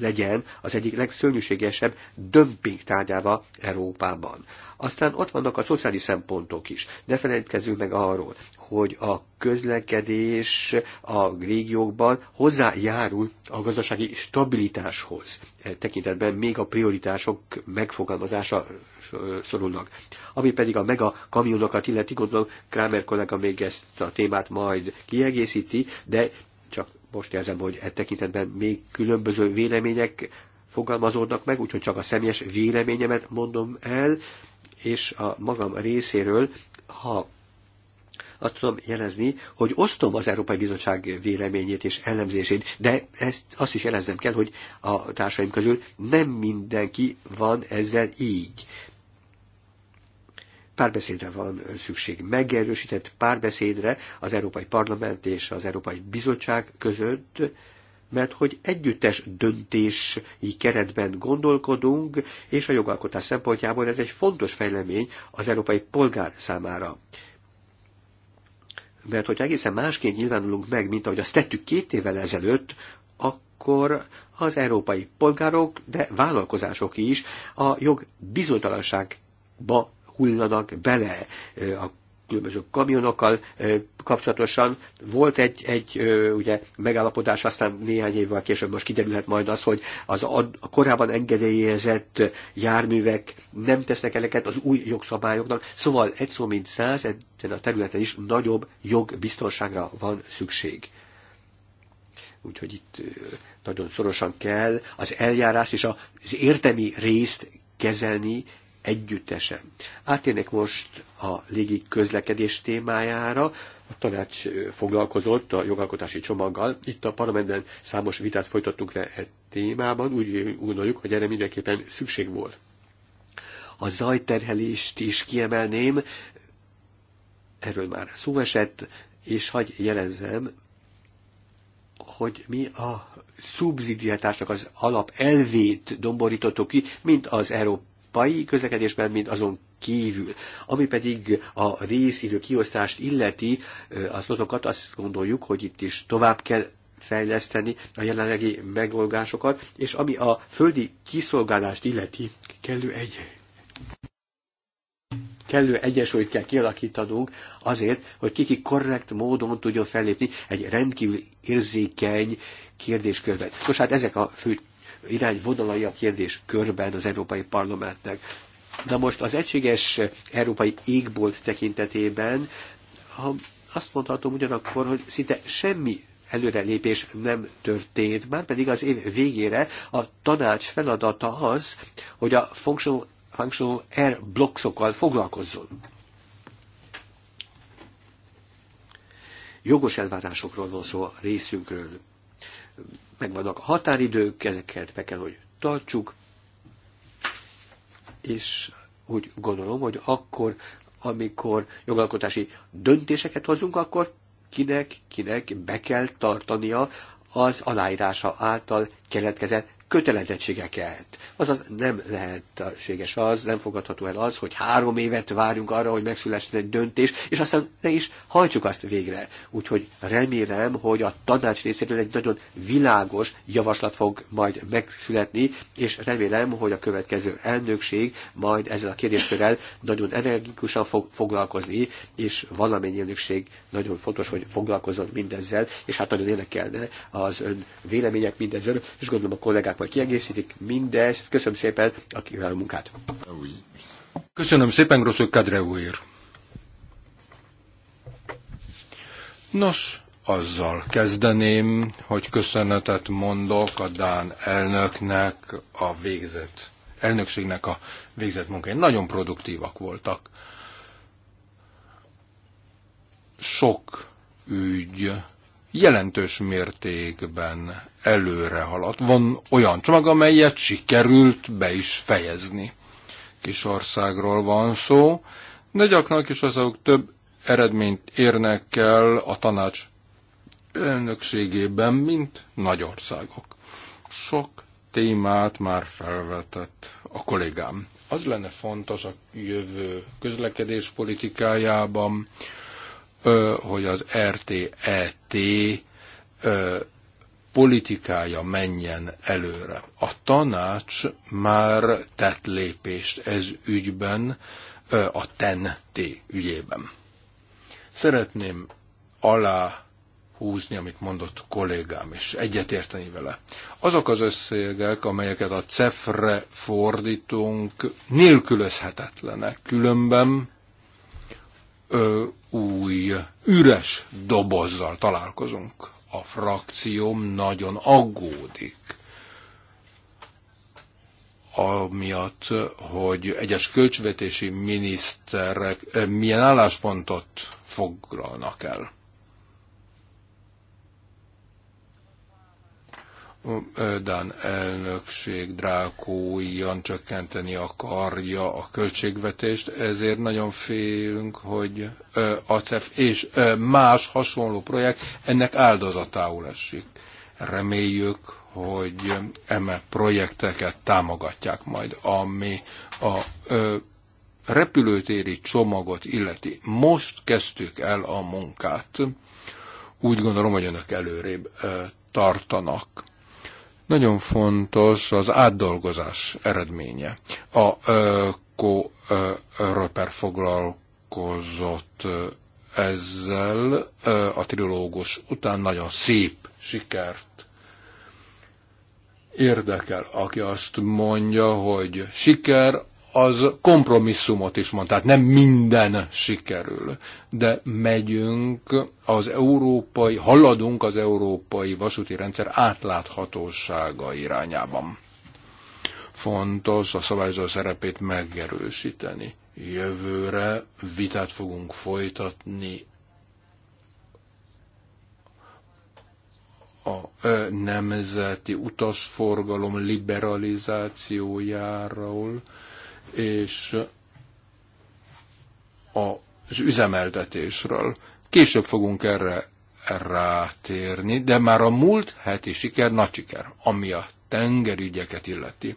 legyen az egyik legszörnyűségesebb dömping tárgyáva Európában. Aztán ott vannak a szociális szempontok is. Ne felejtkezzünk meg arról, hogy a közlekedés a régiókban hozzájárul a gazdasági stabilitáshoz. E tekintetben még a prioritások megfogalmazása szorulnak. Ami pedig a mega kamionokat illeti, gondolom Kramer kollega még ezt a témát majd kiegészíti, de most érzem, hogy e tekintetben még különböző vélemények fogalmazódnak meg, úgyhogy csak a személyes véleményemet mondom el, és a magam részéről, ha azt tudom jelezni, hogy osztom az Európai Bizottság véleményét és elemzését, de ezt azt is jeleznem kell, hogy a társaim közül nem mindenki van ezzel így párbeszédre van szükség, megerősített párbeszédre az Európai Parlament és az Európai Bizottság között, mert hogy együttes döntési keretben gondolkodunk, és a jogalkotás szempontjából ez egy fontos fejlemény az európai polgár számára. Mert hogyha egészen másként nyilvánulunk meg, mint ahogy azt tettük két évvel ezelőtt, akkor az európai polgárok, de vállalkozások is a jog bizonytalanságba hullanak bele a különböző kamionokkal kapcsolatosan. Volt egy, egy ugye, megállapodás, aztán néhány évvel később most kiderülhet majd az, hogy az a korábban engedélyezett járművek nem tesznek eleket az új jogszabályoknak, szóval egy szó mint száz, ezen a területen is nagyobb jogbiztonságra van szükség. Úgyhogy itt nagyon szorosan kell az eljárás és az értemi részt kezelni, együttese. Átérnek most a légi közlekedés témájára. A tanács foglalkozott a jogalkotási csomaggal. Itt a parlamentben számos vitát folytattunk le e témában. Úgy gondoljuk, hogy erre mindenképpen szükség volt. A zajterhelést is kiemelném, erről már szó esett, és hagy jelezzem, hogy mi a szubszidiátásnak az alap elvét domborítottuk ki, mint az Európa európai közlekedésben, mint azon kívül. Ami pedig a részidő kiosztást illeti az szlotokat, azt gondoljuk, hogy itt is tovább kell fejleszteni a jelenlegi megoldásokat, és ami a földi kiszolgálást illeti, kellő egy kellő egyensúlyt kell kialakítanunk azért, hogy kiki korrekt módon tudjon fellépni egy rendkívül érzékeny kérdéskörben. Most hát ezek a fő irányvonalai a kérdés körben az Európai Parlamentnek. Na most az egységes európai égbolt tekintetében ha azt mondhatom ugyanakkor, hogy szinte semmi előrelépés nem történt, már pedig az év végére a tanács feladata az, hogy a functional, functional air blockokkal foglalkozzon. Jogos elvárásokról van szó a részünkről megvannak a határidők, ezeket be kell, hogy tartsuk, és úgy gondolom, hogy akkor, amikor jogalkotási döntéseket hozunk, akkor kinek, kinek be kell tartania az aláírása által keletkezett kötelezettségeket. Azaz nem lehetséges az, nem fogadható el az, hogy három évet várjunk arra, hogy megszülessen egy döntés, és aztán ne is hajtsuk azt végre. Úgyhogy remélem, hogy a tanács részéről egy nagyon világos javaslat fog majd megszületni, és remélem, hogy a következő elnökség majd ezzel a kérdéskörrel nagyon energikusan fog foglalkozni, és valamennyi elnökség nagyon fontos, hogy foglalkozzon mindezzel, és hát nagyon érdekelne az ön vélemények mindezzel, és gondolom a kollégák kollégák vagy kiegészítik mindezt. Köszönöm szépen a kiváló munkát. Köszönöm szépen, Grosso Kadre úr. Nos, azzal kezdeném, hogy köszönetet mondok a Dán elnöknek a végzett, elnökségnek a végzett munkáin. Nagyon produktívak voltak. Sok ügy jelentős mértékben előre haladt. Van olyan csomag, amelyet sikerült be is fejezni. Kis országról van szó, de gyakran is azok több eredményt érnek el a tanács elnökségében, mint nagy országok. Sok témát már felvetett a kollégám. Az lenne fontos a jövő közlekedés politikájában, hogy az RTET e politikája menjen előre. A tanács már tett lépést ez ügyben, a ten ügyében. Szeretném alá húzni, amit mondott kollégám, és egyetérteni vele. Azok az összegek, amelyeket a CEF-re fordítunk, nélkülözhetetlenek, különben ö, új üres dobozzal találkozunk a frakcióm nagyon aggódik amiatt, hogy egyes költségvetési miniszterek eh, milyen álláspontot foglalnak el. Dán elnökség drákóian csökkenteni akarja a költségvetést, ezért nagyon félünk, hogy ACEF és más hasonló projekt ennek áldozatául esik. Reméljük, hogy eme projekteket támogatják majd, ami a repülőtéri csomagot illeti. Most kezdtük el a munkát. Úgy gondolom, hogy önök előrébb tartanak nagyon fontos az átdolgozás eredménye. A Kó-Röper foglalkozott ezzel a trilógus után nagyon szép sikert érdekel, aki azt mondja, hogy siker az kompromisszumot is mond, tehát nem minden sikerül, de megyünk az európai, haladunk az európai vasúti rendszer átláthatósága irányában. Fontos a szabályozó szerepét megerősíteni. Jövőre vitát fogunk folytatni a nemzeti utasforgalom liberalizációjáról, és az üzemeltetésről. Később fogunk erre rátérni, de már a múlt heti siker nagy siker, ami a tengerügyeket illeti.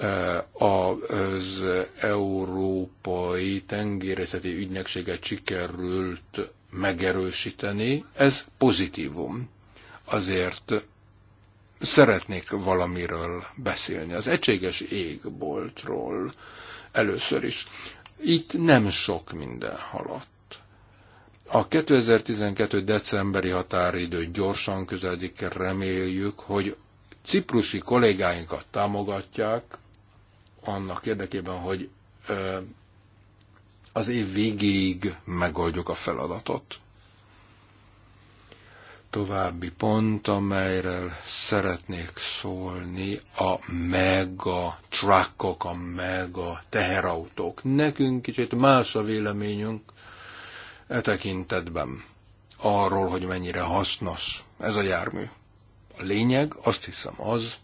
E, az Európai Tengérészeti Ügynökséget sikerült megerősíteni, ez pozitívum. Azért szeretnék valamiről beszélni. Az egységes égboltról először is. Itt nem sok minden haladt. A 2012. decemberi határidő gyorsan közeledik, reméljük, hogy ciprusi kollégáinkat támogatják annak érdekében, hogy az év végéig megoldjuk a feladatot további pont, amelyről szeretnék szólni, a mega truckok, a mega teherautók. Nekünk kicsit más a véleményünk e tekintetben arról, hogy mennyire hasznos ez a jármű. A lényeg azt hiszem az,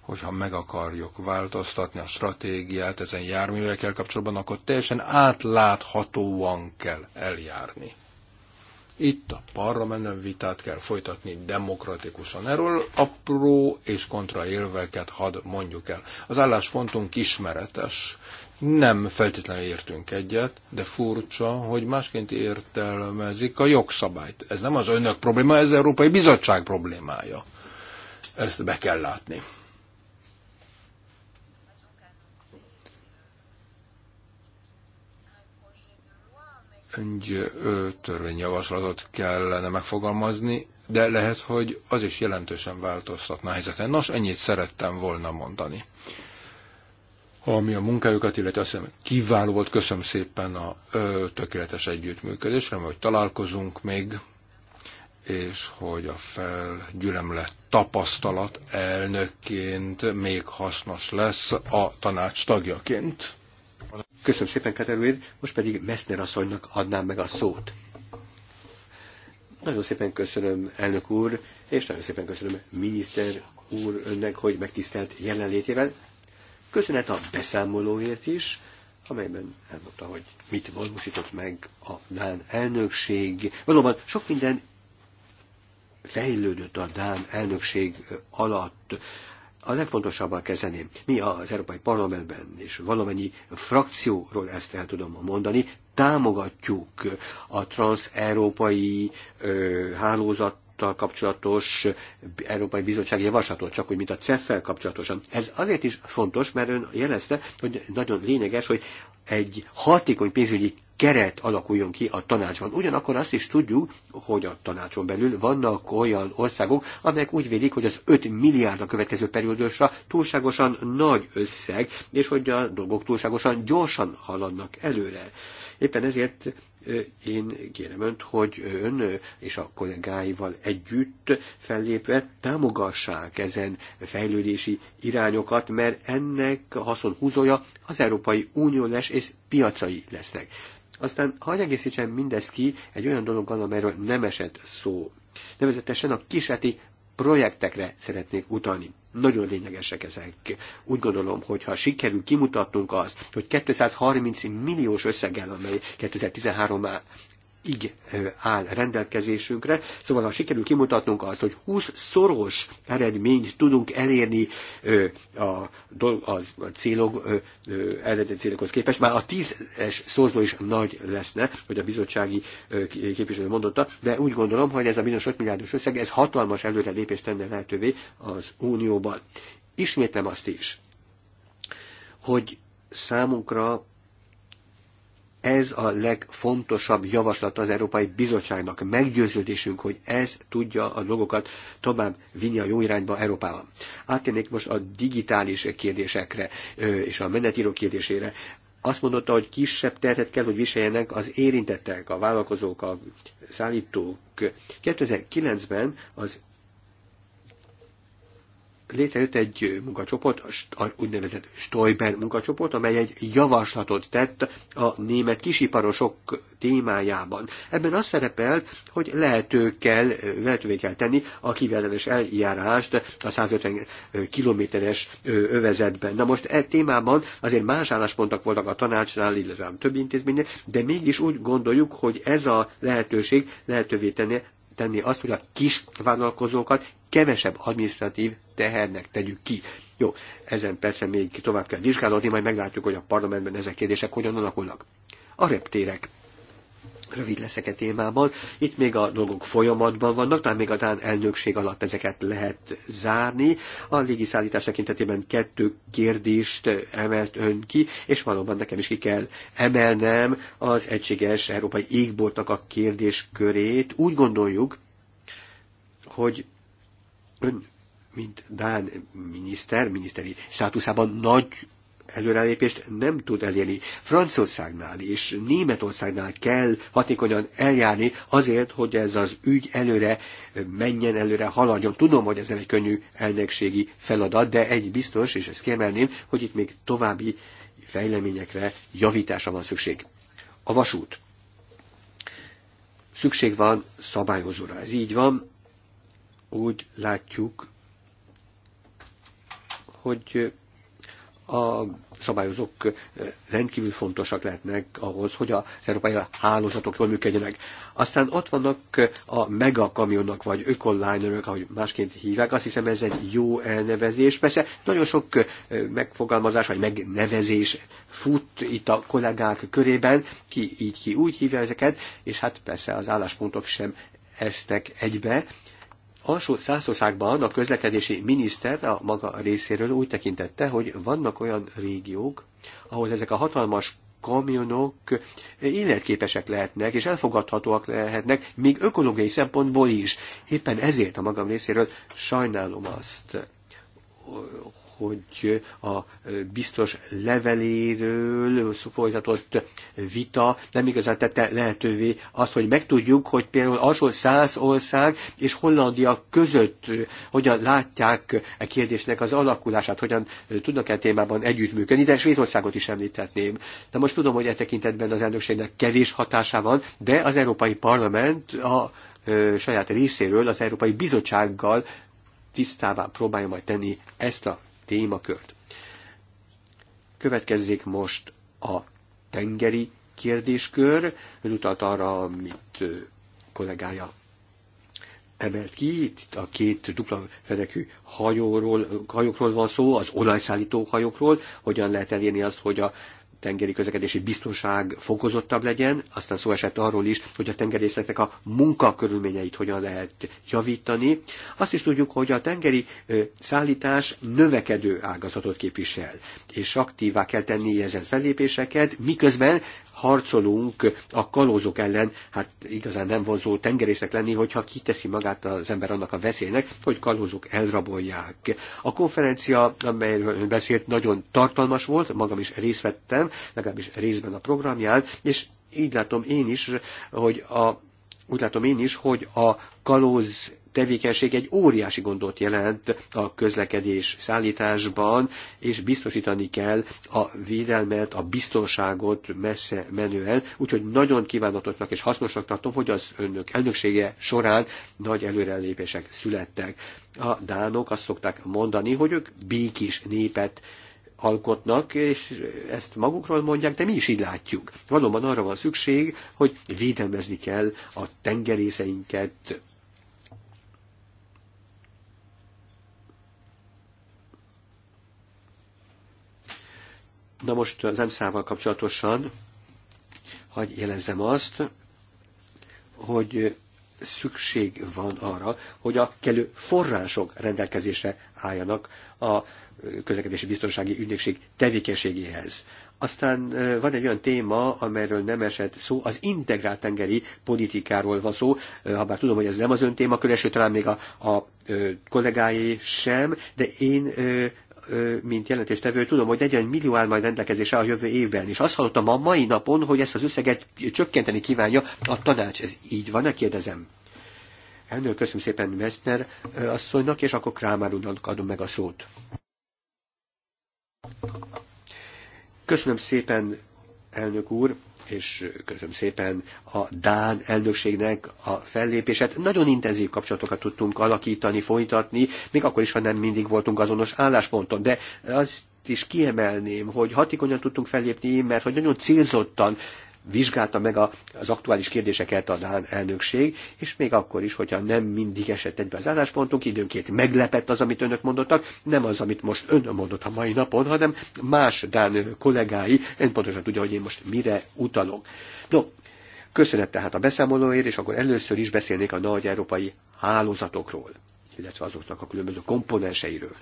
hogyha meg akarjuk változtatni a stratégiát ezen járművekkel kapcsolatban, akkor teljesen átláthatóan kell eljárni. Itt a parlamenten vitát kell folytatni demokratikusan. Erről apró és kontra érveket hadd mondjuk el. Az álláspontunk ismeretes, nem feltétlenül értünk egyet, de furcsa, hogy másként értelmezik a jogszabályt. Ez nem az önök probléma, ez az Európai Bizottság problémája. Ezt be kell látni. egy törvényjavaslatot kellene megfogalmazni, de lehet, hogy az is jelentősen változtatna a helyzeten. Nos, ennyit szerettem volna mondani. Ami a munkájukat, illetve azt hiszem kiváló volt, köszönöm szépen a ö, tökéletes együttműködésre, remélem, hogy találkozunk még, és hogy a felgyülemlett tapasztalat elnökként még hasznos lesz a tanács tagjaként. Köszönöm szépen, Katerőr, most pedig Messner asszonynak adnám meg a szót. Nagyon szépen köszönöm, elnök úr, és nagyon szépen köszönöm, miniszter úr önnek, hogy megtisztelt jelenlétével. Köszönet a beszámolóért is, amelyben elmondta, hogy mit valósított meg a Dán elnökség. Valóban sok minden fejlődött a Dán elnökség alatt a legfontosabbal kezdeném. Mi az Európai Parlamentben és valamennyi frakcióról ezt el tudom mondani, támogatjuk a transeurópai hálózat kapcsolatos Európai Bizottság javaslatot, csak úgy, mint a CEF-fel kapcsolatosan. Ez azért is fontos, mert ön jelezte, hogy nagyon lényeges, hogy egy hatékony pénzügyi keret alakuljon ki a tanácsban. Ugyanakkor azt is tudjuk, hogy a tanácson belül vannak olyan országok, amelyek úgy vélik, hogy az 5 milliárd a következő periódusra túlságosan nagy összeg, és hogy a dolgok túlságosan gyorsan haladnak előre. Éppen ezért én kérem önt, hogy ön és a kollégáival együtt fellépve támogassák ezen fejlődési irányokat, mert ennek a haszonhúzója az Európai Unió lesz és piacai lesznek. Aztán hagyj egészítsen mindezt ki egy olyan dologgal, amelyről nem esett szó. Nevezetesen a kísérleti projektekre szeretnék utalni. Nagyon lényegesek ezek. Úgy gondolom, hogy ha sikerül kimutatnunk az, hogy 230 milliós összeggel, amely 2013 így áll rendelkezésünkre. Szóval, ha sikerül kimutatnunk azt, hogy 20 szoros eredményt tudunk elérni a, az a célok, eredeti célokhoz képest, már a 10-es szorzó is nagy leszne, hogy a bizottsági képviselő mondotta, de úgy gondolom, hogy ez a bizonyos 5 milliárdos összeg, ez hatalmas előrelépést tenne lehetővé az Unióban. Ismétlem azt is, hogy számunkra ez a legfontosabb javaslat az Európai Bizottságnak. Meggyőződésünk, hogy ez tudja a dolgokat tovább vinni a jó irányba Európában. Átérnék most a digitális kérdésekre és a menetíró kérdésére azt mondotta, hogy kisebb tehetet kell, hogy viseljenek az érintettek, a vállalkozók, a szállítók. 2009-ben az létrejött egy munkacsoport, a úgynevezett Stoiber munkacsoport, amely egy javaslatot tett a német kisiparosok témájában. Ebben az szerepelt, hogy lehető kell, lehetővé kell tenni a kivellenes eljárást a 150 kilométeres övezetben. Na most e témában azért más álláspontok voltak a tanácsnál, illetve a több intézménye, de mégis úgy gondoljuk, hogy ez a lehetőség lehetővé tenni tenni azt, hogy a kis vállalkozókat kevesebb administratív tehernek tegyük ki. Jó, ezen persze még tovább kell vizsgálódni, majd meglátjuk, hogy a parlamentben ezek kérdések hogyan alakulnak. A reptérek. Rövid leszek a e témában. Itt még a dolgok folyamatban vannak, talán még a Dán elnökség alatt ezeket lehet zárni. A légiszállítás tekintetében kettő kérdést emelt ön ki, és valóban nekem is ki kell emelnem az egységes európai égboltnak a kérdéskörét. Úgy gondoljuk, hogy Ön, mint Dán miniszter, miniszteri státuszában nagy előrelépést nem tud elérni. Franciaországnál és Németországnál kell hatékonyan eljárni azért, hogy ez az ügy előre menjen, előre haladjon. Tudom, hogy ez nem egy könnyű elnökségi feladat, de egy biztos, és ezt kiemelném, hogy itt még további fejleményekre javításra van szükség. A vasút. Szükség van szabályozóra. Ez így van, úgy látjuk, hogy a szabályozók rendkívül fontosak lehetnek ahhoz, hogy az európai hálózatok jól működjenek. Aztán ott vannak a megakamionok, vagy ökollinerök, ahogy másként hívják, azt hiszem ez egy jó elnevezés. Persze nagyon sok megfogalmazás, vagy megnevezés fut itt a kollégák körében, ki így, ki úgy hívja ezeket, és hát persze az álláspontok sem estek egybe, alsó szászországban a közlekedési miniszter a maga részéről úgy tekintette, hogy vannak olyan régiók, ahol ezek a hatalmas kamionok életképesek lehetnek, és elfogadhatóak lehetnek, még ökológiai szempontból is. Éppen ezért a magam részéről sajnálom azt, hogy a biztos leveléről folytatott vita nem igazán tette lehetővé azt, hogy megtudjuk, hogy például alsó száz ország és Hollandia között hogyan látják a e kérdésnek az alakulását, hogyan tudnak-e témában együttműködni, de Svédországot is említhetném. De most tudom, hogy e tekintetben az elnökségnek kevés hatása van, de az Európai Parlament a saját részéről az Európai Bizottsággal tisztává próbálja majd tenni ezt a témakört. Következzék most a tengeri kérdéskör. Ön utalt arra, amit kollégája emelt ki, itt a két dupla fedekű hajóról, hajókról van szó, az olajszállító hajókról, hogyan lehet elérni azt, hogy a tengeri közlekedési biztonság fokozottabb legyen, aztán szó esett arról is, hogy a tengerészeknek a munkakörülményeit hogyan lehet javítani. Azt is tudjuk, hogy a tengeri szállítás növekedő ágazatot képvisel, és aktívá kell tenni ezen fellépéseket, miközben harcolunk a kalózok ellen, hát igazán nem vonzó tengerésznek lenni, hogyha kiteszi magát az ember annak a veszélynek, hogy kalózok elrabolják. A konferencia, amelyről beszélt, nagyon tartalmas volt, magam is részt vettem, legalábbis részben a programján, és így látom én is, hogy a úgy látom én is, hogy a kalóz tevékenység egy óriási gondot jelent a közlekedés szállításban, és biztosítani kell a védelmet, a biztonságot messze menően, úgyhogy nagyon kívánatosnak és hasznosnak tartom, hogy az önök elnöksége során nagy előrelépések születtek. A dánok azt szokták mondani, hogy ők békés népet alkotnak, és ezt magukról mondják, de mi is így látjuk. Valóban arra van szükség, hogy védelmezni kell a tengerészeinket, Na most az emszával kapcsolatosan hagy jelezzem azt, hogy szükség van arra, hogy a kellő források rendelkezésre álljanak a közlekedési biztonsági ügynökség tevékenységéhez. Aztán van egy olyan téma, amelyről nem esett szó, az integrált tengeri politikáról van szó, habár tudom, hogy ez nem az ön téma, sőt talán még a, a kollégái sem, de én mint jelentéstevő, tudom, hogy 40 millió áll majd rendelkezésre a jövő évben, és azt hallottam a mai napon, hogy ezt az összeget csökkenteni kívánja a tanács. Ez így van-e? Kérdezem. Elnök, köszönöm szépen Messner asszonynak, és akkor Krámár úrnak adom meg a szót. Köszönöm szépen, elnök úr és köszönöm szépen a Dán elnökségnek a fellépését. Nagyon intenzív kapcsolatokat tudtunk alakítani, folytatni, még akkor is, ha nem mindig voltunk azonos állásponton, de azt is kiemelném, hogy hatékonyan tudtunk fellépni, mert hogy nagyon célzottan vizsgálta meg az aktuális kérdéseket a Dán elnökség, és még akkor is, hogyha nem mindig esett egybe az álláspontunk, időnként meglepett az, amit önök mondottak, nem az, amit most ön mondott a mai napon, hanem más Dán kollégái, ön pontosan tudja, hogy én most mire utalok. No, köszönet tehát a beszámolóért, és akkor először is beszélnék a nagy európai hálózatokról, illetve azoknak a különböző komponenseiről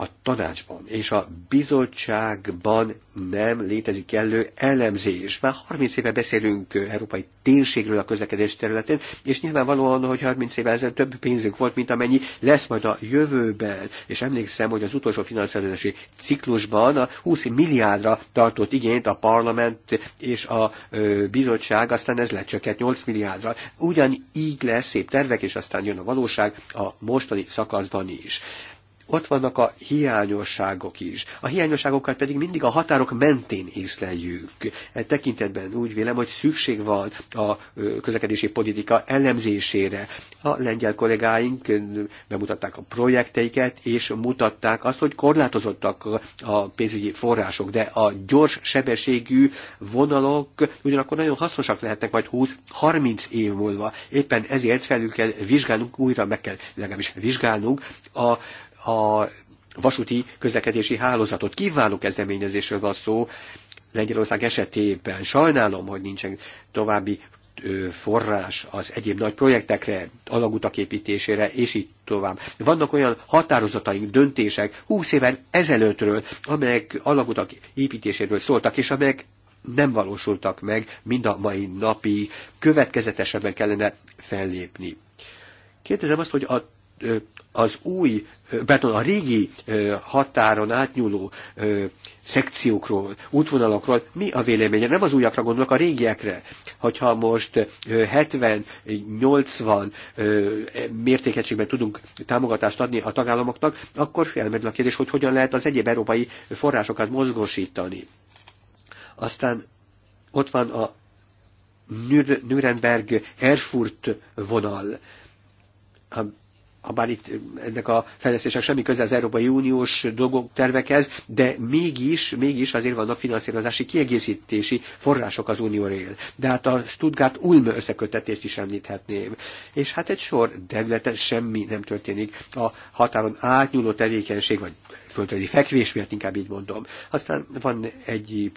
a tanácsban és a bizottságban nem létezik elő elemzés. Már 30 éve beszélünk európai térségről a közlekedés területén, és nyilvánvalóan, hogy 30 éve ezen több pénzünk volt, mint amennyi lesz majd a jövőben. És emlékszem, hogy az utolsó finanszírozási ciklusban a 20 milliárdra tartott igényt a parlament és a bizottság, aztán ez lecsökkent 8 milliárdra. Ugyanígy lesz szép tervek, és aztán jön a valóság a mostani szakaszban is ott vannak a hiányosságok is. A hiányosságokat pedig mindig a határok mentén észleljük. E tekintetben úgy vélem, hogy szükség van a közlekedési politika elemzésére. A lengyel kollégáink bemutatták a projekteiket, és mutatták azt, hogy korlátozottak a pénzügyi források, de a gyors sebességű vonalok ugyanakkor nagyon hasznosak lehetnek majd 20-30 év múlva. Éppen ezért felül kell vizsgálnunk, újra meg kell legalábbis vizsgálnunk a a vasúti közlekedési hálózatot. Kiváló kezdeményezésről van szó Lengyelország esetében. Sajnálom, hogy nincsen további forrás az egyéb nagy projektekre, alagutak építésére, és így tovább. Vannak olyan határozataink, döntések 20 éven ezelőttről, amelyek alagutak építéséről szóltak, és amelyek nem valósultak meg mind a mai napi Következetesebben kellene fellépni. Kérdezem azt, hogy a az új, beton a régi határon átnyúló szekciókról, útvonalakról mi a véleménye? Nem az újakra gondolok, a régiekre. Hogyha most 70-80 mértékegységben tudunk támogatást adni a tagállamoknak, akkor felmerül a kérdés, hogy hogyan lehet az egyéb európai forrásokat mozgósítani. Aztán ott van a Nürnberg-Erfurt vonal bár itt ennek a fejlesztésnek semmi köze az Európai Uniós dolgok, tervekhez, de mégis, mégis azért vannak finanszírozási kiegészítési források az él. De hát a Stuttgart-Ulm összekötetést is említhetném. És hát egy sor területen semmi nem történik. A határon átnyúló tevékenység, vagy földrajzi fekvés miatt inkább így mondom. Aztán van egy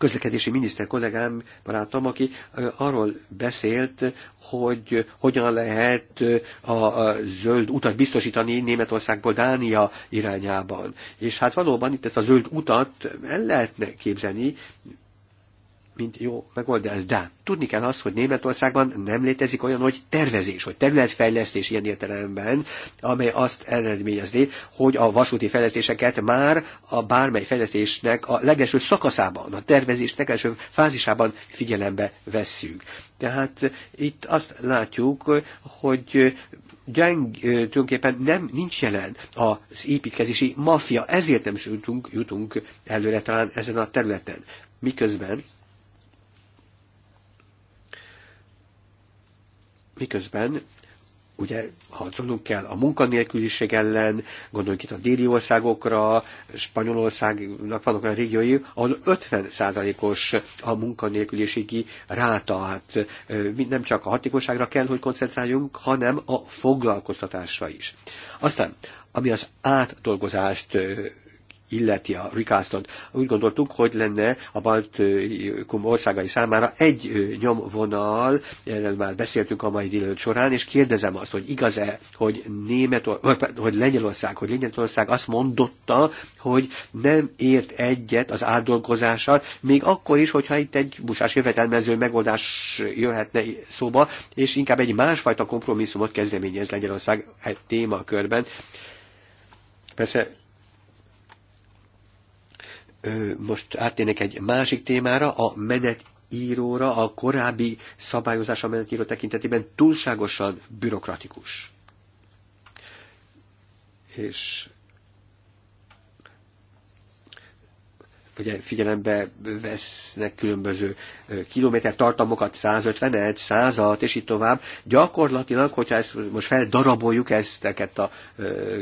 közlekedési miniszter kollégám, barátom, aki arról beszélt, hogy hogyan lehet a zöld utat biztosítani Németországból Dánia irányában. És hát valóban itt ezt a zöld utat el lehetne képzelni, mint jó megoldás. De tudni kell azt, hogy Németországban nem létezik olyan nagy tervezés, hogy területfejlesztés ilyen értelemben, amely azt eredményezné, hogy a vasúti fejlesztéseket már a bármely fejlesztésnek a legelső szakaszában, a tervezés legelső fázisában figyelembe vesszük. Tehát itt azt látjuk, hogy gyeng, tulajdonképpen nem, nincs jelen az építkezési mafia ezért nem jutunk, jutunk előre talán ezen a területen. Miközben miközben ugye harcolnunk kell a munkanélküliség ellen, gondoljunk itt a déli országokra, Spanyolországnak vannak olyan régiói, ahol 50%-os a munkanélküliségi ráta, hát nem csak a hatékonyságra kell, hogy koncentráljunk, hanem a foglalkoztatásra is. Aztán, ami az átdolgozást illeti a rikáztot. Úgy gondoltuk, hogy lenne a Baltikum országai számára egy nyomvonal, erről már beszéltünk a mai délelőtt során, és kérdezem azt, hogy igaz-e, hogy, Német, hogy Lengyelország, hogy Lengyelország azt mondotta, hogy nem ért egyet az átdolgozással, még akkor is, hogyha itt egy busás jövetelmező megoldás jöhetne szóba, és inkább egy másfajta kompromisszumot kezdeményez Lengyelország egy témakörben. Persze most áttérnek egy másik témára, a menetíróra a korábbi szabályozás a menetíró tekintetében túlságosan bürokratikus. És ugye figyelembe vesznek különböző kilométer tartamokat, 150 100 és így tovább. Gyakorlatilag, hogyha ezt most feldaraboljuk ezteket a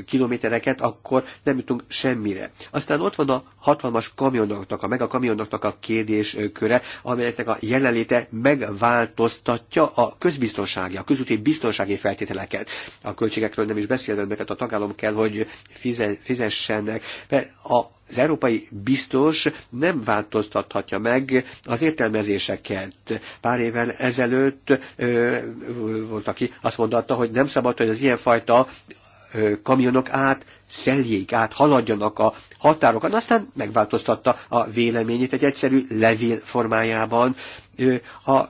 kilométereket, akkor nem jutunk semmire. Aztán ott van a hatalmas kamionoknak, a meg a kamionoknak a kérdés köre, amelyeknek a jelenléte megváltoztatja a közbiztonsági, a közúti biztonsági feltételeket. A költségekről nem is beszélve, mert a tagállam kell, hogy fizessenek. De a az európai biztos nem változtathatja meg az értelmezéseket. Pár évvel ezelőtt ö, volt, aki azt mondatta, hogy nem szabad, hogy az ilyenfajta ö, kamionok át szeljék át, haladjanak a határokat. Aztán megváltoztatta a véleményét egy egyszerű levél formájában. a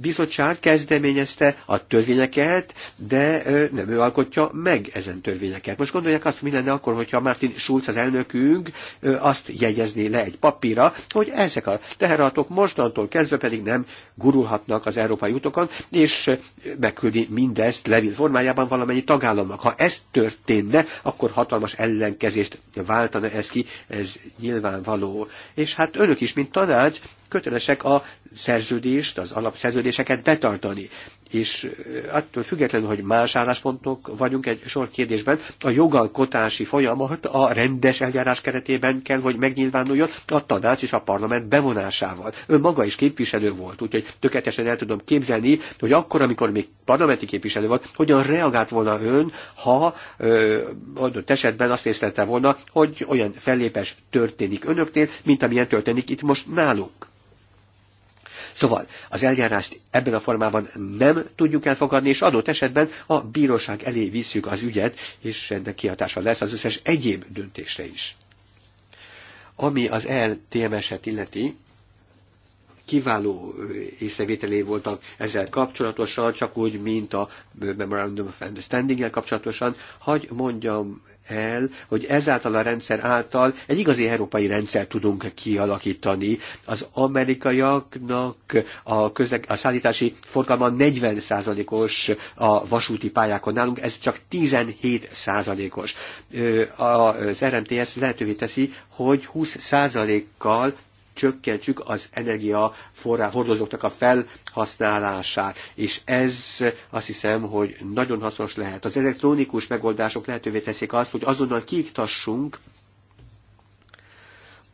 bizottság kezdeményezte a törvényeket, de nem ő alkotja meg ezen törvényeket. Most gondolják azt, mi lenne akkor, hogyha Martin Schulz az elnökünk azt jegyezné le egy papíra, hogy ezek a teherautók mostantól kezdve pedig nem gurulhatnak az európai utokon, és megküldi mindezt levél formájában valamennyi tagállamnak. Ha ez történne, akkor hatalmas ellenkezést váltana ez ki, ez nyilvánvaló. És hát önök is, mint tanács, kötelesek a szerződést, az alapszerződéseket betartani és attól függetlenül, hogy más álláspontok vagyunk egy sor kérdésben, a jogalkotási folyamat a rendes eljárás keretében kell, hogy megnyilvánuljon a tanács és a parlament bevonásával. Ő maga is képviselő volt, úgyhogy tökéletesen el tudom képzelni, hogy akkor, amikor még parlamenti képviselő volt, hogyan reagált volna ön, ha ö, adott esetben azt észlelte volna, hogy olyan fellépes történik önöknél, mint amilyen történik itt most nálunk. Szóval az eljárást ebben a formában nem tudjuk elfogadni, és adott esetben a bíróság elé visszük az ügyet, és ennek kihatása lesz az összes egyéb döntésre is. Ami az LTMS-et illeti, kiváló észrevételé voltak ezzel kapcsolatosan, csak úgy, mint a Memorandum of Understanding-el kapcsolatosan. Hagy mondjam el, hogy ezáltal a rendszer által egy igazi európai rendszer tudunk kialakítani. Az amerikaiaknak a, közeg a szállítási forgalma 40%-os a vasúti pályákon nálunk, ez csak 17%-os. Az RMTS lehetővé teszi, hogy 20%-kal csökkentsük az energiaforrás hordozóknak a felhasználását, és ez azt hiszem, hogy nagyon hasznos lehet. Az elektronikus megoldások lehetővé teszik azt, hogy azonnal kiiktassunk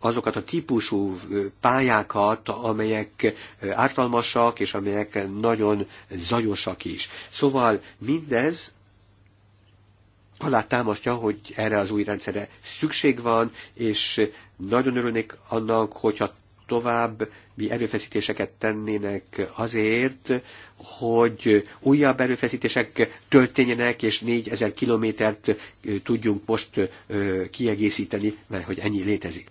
azokat a típusú pályákat, amelyek ártalmasak, és amelyek nagyon zajosak is. Szóval mindez alátámasztja, hogy erre az új rendszerre szükség van, és nagyon örülnék annak, hogyha további erőfeszítéseket tennének azért, hogy újabb erőfeszítések történjenek, és 4000 kilométert tudjunk most kiegészíteni, mert hogy ennyi létezik.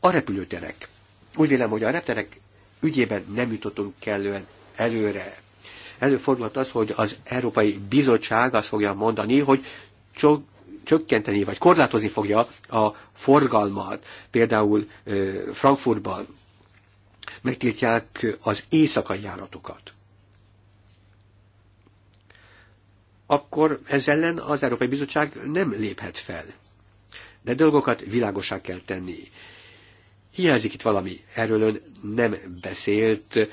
A repülőterek. Úgy vélem, hogy a repterek ügyében nem jutottunk kellően előre. Előfordulhat az, hogy az Európai Bizottság azt fogja mondani, hogy csökkenteni vagy korlátozni fogja a forgalmat. Például Frankfurtban megtiltják az éjszakai járatokat. Akkor ez ellen az Európai Bizottság nem léphet fel. De dolgokat világosá kell tenni. Hiányzik itt valami, erről ön nem beszélt.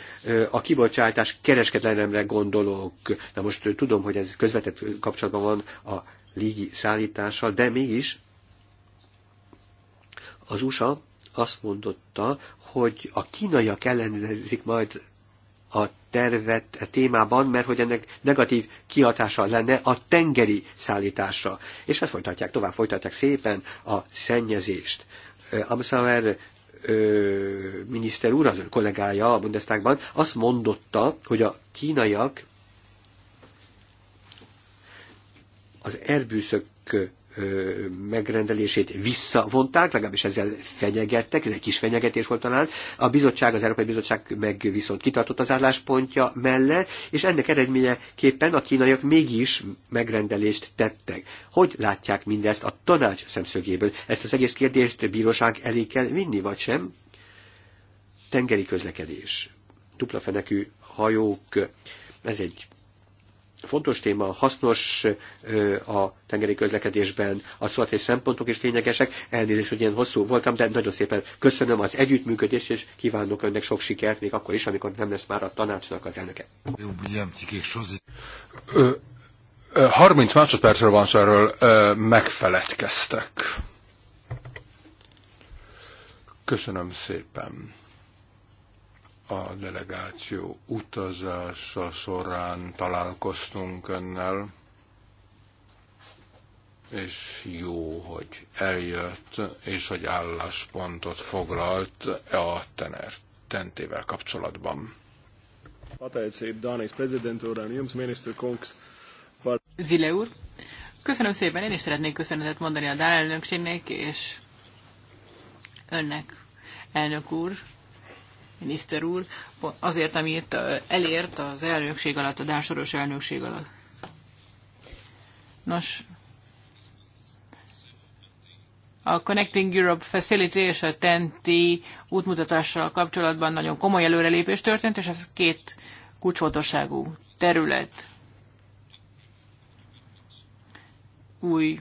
A kibocsátás kereskedelemre gondolok. De most tudom, hogy ez közvetett kapcsolatban van a légi szállítással, de mégis az USA azt mondotta, hogy a kínaiak ellenezik majd a tervet a e témában, mert hogy ennek negatív kihatása lenne a tengeri szállításra. És ezt folytatják tovább, folytatják szépen a szennyezést. Amszauer miniszter úr, az ön kollégája a Bundestagban, azt mondotta, hogy a kínaiak az erbűszök megrendelését visszavonták, legalábbis ezzel fenyegettek, ez egy kis fenyegetés volt talán. A bizottság, az Európai Bizottság meg viszont kitartott az álláspontja mellett, és ennek eredményeképpen a kínaiak mégis megrendelést tettek. Hogy látják mindezt a tanács szemszögéből? Ezt az egész kérdést a bíróság elé kell vinni, vagy sem? Tengeri közlekedés, dupla fenekű hajók, ez egy fontos téma, hasznos a tengeri közlekedésben, a szolgáltatási szempontok is lényegesek. Elnézést, hogy ilyen hosszú voltam, de nagyon szépen köszönöm az együttműködést, és kívánok önnek sok sikert, még akkor is, amikor nem lesz már a tanácsnak az elnöke. 30 másodpercről van szó, erről megfeledkeztek. Köszönöm szépen a delegáció utazása során találkoztunk önnel, és jó, hogy eljött, és hogy álláspontot foglalt e a tener tentével kapcsolatban. Zile úr, köszönöm szépen, én is szeretnék köszönetet mondani a Dán elnökségnek, és önnek, elnök úr, miniszter úr, azért, amit elért az elnökség alatt, a dásoros elnökség alatt. Nos, a Connecting Europe Facility és a TNT útmutatással kapcsolatban nagyon komoly előrelépés történt, és ez két kulcsfontosságú terület. Új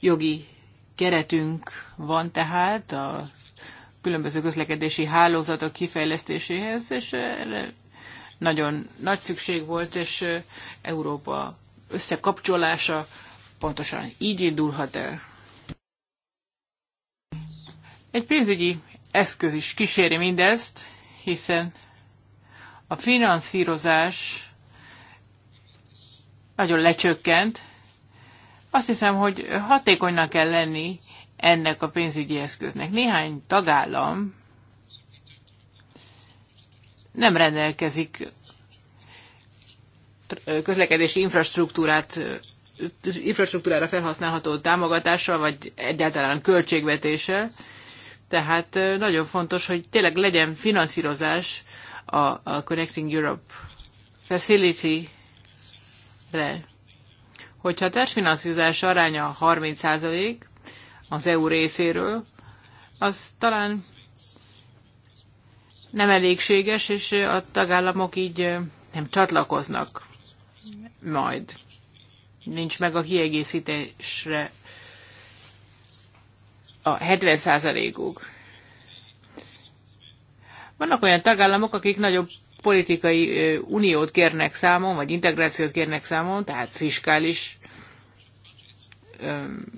jogi keretünk van tehát a különböző közlekedési hálózatok kifejlesztéséhez, és eh, erre nagyon nagy szükség volt, és eh, Európa összekapcsolása pontosan így indulhat el. Egy pénzügyi eszköz is kíséri mindezt, hiszen a finanszírozás nagyon lecsökkent. Azt hiszem, hogy hatékonynak kell lenni ennek a pénzügyi eszköznek. Néhány tagállam nem rendelkezik közlekedési infrastruktúrát infrastruktúrára felhasználható támogatással, vagy egyáltalán költségvetéssel. Tehát nagyon fontos, hogy tényleg legyen finanszírozás a, a Connecting Europe Facility-re. Hogyha a társfinanszírozás aránya 30 az EU részéről, az talán nem elégséges, és a tagállamok így nem csatlakoznak majd. Nincs meg a kiegészítésre a 70 százalékuk. Vannak olyan tagállamok, akik nagyobb politikai uniót kérnek számon, vagy integrációt kérnek számon, tehát fiskális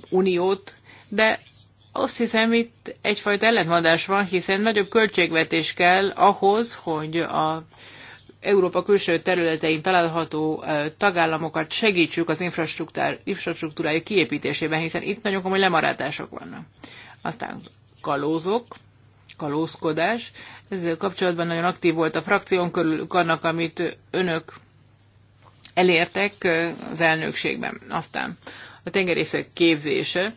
uniót, de azt hiszem itt egyfajta ellentmondás van, hiszen nagyobb költségvetés kell ahhoz, hogy a Európa külső területein található tagállamokat segítsük az infrastruktúrája kiépítésében, hiszen itt nagyon komoly lemaradások vannak. Aztán kalózok, kalózkodás. Ezzel kapcsolatban nagyon aktív volt a frakción körül annak, amit önök elértek az elnökségben. Aztán a tengerészek képzése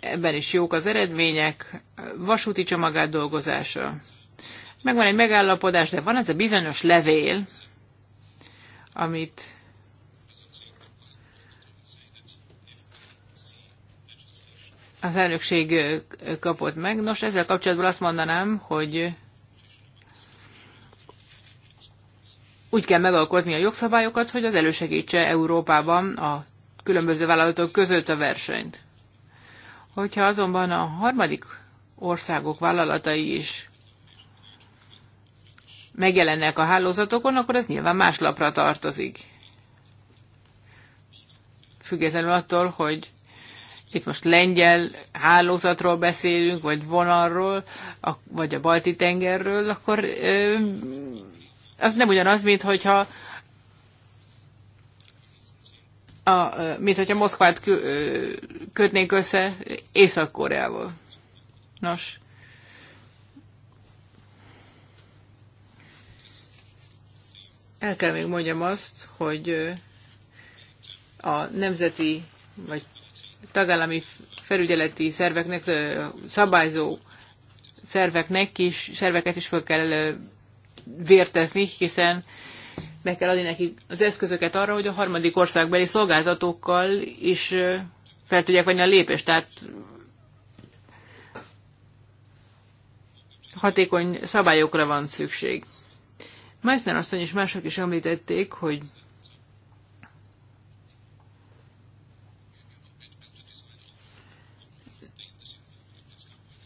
ebben is jók az eredmények, vasúti csomagát dolgozása. Megvan egy megállapodás, de van ez a bizonyos levél, amit az elnökség kapott meg. Nos, ezzel kapcsolatban azt mondanám, hogy úgy kell megalkotni a jogszabályokat, hogy az elősegítse Európában a különböző vállalatok között a versenyt. Hogyha azonban a harmadik országok vállalatai is megjelennek a hálózatokon, akkor ez nyilván más lapra tartozik. Függetlenül attól, hogy itt most lengyel hálózatról beszélünk, vagy vonalról, a, vagy a balti tengerről, akkor ö, az nem ugyanaz, mint hogyha a, mint hogyha Moszkvát kötnénk össze Észak-Koreával. Nos, el kell még mondjam azt, hogy a nemzeti vagy tagállami felügyeleti szerveknek, szabályzó szerveknek is, szerveket is fel kell vértezni, hiszen meg kell adni nekik az eszközöket arra, hogy a harmadik országbeli szolgáltatókkal is fel tudják venni a lépést. Tehát hatékony szabályokra van szükség. Meissner asszony és mások is említették, hogy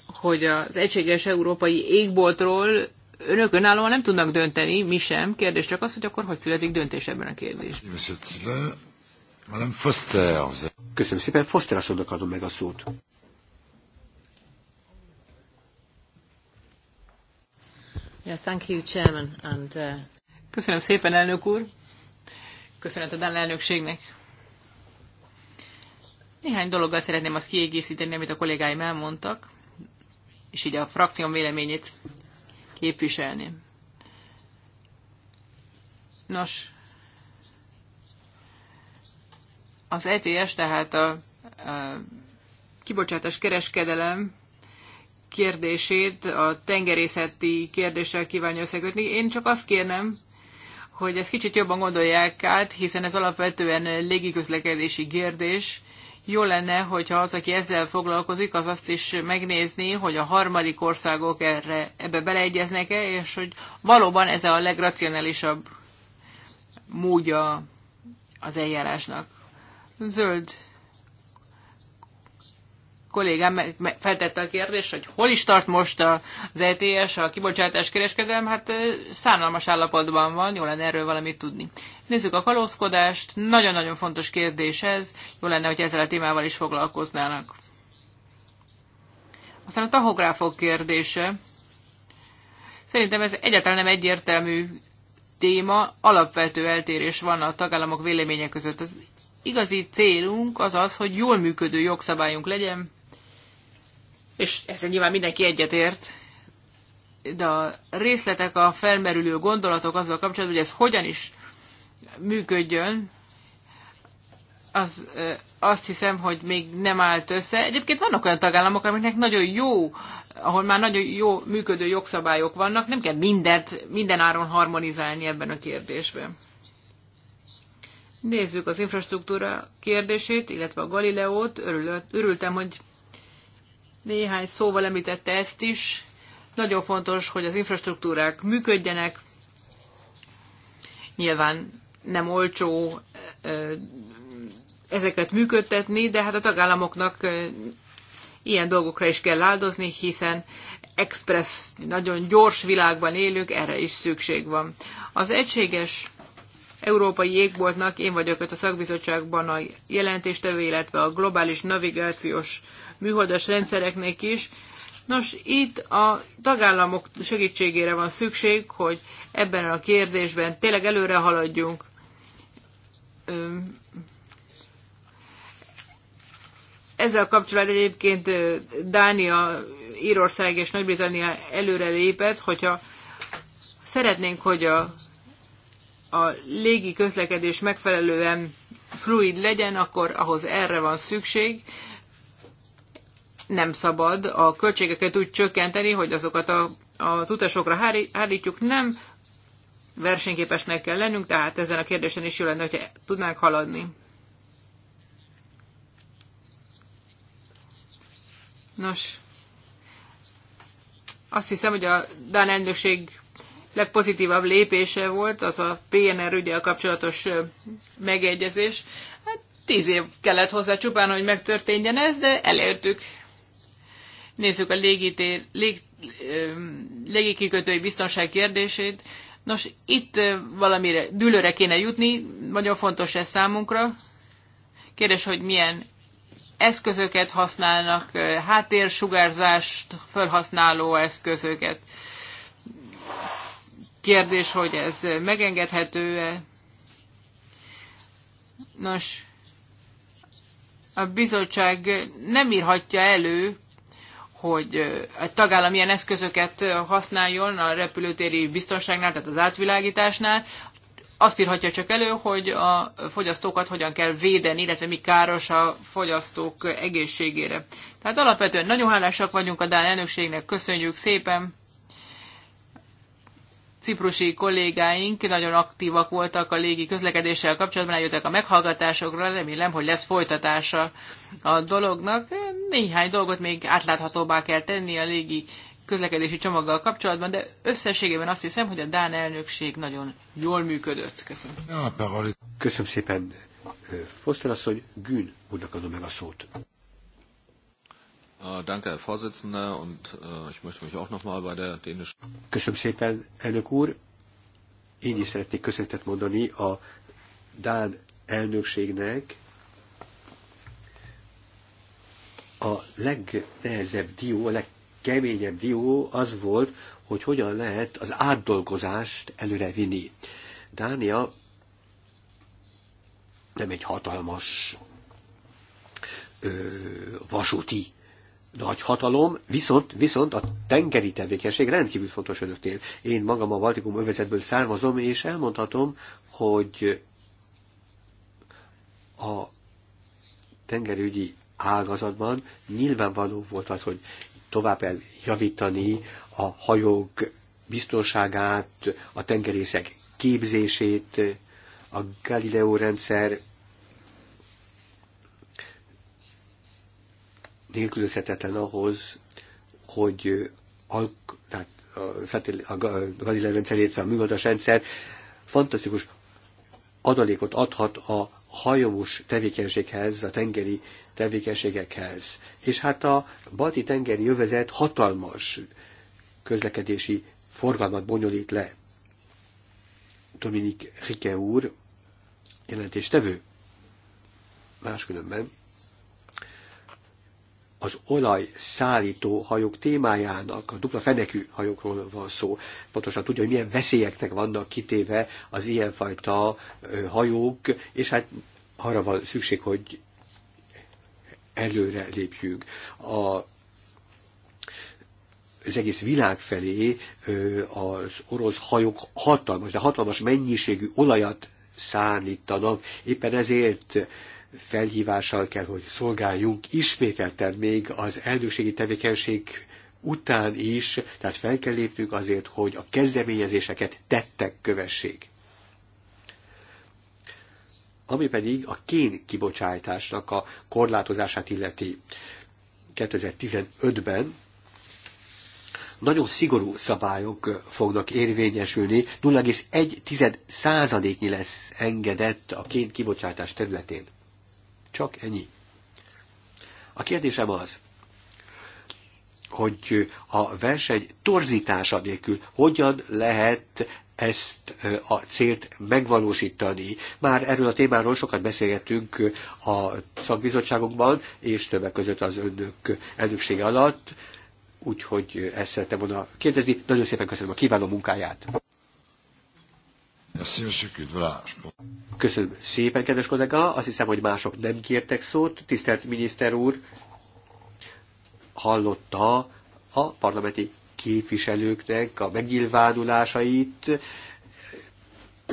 hogy az egységes európai égboltról önök önállóan nem tudnak dönteni, mi sem. Kérdés csak az, hogy akkor hogy születik döntés ebben a kérdésben. Köszönöm szépen, Foster asszonynak adom meg a szót. Yeah, thank you, Chairman, and, uh... Köszönöm szépen, elnök úr. Köszönöm a Dán elnökségnek. Néhány dologgal szeretném azt kiegészíteni, amit a kollégáim elmondtak, és így a frakcióm véleményét képviselni. Nos, az ETS, tehát a, a kibocsátás kereskedelem kérdését a tengerészeti kérdéssel kívánja összekötni. Én csak azt kérnem, hogy ezt kicsit jobban gondolják át, hiszen ez alapvetően légiközlekedési kérdés, jó lenne, hogyha az, aki ezzel foglalkozik, az azt is megnézni, hogy a harmadik országok erre, ebbe beleegyeznek-e, és hogy valóban ez a legracionálisabb módja az eljárásnak. Zöld kollégám feltette a kérdést, hogy hol is tart most az ETS, a kibocsátás kereskedelem, hát szánalmas állapotban van, jó lenne erről valamit tudni. Nézzük a kalózkodást, nagyon-nagyon fontos kérdés ez, jó lenne, hogy ezzel a témával is foglalkoznának. Aztán a tahográfok kérdése. Szerintem ez egyáltalán nem egyértelmű téma, alapvető eltérés van a tagállamok véleménye között. Az igazi célunk az az, hogy jól működő jogszabályunk legyen, és ezzel nyilván mindenki egyetért, de a részletek, a felmerülő gondolatok azzal kapcsolatban, hogy ez hogyan is működjön, az, azt hiszem, hogy még nem állt össze. Egyébként vannak olyan tagállamok, amiknek nagyon jó, ahol már nagyon jó működő jogszabályok vannak, nem kell mindent, minden áron harmonizálni ebben a kérdésben. Nézzük az infrastruktúra kérdését, illetve a Galileót. örültem, hogy néhány szóval említette ezt is. Nagyon fontos, hogy az infrastruktúrák működjenek. Nyilván nem olcsó ezeket működtetni, de hát a tagállamoknak ilyen dolgokra is kell áldozni, hiszen express, nagyon gyors világban élünk, erre is szükség van. Az egységes Európai Jégboltnak én vagyok ott a szakbizottságban a jelentéstevő, illetve a globális navigációs műholdas rendszereknek is. Nos, itt a tagállamok segítségére van szükség, hogy ebben a kérdésben tényleg előre haladjunk. Ezzel kapcsolatban egyébként Dánia, Írország és Nagy-Britannia lépett, hogyha szeretnénk, hogy a a légi közlekedés megfelelően fluid legyen, akkor ahhoz erre van szükség. Nem szabad a költségeket úgy csökkenteni, hogy azokat a, az utasokra hárítjuk, nem versenyképesnek kell lennünk, tehát ezen a kérdésen is jó lenne, hogyha tudnánk haladni. Nos, azt hiszem, hogy a Dán elnökség legpozitívabb lépése volt az a PNR ügyel kapcsolatos megegyezés. Hát tíz év kellett hozzá csupán, hogy megtörténjen ez, de elértük. Nézzük a légitér, lég, légikikötői biztonság kérdését. Nos, itt valamire dűlőre kéne jutni, nagyon fontos ez számunkra. Kérdés, hogy milyen eszközöket használnak, háttérsugárzást felhasználó eszközöket. Kérdés, hogy ez megengedhető-e? Nos, a bizottság nem írhatja elő, hogy egy tagállam ilyen eszközöket használjon a repülőtéri biztonságnál, tehát az átvilágításnál. Azt írhatja csak elő, hogy a fogyasztókat hogyan kell védeni, illetve mi káros a fogyasztók egészségére. Tehát alapvetően nagyon hálásak vagyunk a Dán elnökségnek, köszönjük szépen! ciprusi kollégáink nagyon aktívak voltak a légi közlekedéssel kapcsolatban, eljöttek a meghallgatásokra, remélem, hogy lesz folytatása a dolognak. Néhány dolgot még átláthatóbbá kell tenni a légi közlekedési csomaggal kapcsolatban, de összességében azt hiszem, hogy a Dán elnökség nagyon jól működött. Köszönöm. Köszönöm szépen. Foster hogy Gűn úgy meg a szót. Äh, danke, Herr Vorsitzender, und äh, ich möchte mich auch nochmal bei der dänischen... Köszönöm szépen, elnök úr. Én is szeretnék köszönetet mondani a Dán elnökségnek a legnehezebb dió, a legkeményebb dió az volt, hogy hogyan lehet az átdolgozást előrevinni. Dánia nem egy hatalmas ö, vasúti nagy hatalom, viszont, viszont a tengeri tevékenység rendkívül fontos önöknél. Én magam a Baltikum övezetből származom, és elmondhatom, hogy a tengerügyi ágazatban nyilvánvaló volt az, hogy tovább kell javítani a hajók biztonságát, a tengerészek képzését, a Galileo rendszer nélkülözhetetlen ahhoz, hogy a, tehát a, a, a Galilei rendszer, illetve a műholdas rendszer fantasztikus adalékot adhat a hajós tevékenységhez, a tengeri tevékenységekhez. És hát a balti tengeri jövezet hatalmas közlekedési forgalmat bonyolít le. Dominik Rike úr, jelentéstevő. Máskülönben az olaj szállító hajók témájának, a dupla fenekű hajókról van szó, pontosan tudja, hogy milyen veszélyeknek vannak kitéve az ilyenfajta hajók, és hát arra van szükség, hogy előre lépjünk. A az egész világ felé az orosz hajók hatalmas, de hatalmas mennyiségű olajat szállítanak. Éppen ezért felhívással kell, hogy szolgáljunk ismételten még az elnökségi tevékenység után is, tehát fel kell lépnünk azért, hogy a kezdeményezéseket tettek kövessék. Ami pedig a kén kibocsátásnak a korlátozását illeti 2015-ben, nagyon szigorú szabályok fognak érvényesülni, 0,1 százaléknyi lesz engedett a kén kibocsátás területén. Csak ennyi. A kérdésem az, hogy a verseny torzítása nélkül hogyan lehet ezt a célt megvalósítani. Már erről a témáról sokat beszélgettünk a szakbizottságokban, és többek között az önök elnöksége alatt, úgyhogy ezt szerettem volna kérdezni. Nagyon szépen köszönöm a kiváló munkáját! Köszönöm szépen, kedves kollega. Azt hiszem, hogy mások nem kértek szót. Tisztelt miniszter úr, hallotta a parlamenti képviselőknek a megnyilvánulásait,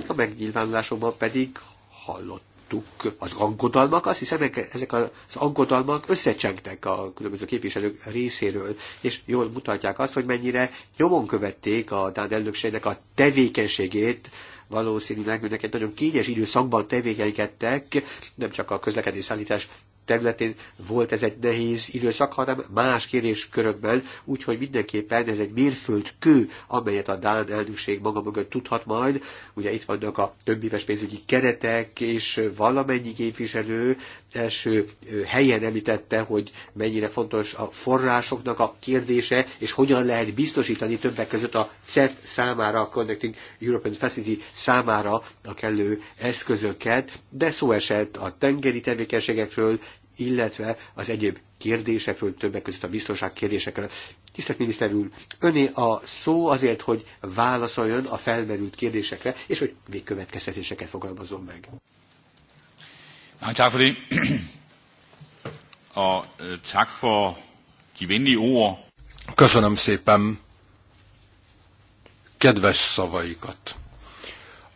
a megnyilvánulásokban pedig hallottuk az aggodalmak, azt hiszem ezek az aggodalmak összecsengtek a különböző képviselők részéről, és jól mutatják azt, hogy mennyire nyomon követték a Dán elnökségnek a tevékenységét valószínűleg, hogy egy nagyon kényes időszakban tevékenykedtek, nem csak a közlekedés szállítás területén volt ez egy nehéz időszak, hanem más kérdéskörökben, úgyhogy mindenképpen ez egy mérföldkő, amelyet a Dán elnökség maga mögött tudhat majd. Ugye itt vannak a többéves pénzügyi keretek, és valamennyi képviselő első helyen említette, hogy mennyire fontos a forrásoknak a kérdése, és hogyan lehet biztosítani többek között a CEF számára, a Connecting European Facility számára a kellő eszközöket, de szó esett a tengeri tevékenységekről, illetve az egyéb kérdésekről, többek között a biztonság kérdésekről. Tisztelt miniszter úr, öné a szó azért, hogy válaszoljon a felmerült kérdésekre, és hogy végkövetkeztetéseket fogalmazom meg. Tak for det. Og øh, tak Köszönöm szépen kedves szavaikat,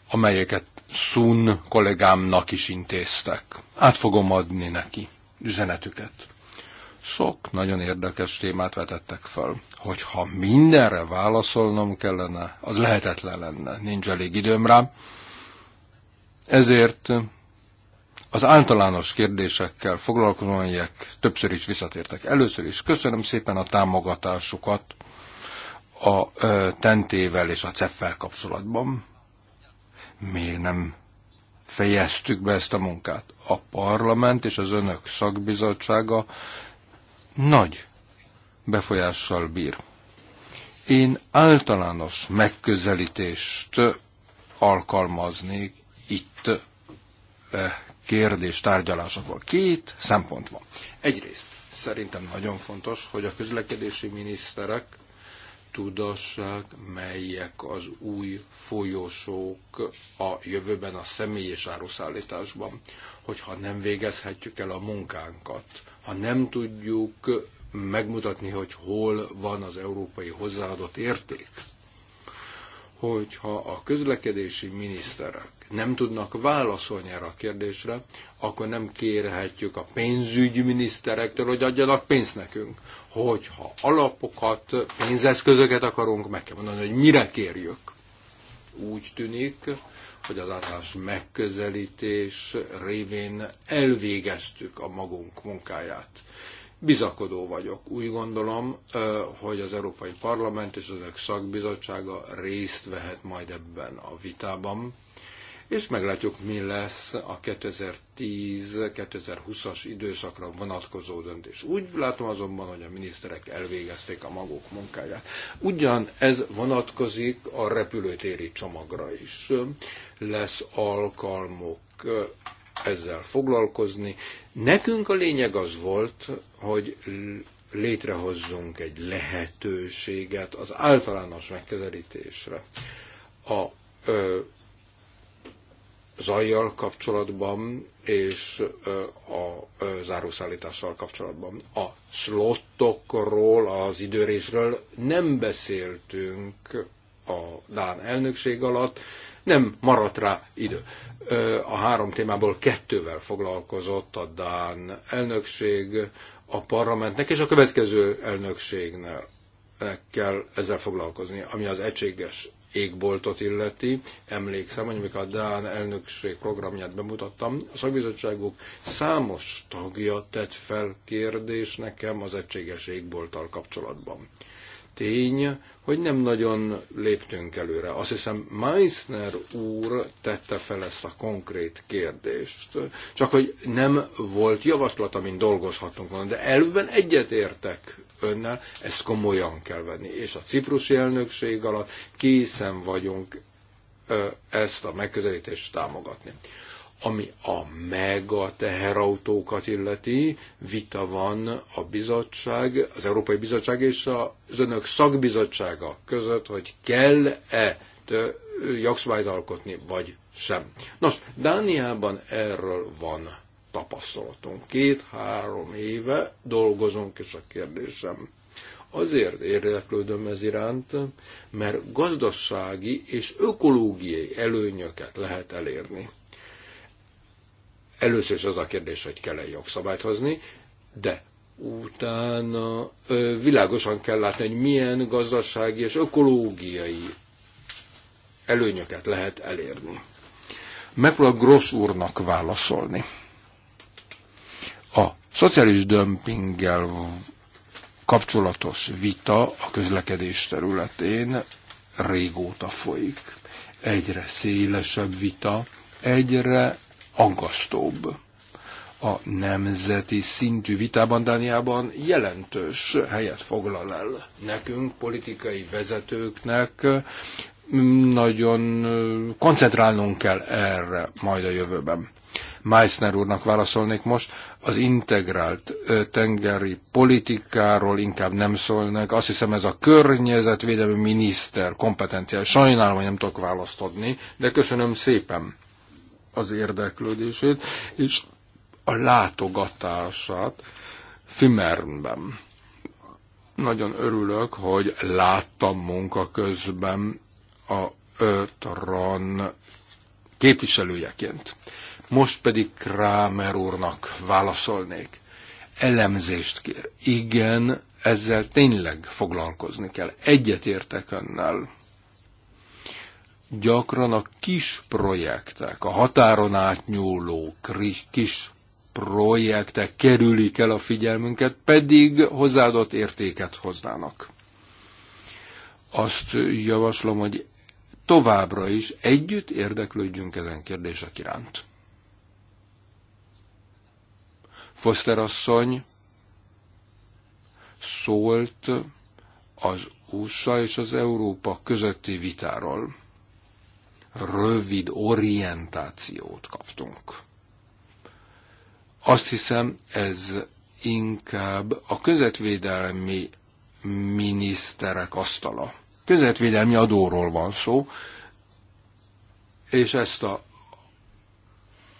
amelyeket Sun kollégámnak is intéztek. Át fogom adni neki üzenetüket. Sok nagyon érdekes témát vetettek fel. Hogyha mindenre válaszolnom kellene, az lehetetlen lenne. Nincs elég időm rá. Ezért az általános kérdésekkel foglalkozom, amelyek többször is visszatértek. Először is köszönöm szépen a támogatásukat a tentével és a ceffel kapcsolatban. Miért nem fejeztük be ezt a munkát. A parlament és az önök szakbizottsága nagy befolyással bír. Én általános megközelítést alkalmaznék itt e, kérdés tárgyalásakor. Két szempont van. Egyrészt szerintem nagyon fontos, hogy a közlekedési miniszterek tudassák, melyek az új folyosók a jövőben a személy és áruszállításban, hogyha nem végezhetjük el a munkánkat, ha nem tudjuk megmutatni, hogy hol van az európai hozzáadott érték, hogyha a közlekedési miniszterek nem tudnak válaszolni erre a kérdésre, akkor nem kérhetjük a pénzügyi miniszterektől, hogy adjanak pénzt nekünk. Hogyha alapokat, pénzeszközöket akarunk, meg kell mondani, hogy mire kérjük. Úgy tűnik, hogy az általános megközelítés révén elvégeztük a magunk munkáját. Bizakodó vagyok. Úgy gondolom, hogy az Európai Parlament és az önök szakbizottsága részt vehet majd ebben a vitában, és meglátjuk, mi lesz a 2010-2020-as időszakra vonatkozó döntés. Úgy látom azonban, hogy a miniszterek elvégezték a maguk munkáját. Ugyan ez vonatkozik a repülőtéri csomagra is. Lesz alkalmuk ezzel foglalkozni. Nekünk a lényeg az volt, hogy létrehozzunk egy lehetőséget az általános megközelítésre. A ö, zajjal kapcsolatban és a zárószállítással kapcsolatban. A slottokról, az időrésről nem beszéltünk a Dán elnökség alatt, nem maradt rá idő. A három témából kettővel foglalkozott a Dán elnökség, a parlamentnek és a következő elnökségnek kell ezzel foglalkozni, ami az egységes égboltot illeti. Emlékszem, hogy amikor a Dán elnökség programját bemutattam, a szakbizottságok számos tagja tett fel kérdés nekem az egységes égbolttal kapcsolatban tény, hogy nem nagyon léptünk előre. Azt hiszem Meissner úr tette fel ezt a konkrét kérdést, csak hogy nem volt javaslat, amin dolgozhatunk volna, de elvben egyetértek önnel, ezt komolyan kell venni. És a ciprusi elnökség alatt készen vagyunk ezt a megközelítést támogatni. Ami a mega teherautókat illeti, vita van a bizottság, az Európai Bizottság és az önök szakbizottsága között, hogy kell-e jogszabályt alkotni, vagy sem. Nos, Dániában erről van tapasztalatunk. Két-három éve dolgozunk és a kérdésem. Azért érdeklődöm ez iránt, mert gazdasági és ökológiai előnyöket lehet elérni. Először is az a kérdés, hogy kell-e jogszabályt hozni, de utána ö, világosan kell látni, hogy milyen gazdasági és ökológiai előnyöket lehet elérni. Megpróbál Gross úrnak válaszolni. A szociális dömpinggel kapcsolatos vita a közlekedés területén régóta folyik. Egyre szélesebb vita, egyre aggasztóbb. A nemzeti szintű vitában Dániában jelentős helyet foglal el nekünk, politikai vezetőknek, nagyon koncentrálnunk kell erre majd a jövőben. Meissner úrnak válaszolnék most, az integrált tengeri politikáról inkább nem szólnak. Azt hiszem ez a környezetvédelmi miniszter kompetenciája. Sajnálom, hogy nem tudok választodni, de köszönöm szépen az érdeklődését, és a látogatását Fimernben. Nagyon örülök, hogy láttam munka közben a Ötran képviselőjeként. Most pedig Krámer úrnak válaszolnék. Elemzést kér. Igen, ezzel tényleg foglalkozni kell. Egyetértek önnel gyakran a kis projektek, a határon átnyúló kis projektek kerülik el a figyelmünket, pedig hozzáadott értéket hoznának. Azt javaslom, hogy továbbra is együtt érdeklődjünk ezen kérdések iránt. Foster asszony szólt az USA és az Európa közötti vitáról rövid orientációt kaptunk. Azt hiszem, ez inkább a közvetvédelmi miniszterek asztala. Közvetvédelmi adóról van szó, és ezt a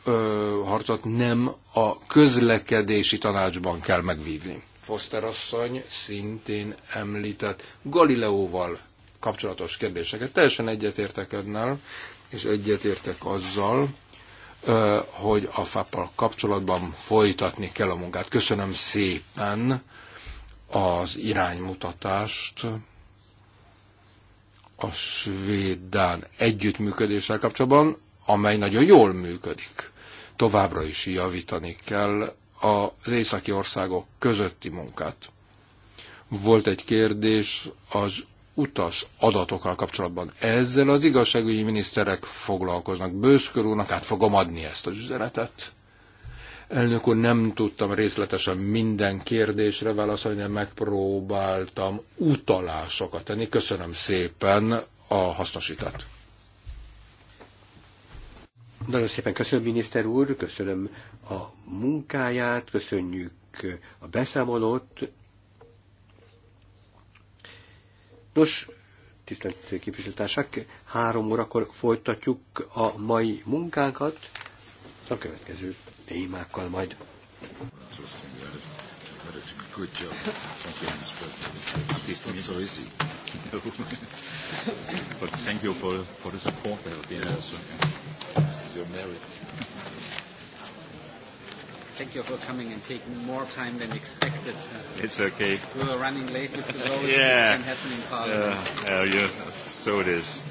ö, harcot nem a közlekedési tanácsban kell megvívni. Foster asszony szintén említett Galileóval kapcsolatos kérdéseket. Teljesen egyetértek önnel, és egyetértek azzal, hogy a fap kapcsolatban folytatni kell a munkát. Köszönöm szépen az iránymutatást a svédán együttműködéssel kapcsolatban, amely nagyon jól működik. Továbbra is javítani kell az északi országok közötti munkát. Volt egy kérdés az utas adatokkal kapcsolatban. Ezzel az igazságügyi miniszterek foglalkoznak. Bőszkör úrnak át fogom adni ezt az üzenetet. Elnök úr, nem tudtam részletesen minden kérdésre válaszolni, de megpróbáltam utalásokat tenni. Köszönöm szépen a hasznosítat. Nagyon szépen köszönöm, miniszter úr, köszönöm a munkáját, köszönjük a beszámolót, Nos, tisztelt képviselőtársak, három órakor folytatjuk a mai munkánkat a következő témákkal majd. Thank you, thank you for, for the support that have been yes. also. Your merit. Thank you for coming and taking more time than expected. It's okay. We were running late with the votes. yeah. This can happen in Parliament. Yeah, uh, yeah, so it is.